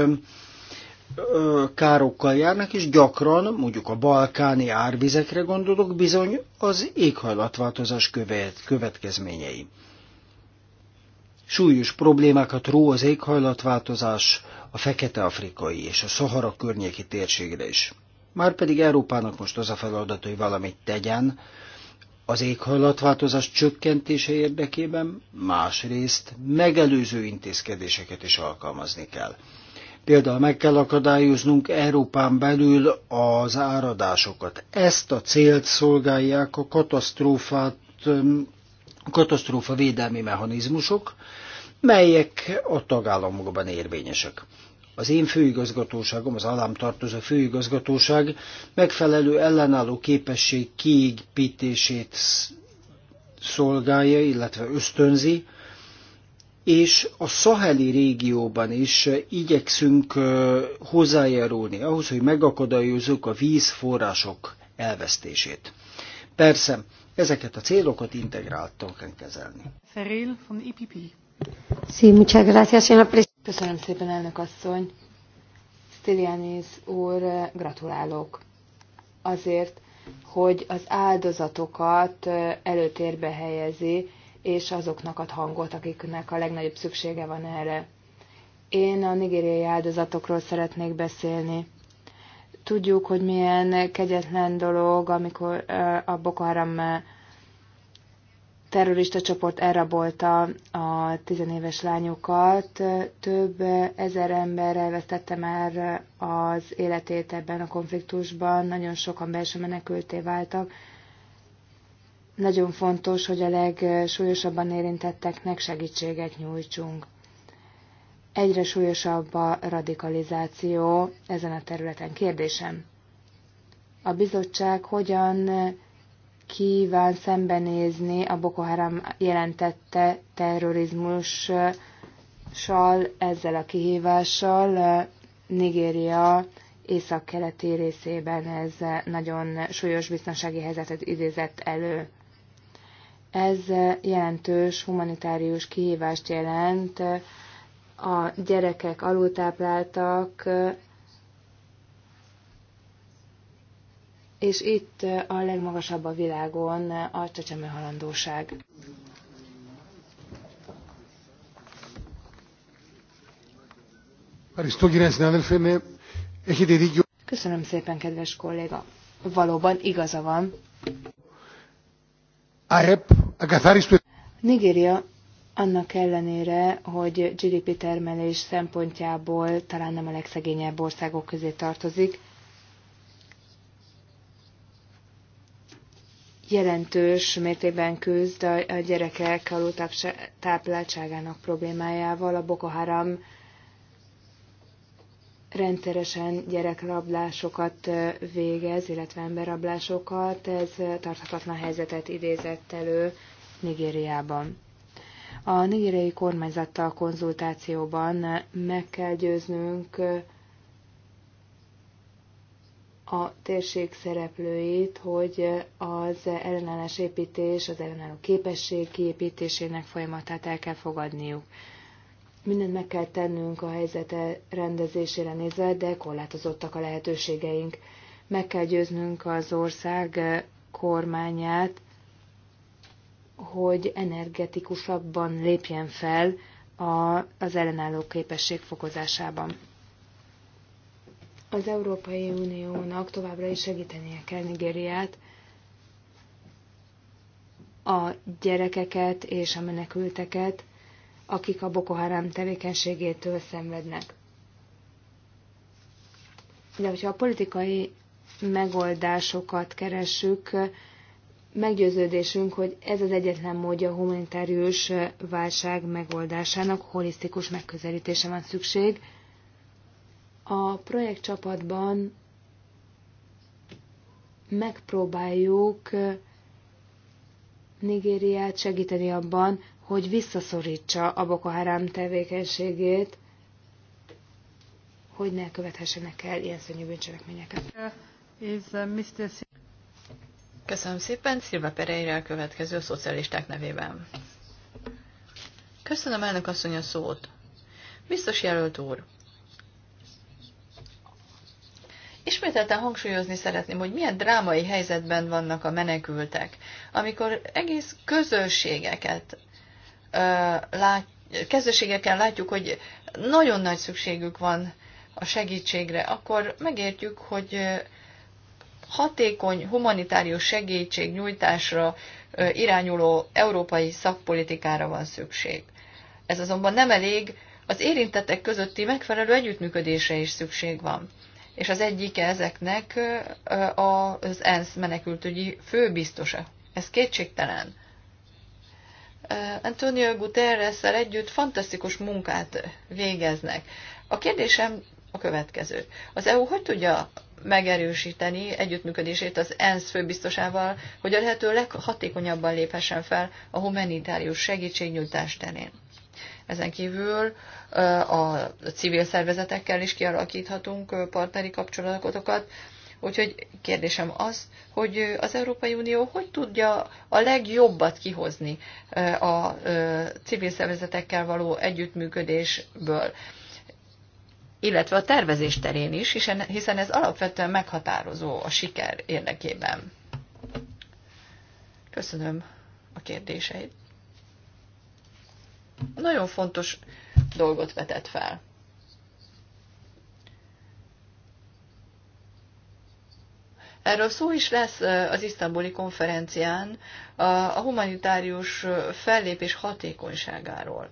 károkkal járnak, és gyakran, mondjuk a balkáni árvizekre gondolok, bizony az éghajlatváltozás követ, következményei. Súlyos problémákat ró az éghajlatváltozás a fekete-afrikai és a Szahara környéki térségre is. Márpedig Európának most az a feladat, hogy valamit tegyen, az éghajlatváltozás csökkentése érdekében másrészt megelőző intézkedéseket is alkalmazni kell. Például meg kell akadályoznunk Európán belül az áradásokat. Ezt a célt szolgálják a katasztrófát, katasztrófa védelmi mechanizmusok, melyek a tagállamokban érvényesek. Az én főigazgatóságom, az állam tartozó főigazgatóság megfelelő ellenálló képesség kiépítését szolgálja, illetve ösztönzi, és a szaheli régióban is igyekszünk hozzájárulni ahhoz, hogy megakadályozzuk a vízforrások elvesztését. Persze, ezeket a célokat integráltan kell kezelni. Feril von IPP. Sí, muchas gracias, señora Köszönöm szépen, elnök asszony. Stilianis úr, gratulálok azért, hogy az áldozatokat előtérbe helyezi, és azoknak ad hangot, akiknek a legnagyobb szüksége van erre. Én a nigériai áldozatokról szeretnék beszélni. Tudjuk, hogy milyen kegyetlen dolog, amikor eh, a Boko Haram eh, terrorista csoport elrabolta a tizenéves lányokat. Több eh, ezer ember elvesztette már az életét ebben a konfliktusban, nagyon sokan belső menekülté váltak. Nagyon fontos, hogy a legsúlyosabban érintetteknek segítséget nyújtsunk. Egyre súlyosabb a radikalizáció ezen a területen. Kérdésem. A bizottság hogyan kíván szembenézni a Boko Haram jelentette terrorizmussal, ezzel a kihívással Nigéria észak-keleti részében ez nagyon súlyos biztonsági helyzetet idézett elő. Ez jelentős humanitárius kihívást jelent. A gyerekek alultápláltak, és itt a legmagasabb a világon a halandóság. Köszönöm szépen, kedves kolléga. Valóban igaza van. Nigéria annak ellenére, hogy GDP termelés szempontjából talán nem a legszegényebb országok közé tartozik, jelentős mértékben küzd a gyerekek alultápláltságának problémájával. A Boko Haram rendszeresen gyerekrablásokat végez, illetve emberrablásokat, ez tarthatatlan helyzetet idézett elő Nigériában. A nigériai kormányzattal konzultációban meg kell győznünk a térség szereplőit, hogy az ellenállás építés, az ellenálló képesség kiépítésének folyamatát el kell fogadniuk mindent meg kell tennünk a helyzete rendezésére nézve, de korlátozottak a lehetőségeink. Meg kell győznünk az ország kormányát, hogy energetikusabban lépjen fel a, az ellenálló képesség fokozásában. Az Európai Uniónak továbbra is segítenie kell Nigériát, a gyerekeket és a menekülteket akik a Boko Haram tevékenységétől szenvednek. De hogyha a politikai megoldásokat keressük, meggyőződésünk, hogy ez az egyetlen módja a humanitárius válság megoldásának, holisztikus megközelítése van szükség. A projektcsapatban megpróbáljuk Nigériát segíteni abban, hogy visszaszorítsa a Boko Haram tevékenységét, hogy ne követhessenek el ilyen szörnyű bűncselekményeket. Uh, Köszönöm szépen, Szilva Pereira a következő a szocialisták nevében. Köszönöm elnök asszony a szót. Biztos jelölt úr. Ismételten hangsúlyozni szeretném, hogy milyen drámai helyzetben vannak a menekültek, amikor egész közösségeket lát, kezdőségeken látjuk, hogy nagyon nagy szükségük van a segítségre, akkor megértjük, hogy hatékony humanitárius segítségnyújtásra irányuló európai szakpolitikára van szükség. Ez azonban nem elég, az érintettek közötti megfelelő együttműködésre is szükség van. És az egyike ezeknek az ENSZ menekültügyi főbiztosa. Ez kétségtelen. Antonio guterres együtt fantasztikus munkát végeznek. A kérdésem a következő. Az EU hogy tudja megerősíteni együttműködését az ENSZ főbiztosával, hogy a lehető leghatékonyabban léphessen fel a humanitárius segítségnyújtás terén? Ezen kívül a civil szervezetekkel is kialakíthatunk partneri kapcsolatokat, Úgyhogy kérdésem az, hogy az Európai Unió hogy tudja a legjobbat kihozni a civil szervezetekkel való együttműködésből, illetve a tervezés terén is, hiszen ez alapvetően meghatározó a siker érdekében. Köszönöm a kérdéseit. Nagyon fontos dolgot vetett fel. Erről szó is lesz az isztambuli konferencián a humanitárius fellépés hatékonyságáról.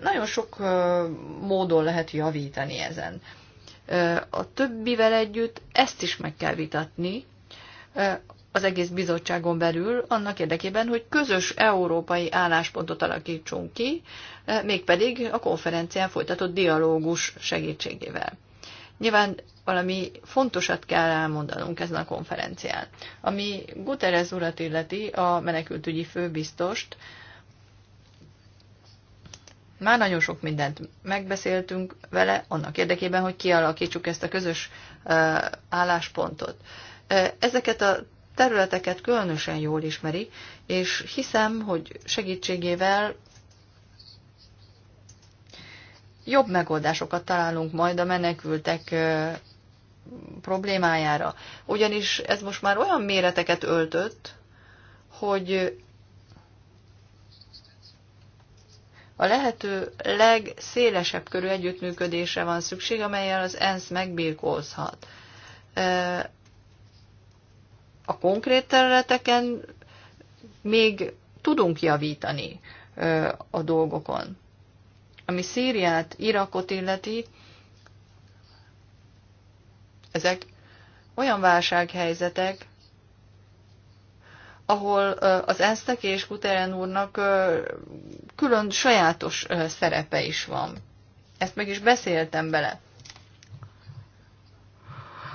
Nagyon sok módon lehet javítani ezen. A többivel együtt ezt is meg kell vitatni az egész bizottságon belül, annak érdekében, hogy közös európai álláspontot alakítsunk ki, mégpedig a konferencián folytatott dialógus segítségével. Nyilván valami fontosat kell elmondanunk ezen a konferencián. Ami Guterres urat illeti, a menekültügyi főbiztost, már nagyon sok mindent megbeszéltünk vele, annak érdekében, hogy kialakítsuk ezt a közös álláspontot. Ezeket a területeket különösen jól ismeri, és hiszem, hogy segítségével jobb megoldásokat találunk majd a menekültek problémájára. Ugyanis ez most már olyan méreteket öltött, hogy a lehető legszélesebb körű együttműködésre van szükség, amelyel az ENSZ megbírkózhat. A konkrét területeken még tudunk javítani a dolgokon. Ami Szíriát, Irakot illeti, ezek olyan válsághelyzetek, ahol az Esztek és Kuteren úrnak külön sajátos szerepe is van. Ezt meg is beszéltem bele.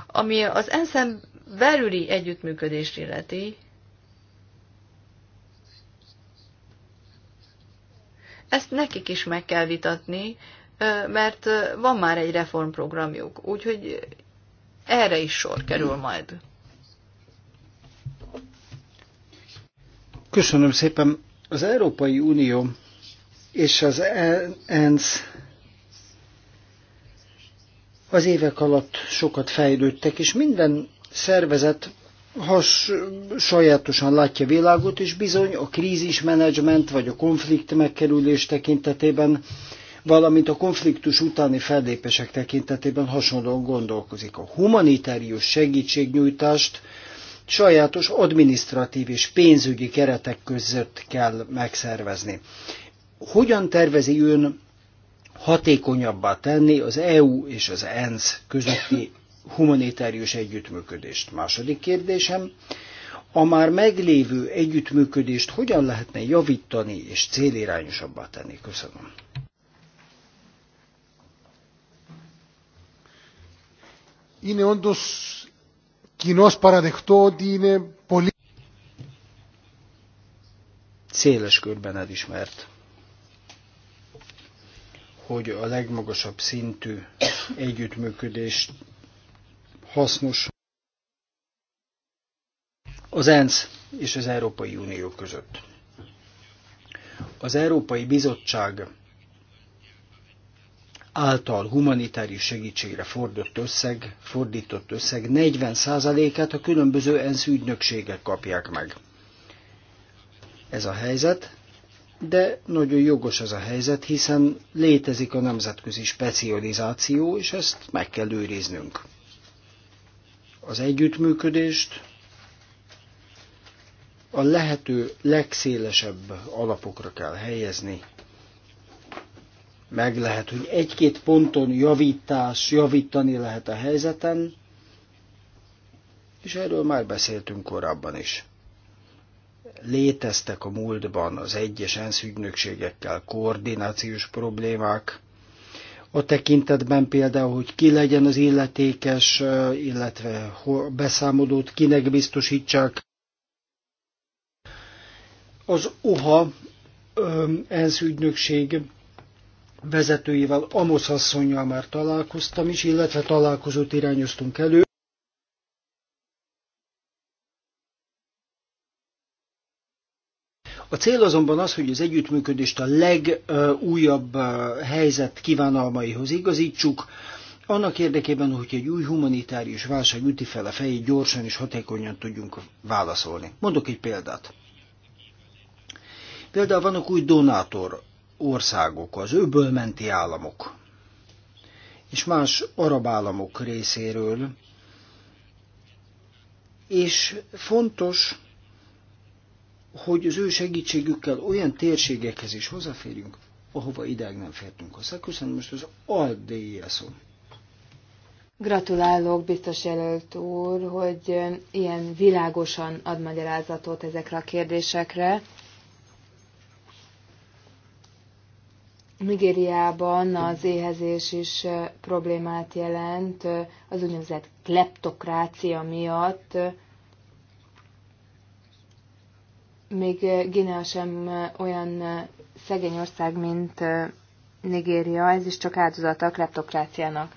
Ami az enszem belüli együttműködést illeti, Ezt nekik is meg kell vitatni, mert van már egy reformprogramjuk, úgyhogy erre is sor kerül majd. Köszönöm szépen. Az Európai Unió és az ENSZ az évek alatt sokat fejlődtek, és minden szervezet has, sajátosan látja világot, és bizony a krízismenedzsment vagy a konflikt megkerülés tekintetében, valamint a konfliktus utáni fellépések tekintetében hasonlóan gondolkozik. A humanitárius segítségnyújtást sajátos adminisztratív és pénzügyi keretek között kell megszervezni. Hogyan tervezi ön hatékonyabbá tenni az EU és az ENSZ közötti humanitárius együttműködést. Második kérdésem, a már meglévő együttműködést hogyan lehetne javítani és célirányosabbá tenni? Köszönöm. Είναι όντω κοινώ παραδεκτό ότι είναι πολύ. Széles körben elismert, hogy a legmagasabb szintű együttműködést hasznos az ENSZ és az Európai Unió között. Az Európai Bizottság által humanitárius segítségre fordított összeg, fordított összeg 40%-át a különböző ENSZ ügynökségek kapják meg. Ez a helyzet, de nagyon jogos ez a helyzet, hiszen létezik a nemzetközi specializáció, és ezt meg kell őriznünk az együttműködést, a lehető legszélesebb alapokra kell helyezni. Meg lehet, hogy egy-két ponton javítás, javítani lehet a helyzeten, és erről már beszéltünk korábban is. Léteztek a múltban az egyes ENSZ ügynökségekkel koordinációs problémák, a tekintetben például, hogy ki legyen az illetékes, illetve beszámolót kinek biztosítsák. Az OHA ENSZ ügynökség vezetőivel, Amos asszonyjal már találkoztam is, illetve találkozót irányoztunk elő. A cél azonban az, hogy az együttműködést a legújabb helyzet kívánalmaihoz igazítsuk, annak érdekében, hogy egy új humanitárius válság üti fel a fejét, gyorsan és hatékonyan tudjunk válaszolni. Mondok egy példát. Például vannak új donátor országok, az öbölmenti államok, és más arab államok részéről, és fontos, hogy az ő segítségükkel olyan térségekhez is hozzáférjünk, ahova ideig nem fértünk hozzá. Köszönöm most az ADI szó. Gratulálok, biztos jelölt úr, hogy ilyen világosan ad magyarázatot ezekre a kérdésekre. Nigériában az éhezés is problémát jelent az úgynevezett kleptokrácia miatt, még eh, Guinea sem eh, olyan eh, szegény ország, mint Nigéria, ez is csak áldozata a kleptokráciának.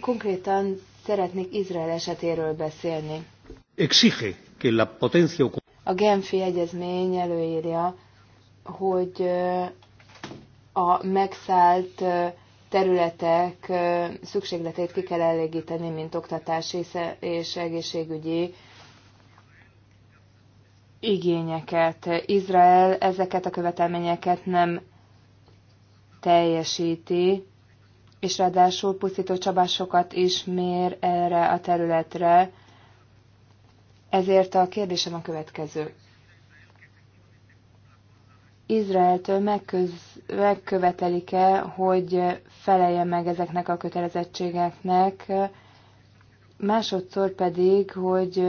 Konkrétan szeretnék Izrael esetéről beszélni. Exige que la potencia... A Genfi egyezmény előírja, hogy a megszállt területek szükségletét ki kell elégíteni, mint oktatás és egészségügyi igényeket. Izrael ezeket a követelményeket nem teljesíti, és ráadásul pusztító csapásokat is mér erre a területre. Ezért a kérdésem a következő. Izraeltől megköz, megkövetelik-e, hogy felelje meg ezeknek a kötelezettségeknek, másodszor pedig, hogy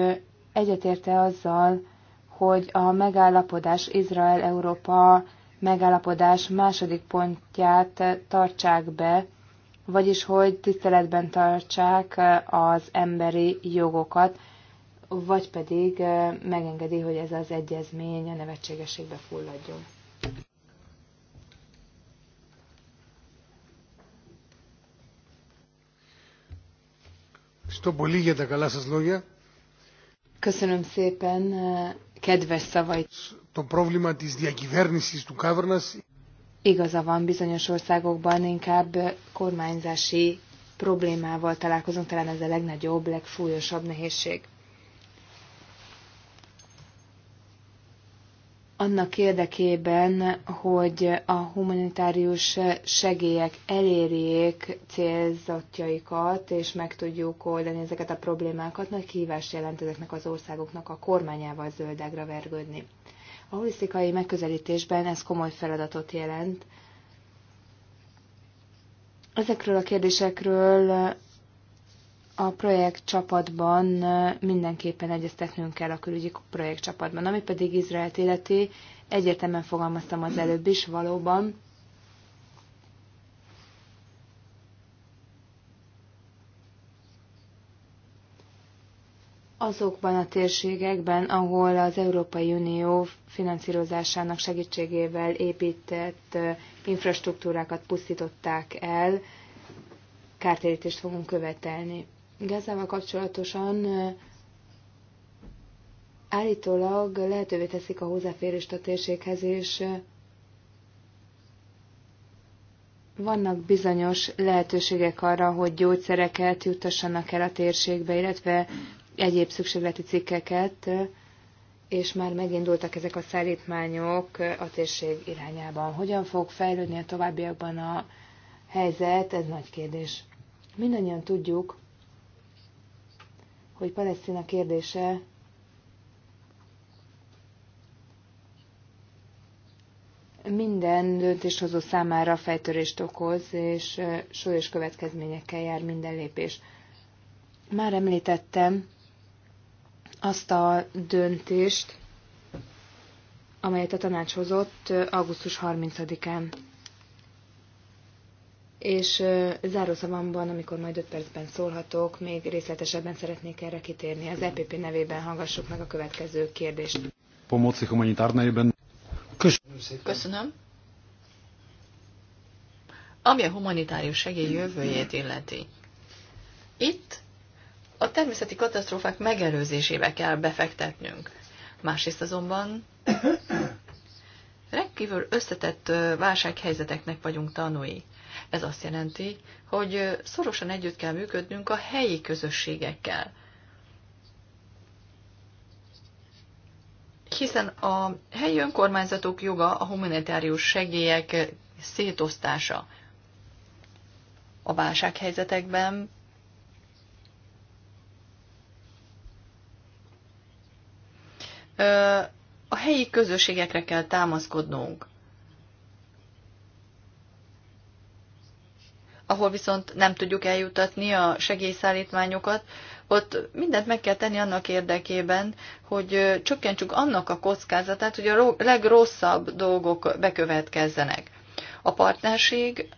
egyetérte azzal, hogy a megállapodás, Izrael-Európa megállapodás második pontját tartsák be, vagyis hogy tiszteletben tartsák az emberi jogokat, vagy pedig megengedi, hogy ez az egyezmény a nevetségességbe fulladjon. Köszönöm szépen eh, kedves szavait. Igaza van, bizonyos országokban inkább kormányzási problémával találkozunk, talán ez a legnagyobb, legfújosabb nehézség. annak érdekében, hogy a humanitárius segélyek elérjék célzatjaikat, és meg tudjuk oldani ezeket a problémákat, nagy kihívást jelent ezeknek az országoknak a kormányával zöldágra vergődni. A holisztikai megközelítésben ez komoly feladatot jelent. Ezekről a kérdésekről a projektcsapatban mindenképpen egyeztetnünk kell a külügyi projektcsapatban. Ami pedig Izrael életi, egyértelműen fogalmaztam az előbb is, valóban azokban a térségekben, ahol az Európai Unió finanszírozásának segítségével épített infrastruktúrákat pusztították el, kártérítést fogunk követelni. Gázával kapcsolatosan állítólag lehetővé teszik a hozzáférést a térséghez, és vannak bizonyos lehetőségek arra, hogy gyógyszereket juttassanak el a térségbe, illetve egyéb szükségleti cikkeket, és már megindultak ezek a szállítmányok a térség irányában. Hogyan fog fejlődni a továbbiakban a helyzet, ez nagy kérdés. Mindannyian tudjuk, hogy Palesztina kérdése minden döntéshozó számára fejtörést okoz, és súlyos következményekkel jár minden lépés. Már említettem azt a döntést, amelyet a tanács hozott augusztus 30-án és zárószavamban, amikor majd 5 percben szólhatok, még részletesebben szeretnék erre kitérni. Az EPP nevében hallgassuk meg a következő kérdést. Pomoci humanitárnájében. Köszönöm szépen. Köszönöm. Ami a humanitárius segély jövőjét illeti. Itt a természeti katasztrófák megelőzésébe kell befektetnünk. Másrészt azonban [coughs] rendkívül összetett válsághelyzeteknek vagyunk tanúi ez azt jelenti, hogy szorosan együtt kell működnünk a helyi közösségekkel. Hiszen a helyi önkormányzatok joga a humanitárius segélyek szétosztása. A válsághelyzetekben a helyi közösségekre kell támaszkodnunk. ahol viszont nem tudjuk eljutatni a segélyszállítmányokat, ott mindent meg kell tenni annak érdekében, hogy csökkentsük annak a kockázatát, hogy a legrosszabb dolgok bekövetkezzenek. A partnerség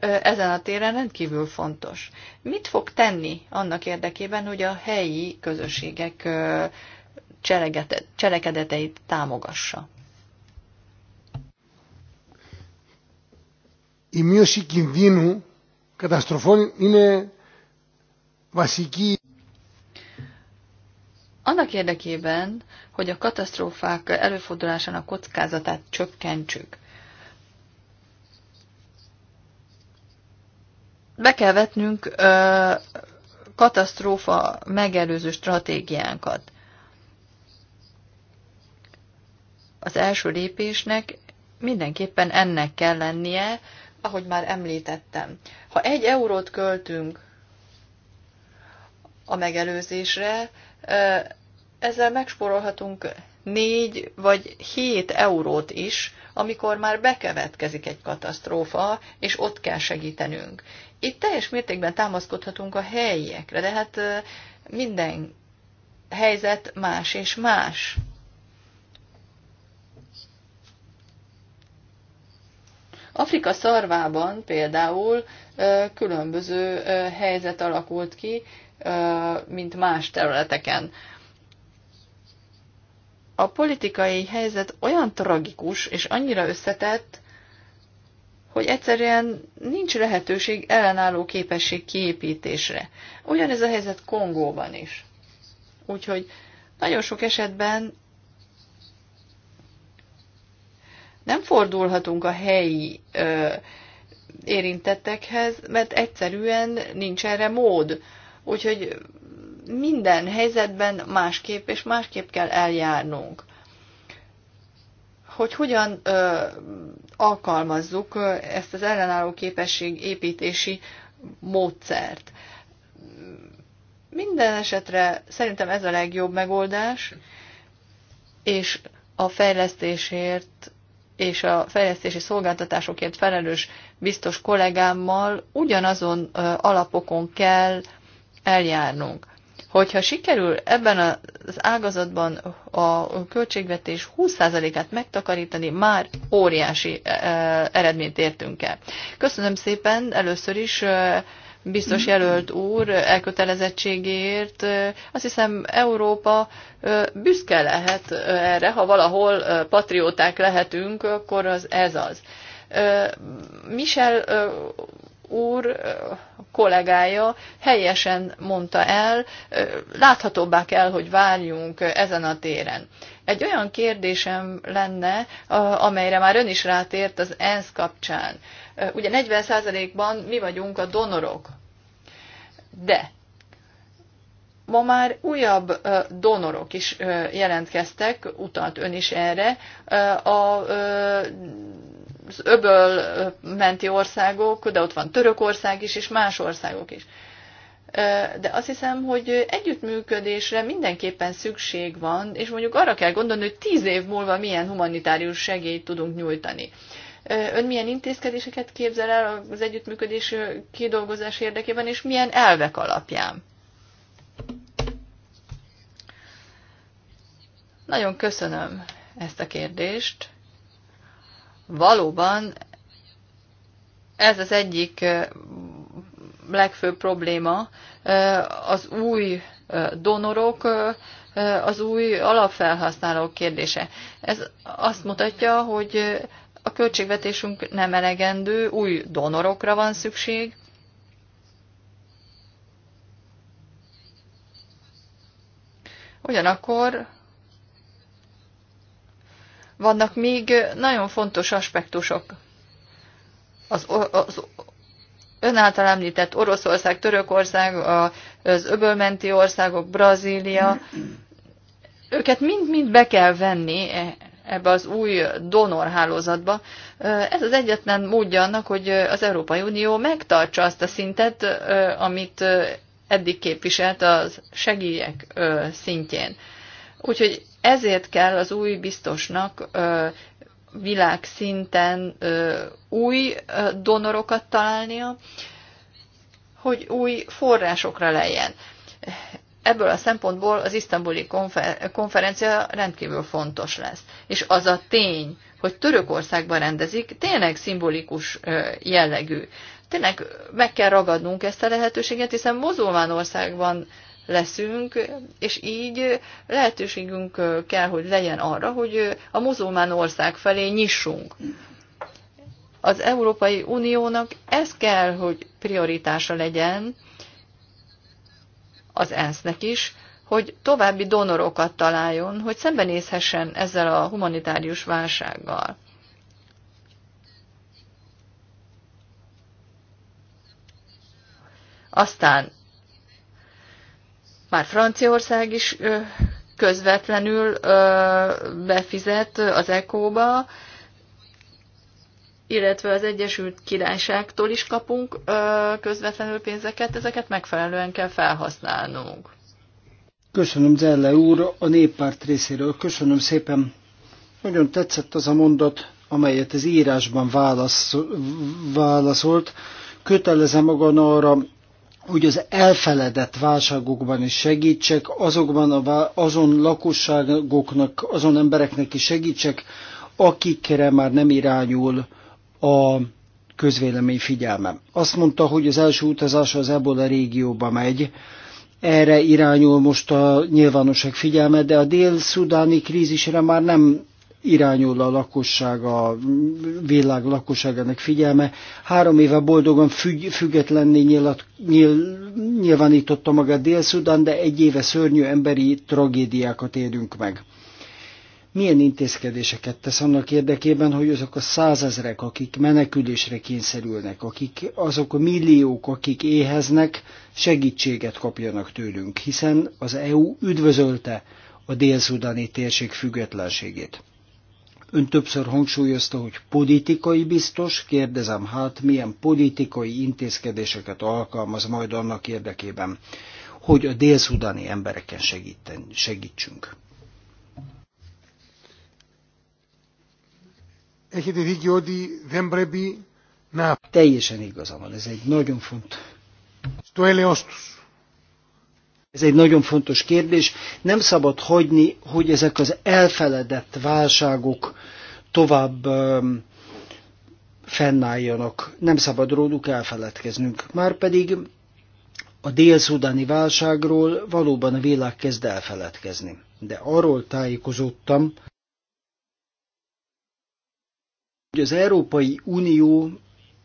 ezen a téren rendkívül fontos. Mit fog tenni annak érdekében, hogy a helyi közösségek cselekedeteit támogassa? Η μείωση κινδύνου καταστροφών είναι βασική. Annak érdekében, hogy a katasztrófák előfordulásának kockázatát csökkentsük, be kell vetnünk ö, katasztrófa megelőző stratégiánkat. Az első lépésnek mindenképpen ennek kell lennie, ahogy már említettem, ha egy eurót költünk a megelőzésre, ezzel megspórolhatunk négy vagy hét eurót is, amikor már bekevetkezik egy katasztrófa, és ott kell segítenünk. Itt teljes mértékben támaszkodhatunk a helyiekre, de hát minden helyzet más és más. Afrika szarvában például különböző helyzet alakult ki, mint más területeken. A politikai helyzet olyan tragikus és annyira összetett, hogy egyszerűen nincs lehetőség ellenálló képesség kiépítésre. Ugyanez a helyzet Kongóban is. Úgyhogy nagyon sok esetben Nem fordulhatunk a helyi ö, érintettekhez, mert egyszerűen nincs erre mód. Úgyhogy minden helyzetben másképp és másképp kell eljárnunk. Hogy hogyan ö, alkalmazzuk ezt az ellenálló képesség építési módszert. Minden esetre szerintem ez a legjobb megoldás, és a fejlesztésért és a fejlesztési szolgáltatásokért felelős biztos kollégámmal ugyanazon alapokon kell eljárnunk. Hogyha sikerül ebben az ágazatban a költségvetés 20%-át megtakarítani, már óriási eredményt értünk el. Köszönöm szépen először is biztos mhm. jelölt úr elkötelezettségért. Azt hiszem, Európa büszke lehet erre, ha valahol patrióták lehetünk, akkor az ez az. Michel úr kollégája helyesen mondta el, láthatóbbá kell, hogy várjunk ezen a téren. Egy olyan kérdésem lenne, amelyre már ön is rátért az ENSZ kapcsán. Ugye 40%-ban mi vagyunk a donorok, de ma már újabb donorok is jelentkeztek, utalt ön is erre, a az öböl menti országok, de ott van Törökország is, és más országok is de azt hiszem, hogy együttműködésre mindenképpen szükség van, és mondjuk arra kell gondolni, hogy tíz év múlva milyen humanitárius segélyt tudunk nyújtani. Ön milyen intézkedéseket képzel el az együttműködés kidolgozás érdekében, és milyen elvek alapján? Nagyon köszönöm ezt a kérdést. Valóban ez az egyik legfőbb probléma az új donorok, az új alapfelhasználók kérdése. Ez azt mutatja, hogy a költségvetésünk nem elegendő, új donorokra van szükség, Ugyanakkor vannak még nagyon fontos aspektusok. Az, az Ön által említett Oroszország, Törökország, az öbölmenti országok, Brazília, őket mind-mind be kell venni e, ebbe az új donorhálózatba. Ez az egyetlen módja annak, hogy az Európai Unió megtartsa azt a szintet, amit eddig képviselt az segélyek szintjén. Úgyhogy ezért kell az új biztosnak világszinten új donorokat találnia, hogy új forrásokra lejjen. Ebből a szempontból az isztambuli konferencia rendkívül fontos lesz. És az a tény, hogy Törökországban rendezik, tényleg szimbolikus jellegű. Tényleg meg kell ragadnunk ezt a lehetőséget, hiszen Mozulmán országban leszünk, és így lehetőségünk kell, hogy legyen arra, hogy a muzulmán ország felé nyissunk. Az Európai Uniónak ez kell, hogy prioritása legyen, az ENSZ-nek is, hogy további donorokat találjon, hogy szembenézhessen ezzel a humanitárius válsággal. Aztán már Franciaország is közvetlenül befizet az ECO-ba, illetve az Egyesült Királyságtól is kapunk közvetlenül pénzeket, ezeket megfelelően kell felhasználnunk. Köszönöm Zelle úr a néppárt részéről, köszönöm szépen. Nagyon tetszett az a mondat, amelyet az írásban válasz, válaszolt. Kötelezem magam arra, hogy az elfeledett válságokban is segítsek, azokban a, azon lakosságoknak, azon embereknek is segítsek, akikre már nem irányul a közvélemény figyelme. Azt mondta, hogy az első utazása az Ebola régióba megy, erre irányul most a nyilvánosság figyelme, de a dél-szudáni krízisre már nem irányul a lakosság, a világ lakosságának figyelme. Három éve boldogan függ, függetlenné nyilat, nyil, nyilvánította magát Dél-Szudán, de egy éve szörnyű emberi tragédiákat élünk meg. Milyen intézkedéseket tesz annak érdekében, hogy azok a százezrek, akik menekülésre kényszerülnek, akik, azok a milliók, akik éheznek, segítséget kapjanak tőlünk, hiszen az EU üdvözölte a dél-szudáni térség függetlenségét. Ön többször hangsúlyozta, hogy politikai biztos, kérdezem hát, milyen politikai intézkedéseket alkalmaz majd annak érdekében, hogy a délszudáni embereken segíten, segítsünk. Teljesen igaza van, ez egy nagyon fontos. Ez egy nagyon fontos kérdés. Nem szabad hagyni, hogy ezek az elfeledett válságok tovább um, fennálljanak. Nem szabad róluk elfeledkeznünk. Márpedig a dél-szudáni válságról valóban a világ kezd elfeledkezni. De arról tájékozódtam, hogy az Európai Unió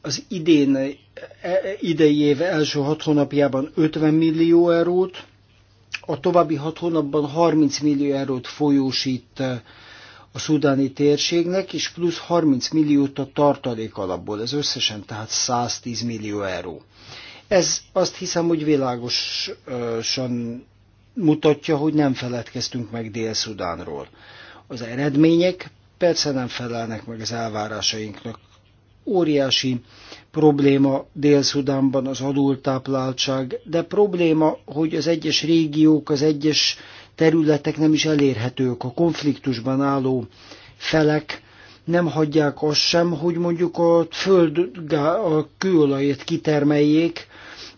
az idén, e, e, idei év első hat hónapjában 50 millió eurót, a további hat hónapban 30 millió eurót folyósít eh, a szudáni térségnek, és plusz 30 milliót a tartalék alapból. Ez összesen tehát 110 millió euró. Ez azt hiszem, hogy világosan eh, mutatja, hogy nem feledkeztünk meg Dél-Szudánról. Az eredmények persze nem felelnek meg az elvárásainknak. Óriási Probléma Dél-Szudánban az adultápláltság, de probléma, hogy az egyes régiók, az egyes területek nem is elérhetők. A konfliktusban álló felek nem hagyják azt sem, hogy mondjuk a föld a kőolajét kitermeljék,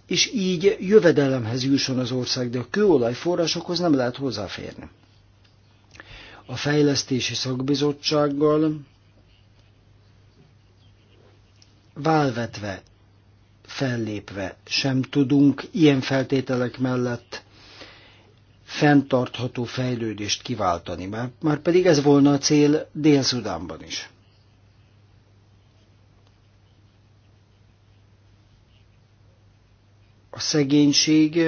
és így jövedelemhez jusson az ország, de a kőolaj forrásokhoz nem lehet hozzáférni. A fejlesztési szakbizottsággal válvetve, fellépve sem tudunk ilyen feltételek mellett fenntartható fejlődést kiváltani, már, már pedig ez volna a cél dél is. A szegénység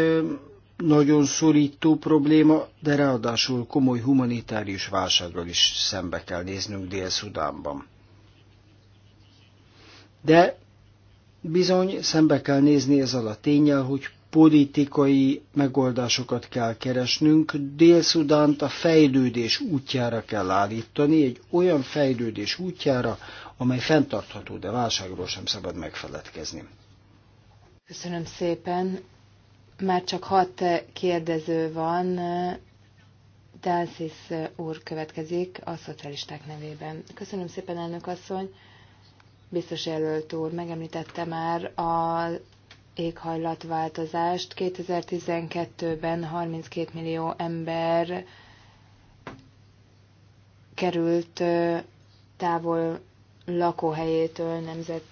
nagyon szorító probléma, de ráadásul komoly humanitárius válsággal is szembe kell néznünk Dél-Szudánban. De bizony szembe kell nézni ezzel a tényel, hogy politikai megoldásokat kell keresnünk, Dél-Szudánt a fejlődés útjára kell állítani, egy olyan fejlődés útjára, amely fenntartható, de válságról sem szabad megfeledkezni. Köszönöm szépen. Már csak hat kérdező van. Dalsis úr következik a szocialisták nevében. Köszönöm szépen, elnök asszony. Biztos jelölt úr megemlítette már a éghajlatváltozást. 2012-ben 32 millió ember került távol lakóhelyétől nemzet,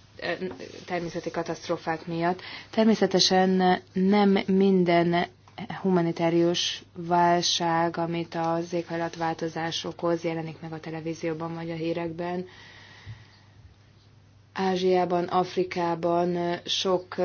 természeti katasztrófák miatt. Természetesen nem minden humanitárius válság, amit az éghajlatváltozás okoz, jelenik meg a televízióban vagy a hírekben. Ázsiában, Afrikában sok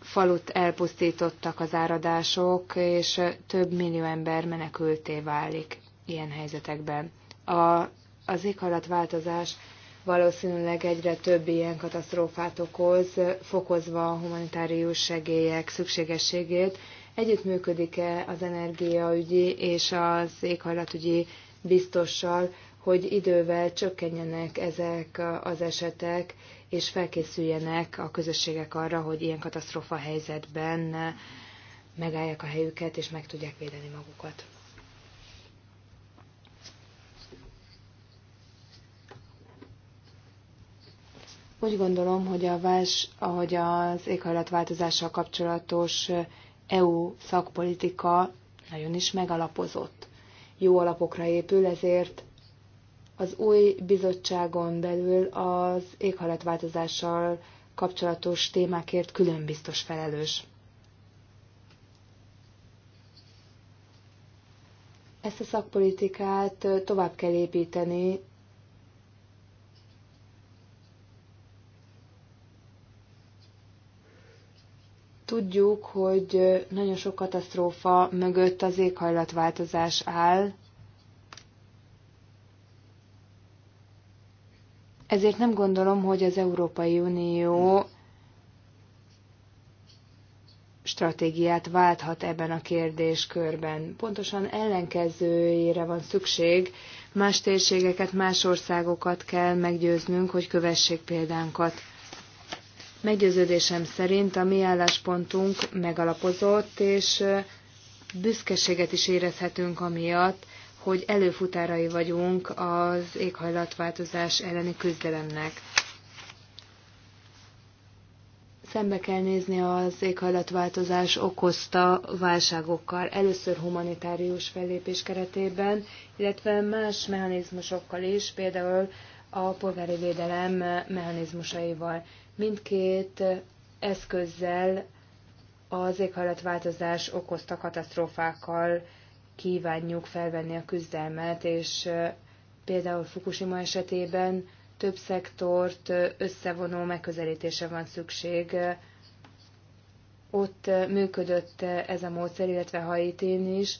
falut elpusztítottak az áradások, és több millió ember menekülté válik ilyen helyzetekben. A, az éghajlatváltozás valószínűleg egyre több ilyen katasztrófát okoz, fokozva a humanitárius segélyek szükségességét. Együttműködik-e az energiaügyi és az éghajlatügyi biztossal, hogy idővel csökkenjenek ezek az esetek, és felkészüljenek a közösségek arra, hogy ilyen katasztrófa helyzetben megállják a helyüket, és meg tudják védeni magukat. Úgy gondolom, hogy a vás, ahogy az éghajlatváltozással kapcsolatos EU szakpolitika nagyon is megalapozott. Jó alapokra épül, ezért az új bizottságon belül az éghajlatváltozással kapcsolatos témákért külön biztos felelős. Ezt a szakpolitikát tovább kell építeni, Tudjuk, hogy nagyon sok katasztrófa mögött az éghajlatváltozás áll, Ezért nem gondolom, hogy az Európai Unió stratégiát válthat ebben a kérdéskörben. Pontosan ellenkezőjére van szükség, más térségeket, más országokat kell meggyőznünk, hogy kövessék példánkat. Meggyőződésem szerint a mi álláspontunk megalapozott, és büszkeséget is érezhetünk amiatt, hogy előfutárai vagyunk az éghajlatváltozás elleni küzdelemnek. Szembe kell nézni az éghajlatváltozás okozta válságokkal, először humanitárius fellépés keretében, illetve más mechanizmusokkal is, például a polgári védelem mechanizmusaival. Mindkét eszközzel az éghajlatváltozás okozta katasztrófákkal kívánjuk felvenni a küzdelmet, és például Fukushima esetében több szektort összevonó megközelítése van szükség. Ott működött ez a módszer, illetve Haitén is.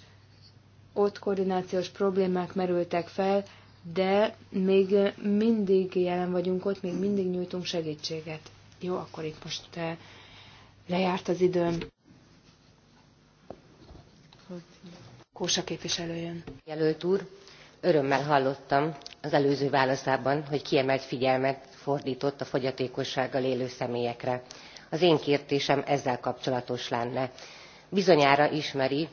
Ott koordinációs problémák merültek fel, de még mindig jelen vagyunk ott, még mindig nyújtunk segítséget. Jó, akkor itt most lejárt az időm. Kósa jön. Jelölt úr, örömmel hallottam az előző válaszában, hogy kiemelt figyelmet fordított a fogyatékossággal élő személyekre. Az én kértésem ezzel kapcsolatos lenne. Bizonyára ismeri,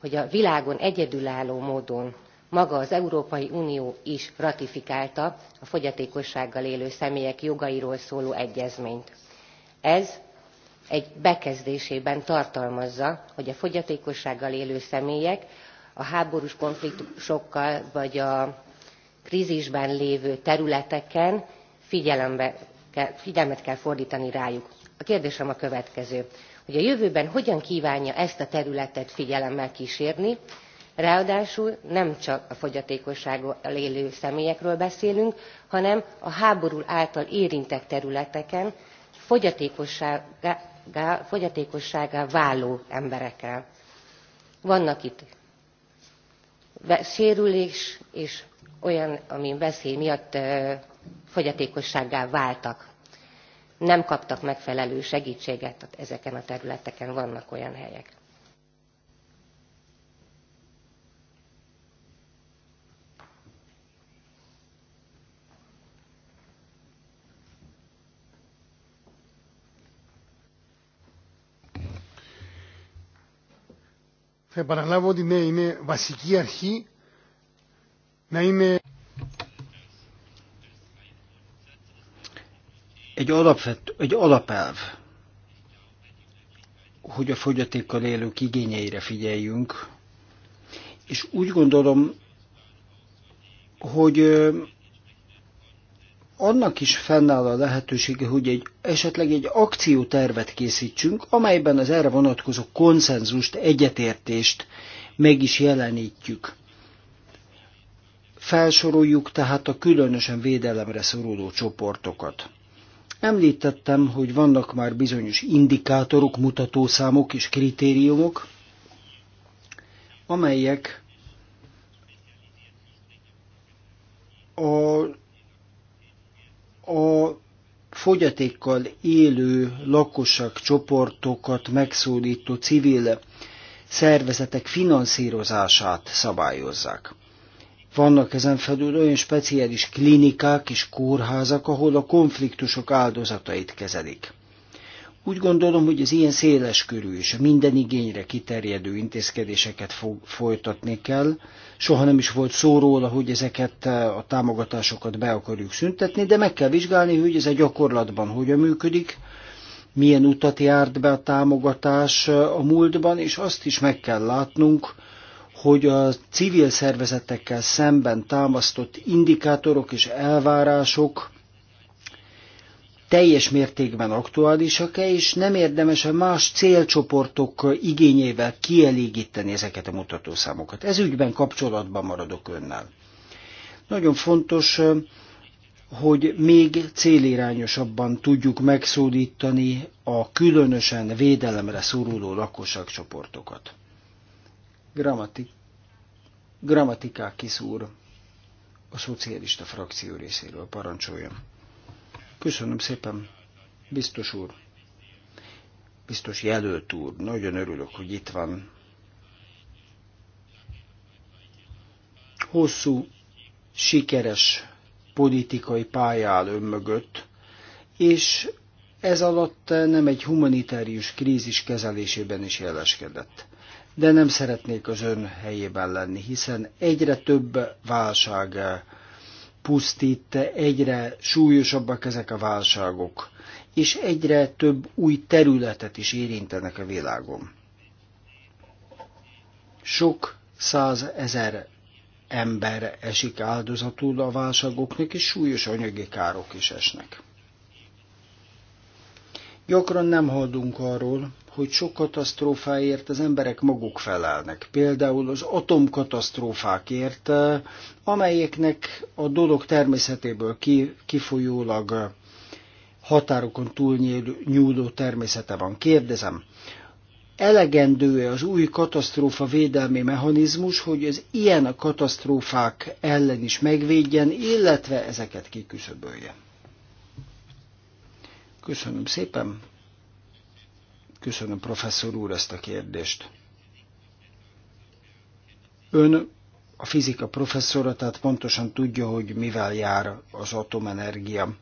hogy a világon egyedülálló módon maga az Európai Unió is ratifikálta a fogyatékossággal élő személyek jogairól szóló egyezményt. Ez egy bekezdésében tartalmazza, hogy a fogyatékossággal élő személyek a háborús konfliktusokkal vagy a krízisben lévő területeken figyelmet kell fordítani rájuk. A kérdésem a következő, hogy a jövőben hogyan kívánja ezt a területet figyelemmel kísérni, Ráadásul nem csak a fogyatékossággal élő személyekről beszélünk, hanem a háború által érintett területeken fogyatékossággal fogyatékossággá váló emberekkel. Vannak itt sérülés és olyan, ami veszély miatt fogyatékossággá váltak. Nem kaptak megfelelő segítséget, ezeken a területeken vannak olyan helyek. Θα επαναλάβω ότι ναι, είναι βασική αρχή να είναι... Egy, alapvet, egy alapelv, hogy a fogyatékkal élők igényeire figyeljünk, és úgy gondolom, hogy annak is fennáll a lehetősége, hogy egy, esetleg egy akciótervet készítsünk, amelyben az erre vonatkozó konszenzust, egyetértést meg is jelenítjük. Felsoroljuk tehát a különösen védelemre szoruló csoportokat. Említettem, hogy vannak már bizonyos indikátorok, mutatószámok és kritériumok, amelyek a a fogyatékkal élő lakosság csoportokat megszólító civil szervezetek finanszírozását szabályozzák. Vannak ezen felül olyan speciális klinikák és kórházak, ahol a konfliktusok áldozatait kezelik. Úgy gondolom, hogy az ilyen széles körű és a minden igényre kiterjedő intézkedéseket fog, folytatni kell. Soha nem is volt szó róla, hogy ezeket eh, a támogatásokat be akarjuk szüntetni, de meg kell vizsgálni, hogy ez a gyakorlatban hogyan működik, milyen utat járt be a támogatás eh, a múltban, és azt is meg kell látnunk, hogy a civil szervezetekkel szemben támasztott indikátorok és elvárások teljes mértékben aktuálisak-e, és nem érdemes a más célcsoportok igényével kielégíteni ezeket a mutatószámokat. Ez ügyben kapcsolatban maradok önnel. Nagyon fontos, hogy még célirányosabban tudjuk megszólítani a különösen védelemre szoruló lakosságcsoportokat. Grammatik, grammatikák kiszúr a szocialista frakció részéről parancsoljon. Köszönöm szépen, biztos úr, biztos jelölt úr, nagyon örülök, hogy itt van. Hosszú, sikeres politikai pálya áll ön mögött, és ez alatt nem egy humanitárius krízis kezelésében is jeleskedett. De nem szeretnék az ön helyében lenni, hiszen egyre több válság pusztít, egyre súlyosabbak ezek a válságok, és egyre több új területet is érintenek a világon. Sok százezer ember esik áldozatul a válságoknak, és súlyos anyagi károk is esnek. Gyakran nem hallunk arról, hogy sok katasztrófáért az emberek maguk felelnek. Például az atomkatasztrófákért, amelyeknek a dolog természetéből kifolyólag határokon túlnyúló természete van. Kérdezem, elegendő-e az új katasztrófa védelmi mechanizmus, hogy az ilyen katasztrófák ellen is megvédjen, illetve ezeket kiküszöbölje? Köszönöm szépen. Köszönöm professzor úr ezt a kérdést. Ön a fizika professzora, tehát pontosan tudja, hogy mivel jár az atomenergia.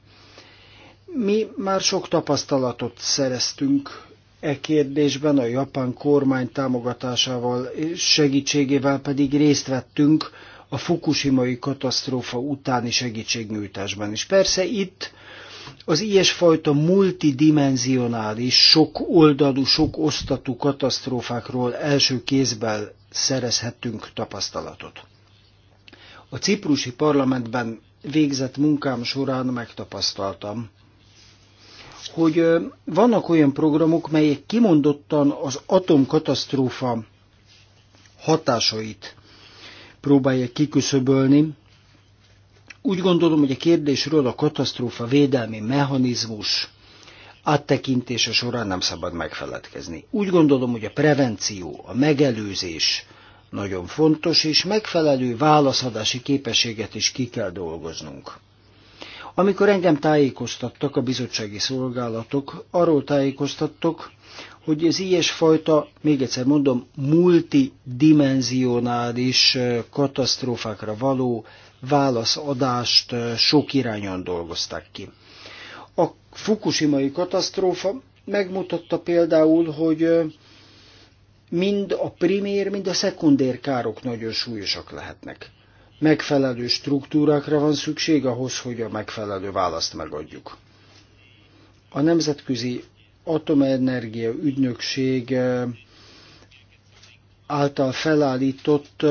Mi már sok tapasztalatot szereztünk e kérdésben a japán kormány támogatásával és segítségével pedig részt vettünk a fukushimai katasztrófa utáni segítségnyújtásban. És persze itt az ilyesfajta multidimenzionális, sok oldalú, sok osztatú katasztrófákról első kézben szerezhettünk tapasztalatot. A ciprusi parlamentben végzett munkám során megtapasztaltam, hogy vannak olyan programok, melyek kimondottan az atomkatasztrófa hatásait próbálják kiküszöbölni, úgy gondolom, hogy a kérdésről a katasztrófa védelmi mechanizmus áttekintése során nem szabad megfeledkezni. Úgy gondolom, hogy a prevenció, a megelőzés nagyon fontos, és megfelelő válaszadási képességet is ki kell dolgoznunk. Amikor engem tájékoztattak a bizottsági szolgálatok, arról tájékoztattak, hogy az ilyesfajta, még egyszer mondom, multidimenzionális eh, katasztrófákra való válaszadást sok irányon dolgozták ki. A fukushimai katasztrófa megmutatta például, hogy mind a primér, mind a szekundér károk nagyon súlyosak lehetnek. Megfelelő struktúrákra van szükség ahhoz, hogy a megfelelő választ megadjuk. A Nemzetközi Atomenergia Ügynökség által felállított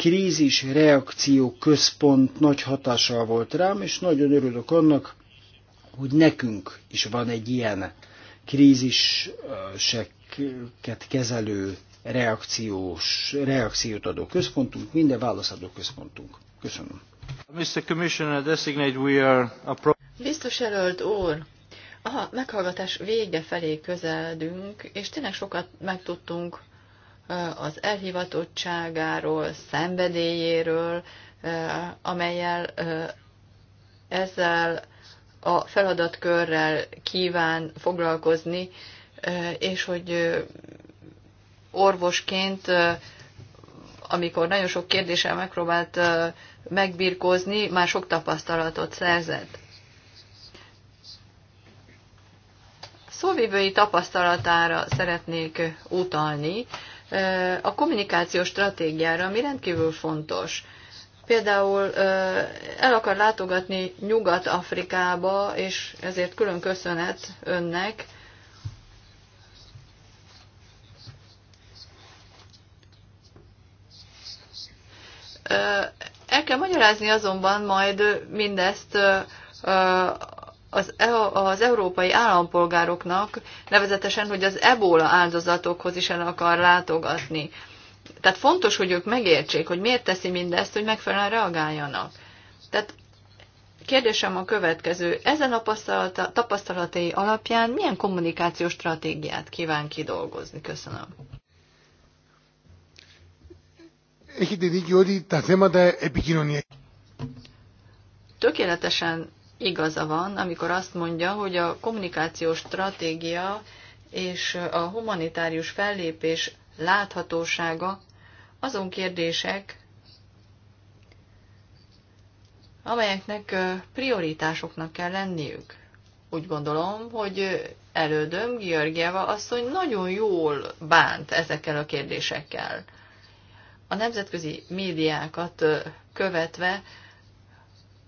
krízis reakció központ nagy hatással volt rám, és nagyon örülök annak, hogy nekünk is van egy ilyen kríziseket kezelő reakciós, reakciót adó központunk, minden válaszadó központunk. Köszönöm. Mr. Commissioner, designate we are a Biztos jelölt úr, a meghallgatás vége felé közeledünk, és tényleg sokat megtudtunk az elhivatottságáról, szenvedélyéről, amelyel ezzel a feladatkörrel kíván foglalkozni, és hogy orvosként, amikor nagyon sok kérdéssel megpróbált megbirkózni, már sok tapasztalatot szerzett. Szóvivői tapasztalatára szeretnék utalni, a kommunikációs stratégiára, ami rendkívül fontos. Például el akar látogatni Nyugat-Afrikába, és ezért külön köszönet önnek, El kell magyarázni azonban majd mindezt az, e az európai állampolgároknak, nevezetesen, hogy az ebola áldozatokhoz is el akar látogatni. Tehát fontos, hogy ők megértsék, hogy miért teszi mindezt, hogy megfelelően reagáljanak. Tehát kérdésem a következő. Ezen a tapasztalatai alapján milyen kommunikációs stratégiát kíván kidolgozni? Köszönöm. Tökéletesen igaza van, amikor azt mondja, hogy a kommunikációs stratégia és a humanitárius fellépés láthatósága azon kérdések, amelyeknek prioritásoknak kell lenniük. Úgy gondolom, hogy elődöm Georgieva asszony nagyon jól bánt ezekkel a kérdésekkel. A nemzetközi médiákat követve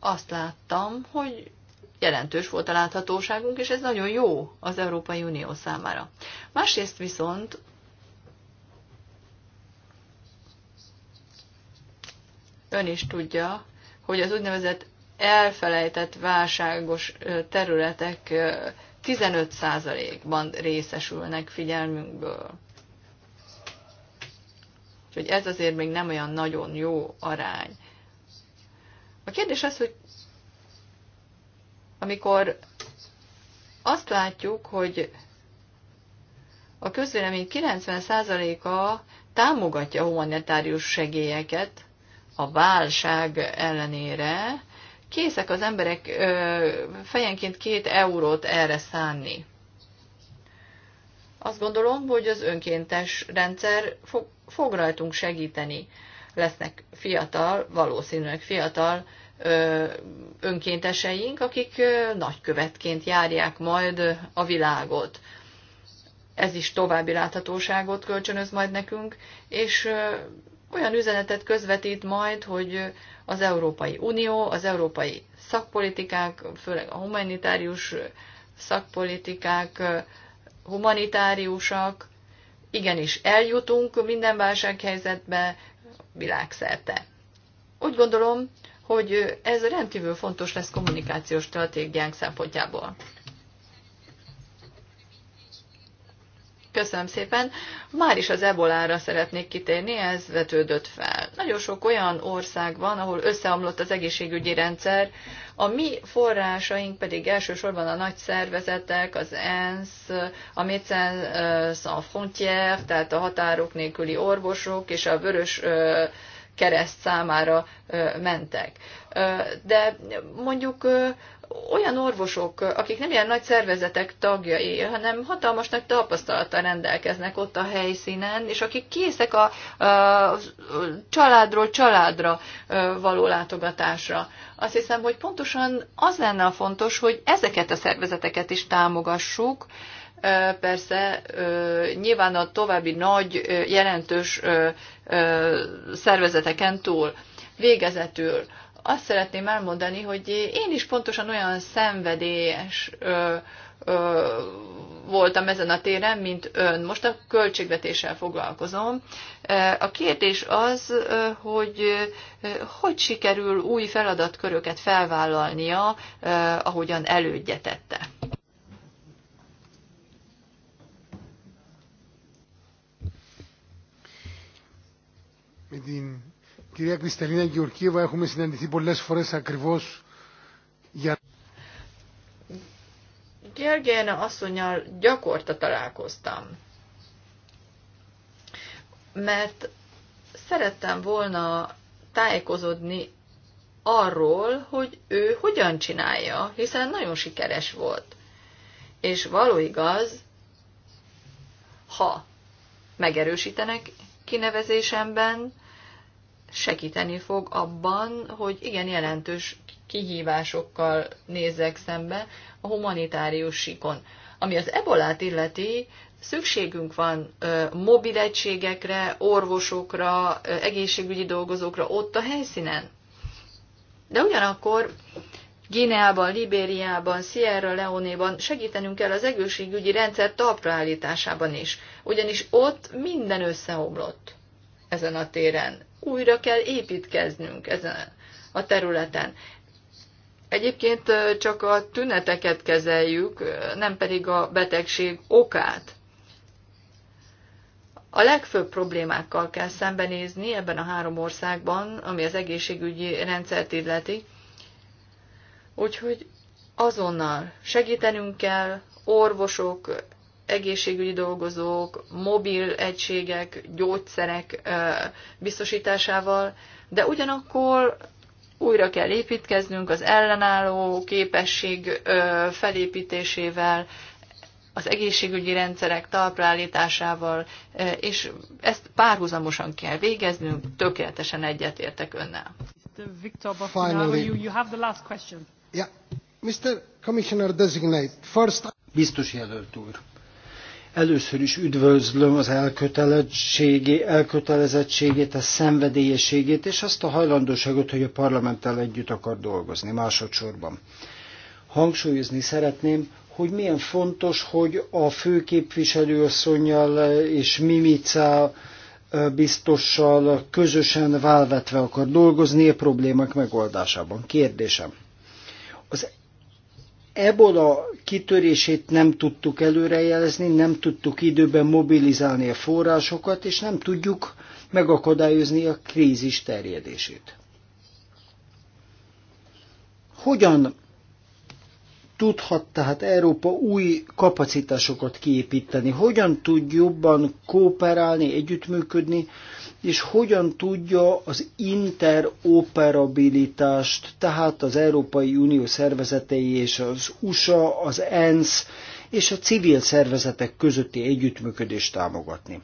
azt láttam, hogy jelentős volt a láthatóságunk, és ez nagyon jó az Európai Unió számára. Másrészt viszont ön is tudja, hogy az úgynevezett elfelejtett válságos területek 15%-ban részesülnek figyelmünkből. Úgyhogy ez azért még nem olyan nagyon jó arány. A kérdés az, hogy amikor azt látjuk, hogy a közvélemény 90%-a támogatja a humanitárius segélyeket a válság ellenére, készek az emberek fejenként két eurót erre szánni. Azt gondolom, hogy az önkéntes rendszer fog, fog rajtunk segíteni lesznek fiatal, valószínűleg fiatal önkénteseink, akik nagykövetként járják majd a világot. Ez is további láthatóságot kölcsönöz majd nekünk, és olyan üzenetet közvetít majd, hogy az Európai Unió, az európai szakpolitikák, főleg a humanitárius szakpolitikák humanitáriusak, igenis eljutunk minden válsághelyzetbe, világszerte. Úgy gondolom, hogy ez rendkívül fontos lesz kommunikációs stratégiánk szempontjából. Köszönöm szépen. Már is az ebolára szeretnék kitérni, ez vetődött fel. Nagyon sok olyan ország van, ahol összeomlott az egészségügyi rendszer, a mi forrásaink pedig elsősorban a nagy szervezetek, az ENSZ, a Médecins Sans Frontières, tehát a határok nélküli orvosok és a Vörös kereszt számára mentek. De mondjuk olyan orvosok, akik nem ilyen nagy szervezetek tagjai, hanem hatalmas nagy tapasztalattal rendelkeznek ott a helyszínen, és akik készek a, a családról családra való látogatásra. Azt hiszem, hogy pontosan az lenne a fontos, hogy ezeket a szervezeteket is támogassuk, persze nyilván a további nagy, jelentős szervezeteken túl. Végezetül azt szeretném elmondani, hogy én is pontosan olyan szenvedélyes voltam ezen a téren, mint ön. Most a költségvetéssel foglalkozom. A kérdés az, hogy hogy sikerül új feladatköröket felvállalnia, ahogyan elődje tette. Με την κυρία Κρυσταλίνα Γεωργίευα έχουμε συναντηθεί πολλές φορές ακριβώς για... Gergelyena asszonyal γιακόρτα találkoztam, mert szerettem volna tájékozódni arról, hogy ő hogyan csinálja, hiszen nagyon sikeres volt. És való igaz, ha megerősítenek kinevezésemben, segíteni fog abban, hogy igen jelentős kihívásokkal nézzek szembe a humanitárius sikon. Ami az ebolát illeti, szükségünk van mobil egységekre, orvosokra, egészségügyi dolgozókra ott a helyszínen. De ugyanakkor Gineában, Libériában, Sierra Leone-ban segítenünk kell az egészségügyi rendszer talpraállításában is, ugyanis ott minden összeomlott ezen a téren újra kell építkeznünk ezen a területen. Egyébként csak a tüneteket kezeljük, nem pedig a betegség okát. A legfőbb problémákkal kell szembenézni ebben a három országban, ami az egészségügyi rendszert illeti. Úgyhogy azonnal segítenünk kell, orvosok, egészségügyi dolgozók, mobil egységek, gyógyszerek biztosításával, de ugyanakkor újra kell építkeznünk az ellenálló képesség felépítésével, az egészségügyi rendszerek talpraállításával, és ezt párhuzamosan kell végeznünk, tökéletesen egyetértek önnel. Viktor you, you have the last question. Yeah. Mr. Commissioner Designate, first... Biztos jelölt úr. Először is üdvözlöm az elkötelezettségét, a szenvedélyességét és azt a hajlandóságot, hogy a parlamenttel együtt akar dolgozni másodszorban. Hangsúlyozni szeretném, hogy milyen fontos, hogy a főképviselőasszonynal és Mimica biztossal közösen válvetve akar dolgozni a problémák megoldásában. Kérdésem. Az ebola kitörését nem tudtuk előrejelezni, nem tudtuk időben mobilizálni a forrásokat, és nem tudjuk megakadályozni a krízis terjedését. Hogyan tudhat tehát Európa új kapacitásokat kiépíteni? Hogyan tud jobban kooperálni, együttműködni, és hogyan tudja az interoperabilitást, tehát az Európai Unió szervezetei és az USA, az ENSZ és a civil szervezetek közötti együttműködést támogatni.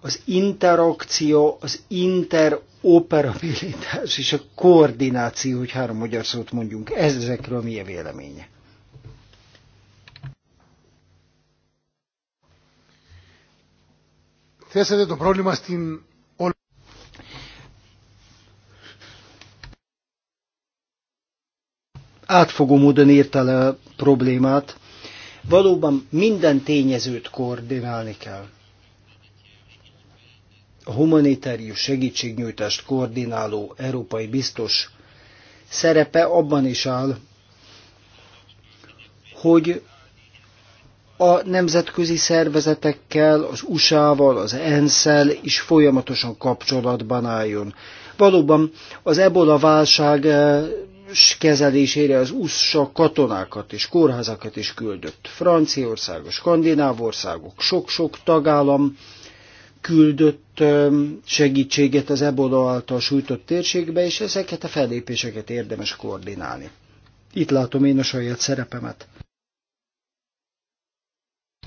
Az interakció, az interoperabilitás és a koordináció, hogy három magyar szót mondjunk, ezekről mi a véleménye? Θέσατε το πρόβλημα στην átfogó módon írta le a problémát. Valóban minden tényezőt koordinálni kell. A humanitárius segítségnyújtást koordináló európai biztos szerepe abban is áll, hogy a nemzetközi szervezetekkel, az USA-val, az ENSZ-el is folyamatosan kapcsolatban álljon. Valóban az ebola válság eh, kezelésére az USA katonákat és kórházakat is küldött. Franciaország, a skandináv országok, sok-sok tagállam küldött segítséget az ebola által sújtott térségbe, és ezeket a fellépéseket érdemes koordinálni. Itt látom én a saját szerepemet.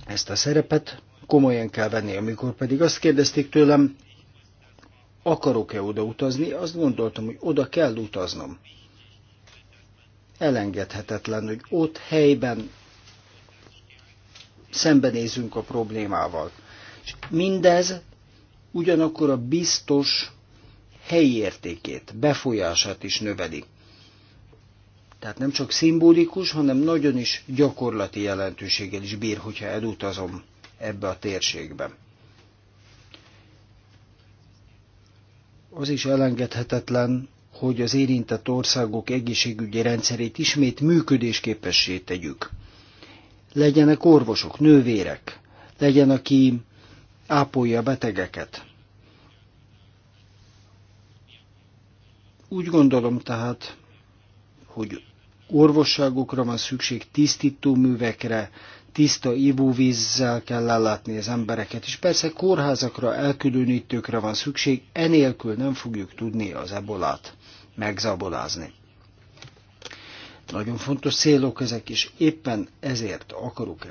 Ezt a szerepet komolyan kell venni, amikor pedig azt kérdezték tőlem, akarok-e oda utazni, azt gondoltam, hogy oda kell utaznom elengedhetetlen, hogy ott helyben szembenézünk a problémával. És mindez ugyanakkor a biztos helyi értékét, befolyását is növeli. Tehát nem csak szimbolikus, hanem nagyon is gyakorlati jelentőséggel is bír, hogyha elutazom ebbe a térségbe. Az is elengedhetetlen, hogy az érintett országok egészségügyi rendszerét ismét működésképessé tegyük. Legyenek orvosok, nővérek, legyen, aki ápolja a betegeket. Úgy gondolom tehát, hogy orvosságokra van szükség, tisztító művekre, tiszta ivóvízzel kell ellátni az embereket, és persze kórházakra, elkülönítőkre van szükség, enélkül nem fogjuk tudni az ebolát megzabolázni. Nagyon fontos célok ezek, és éppen ezért akarok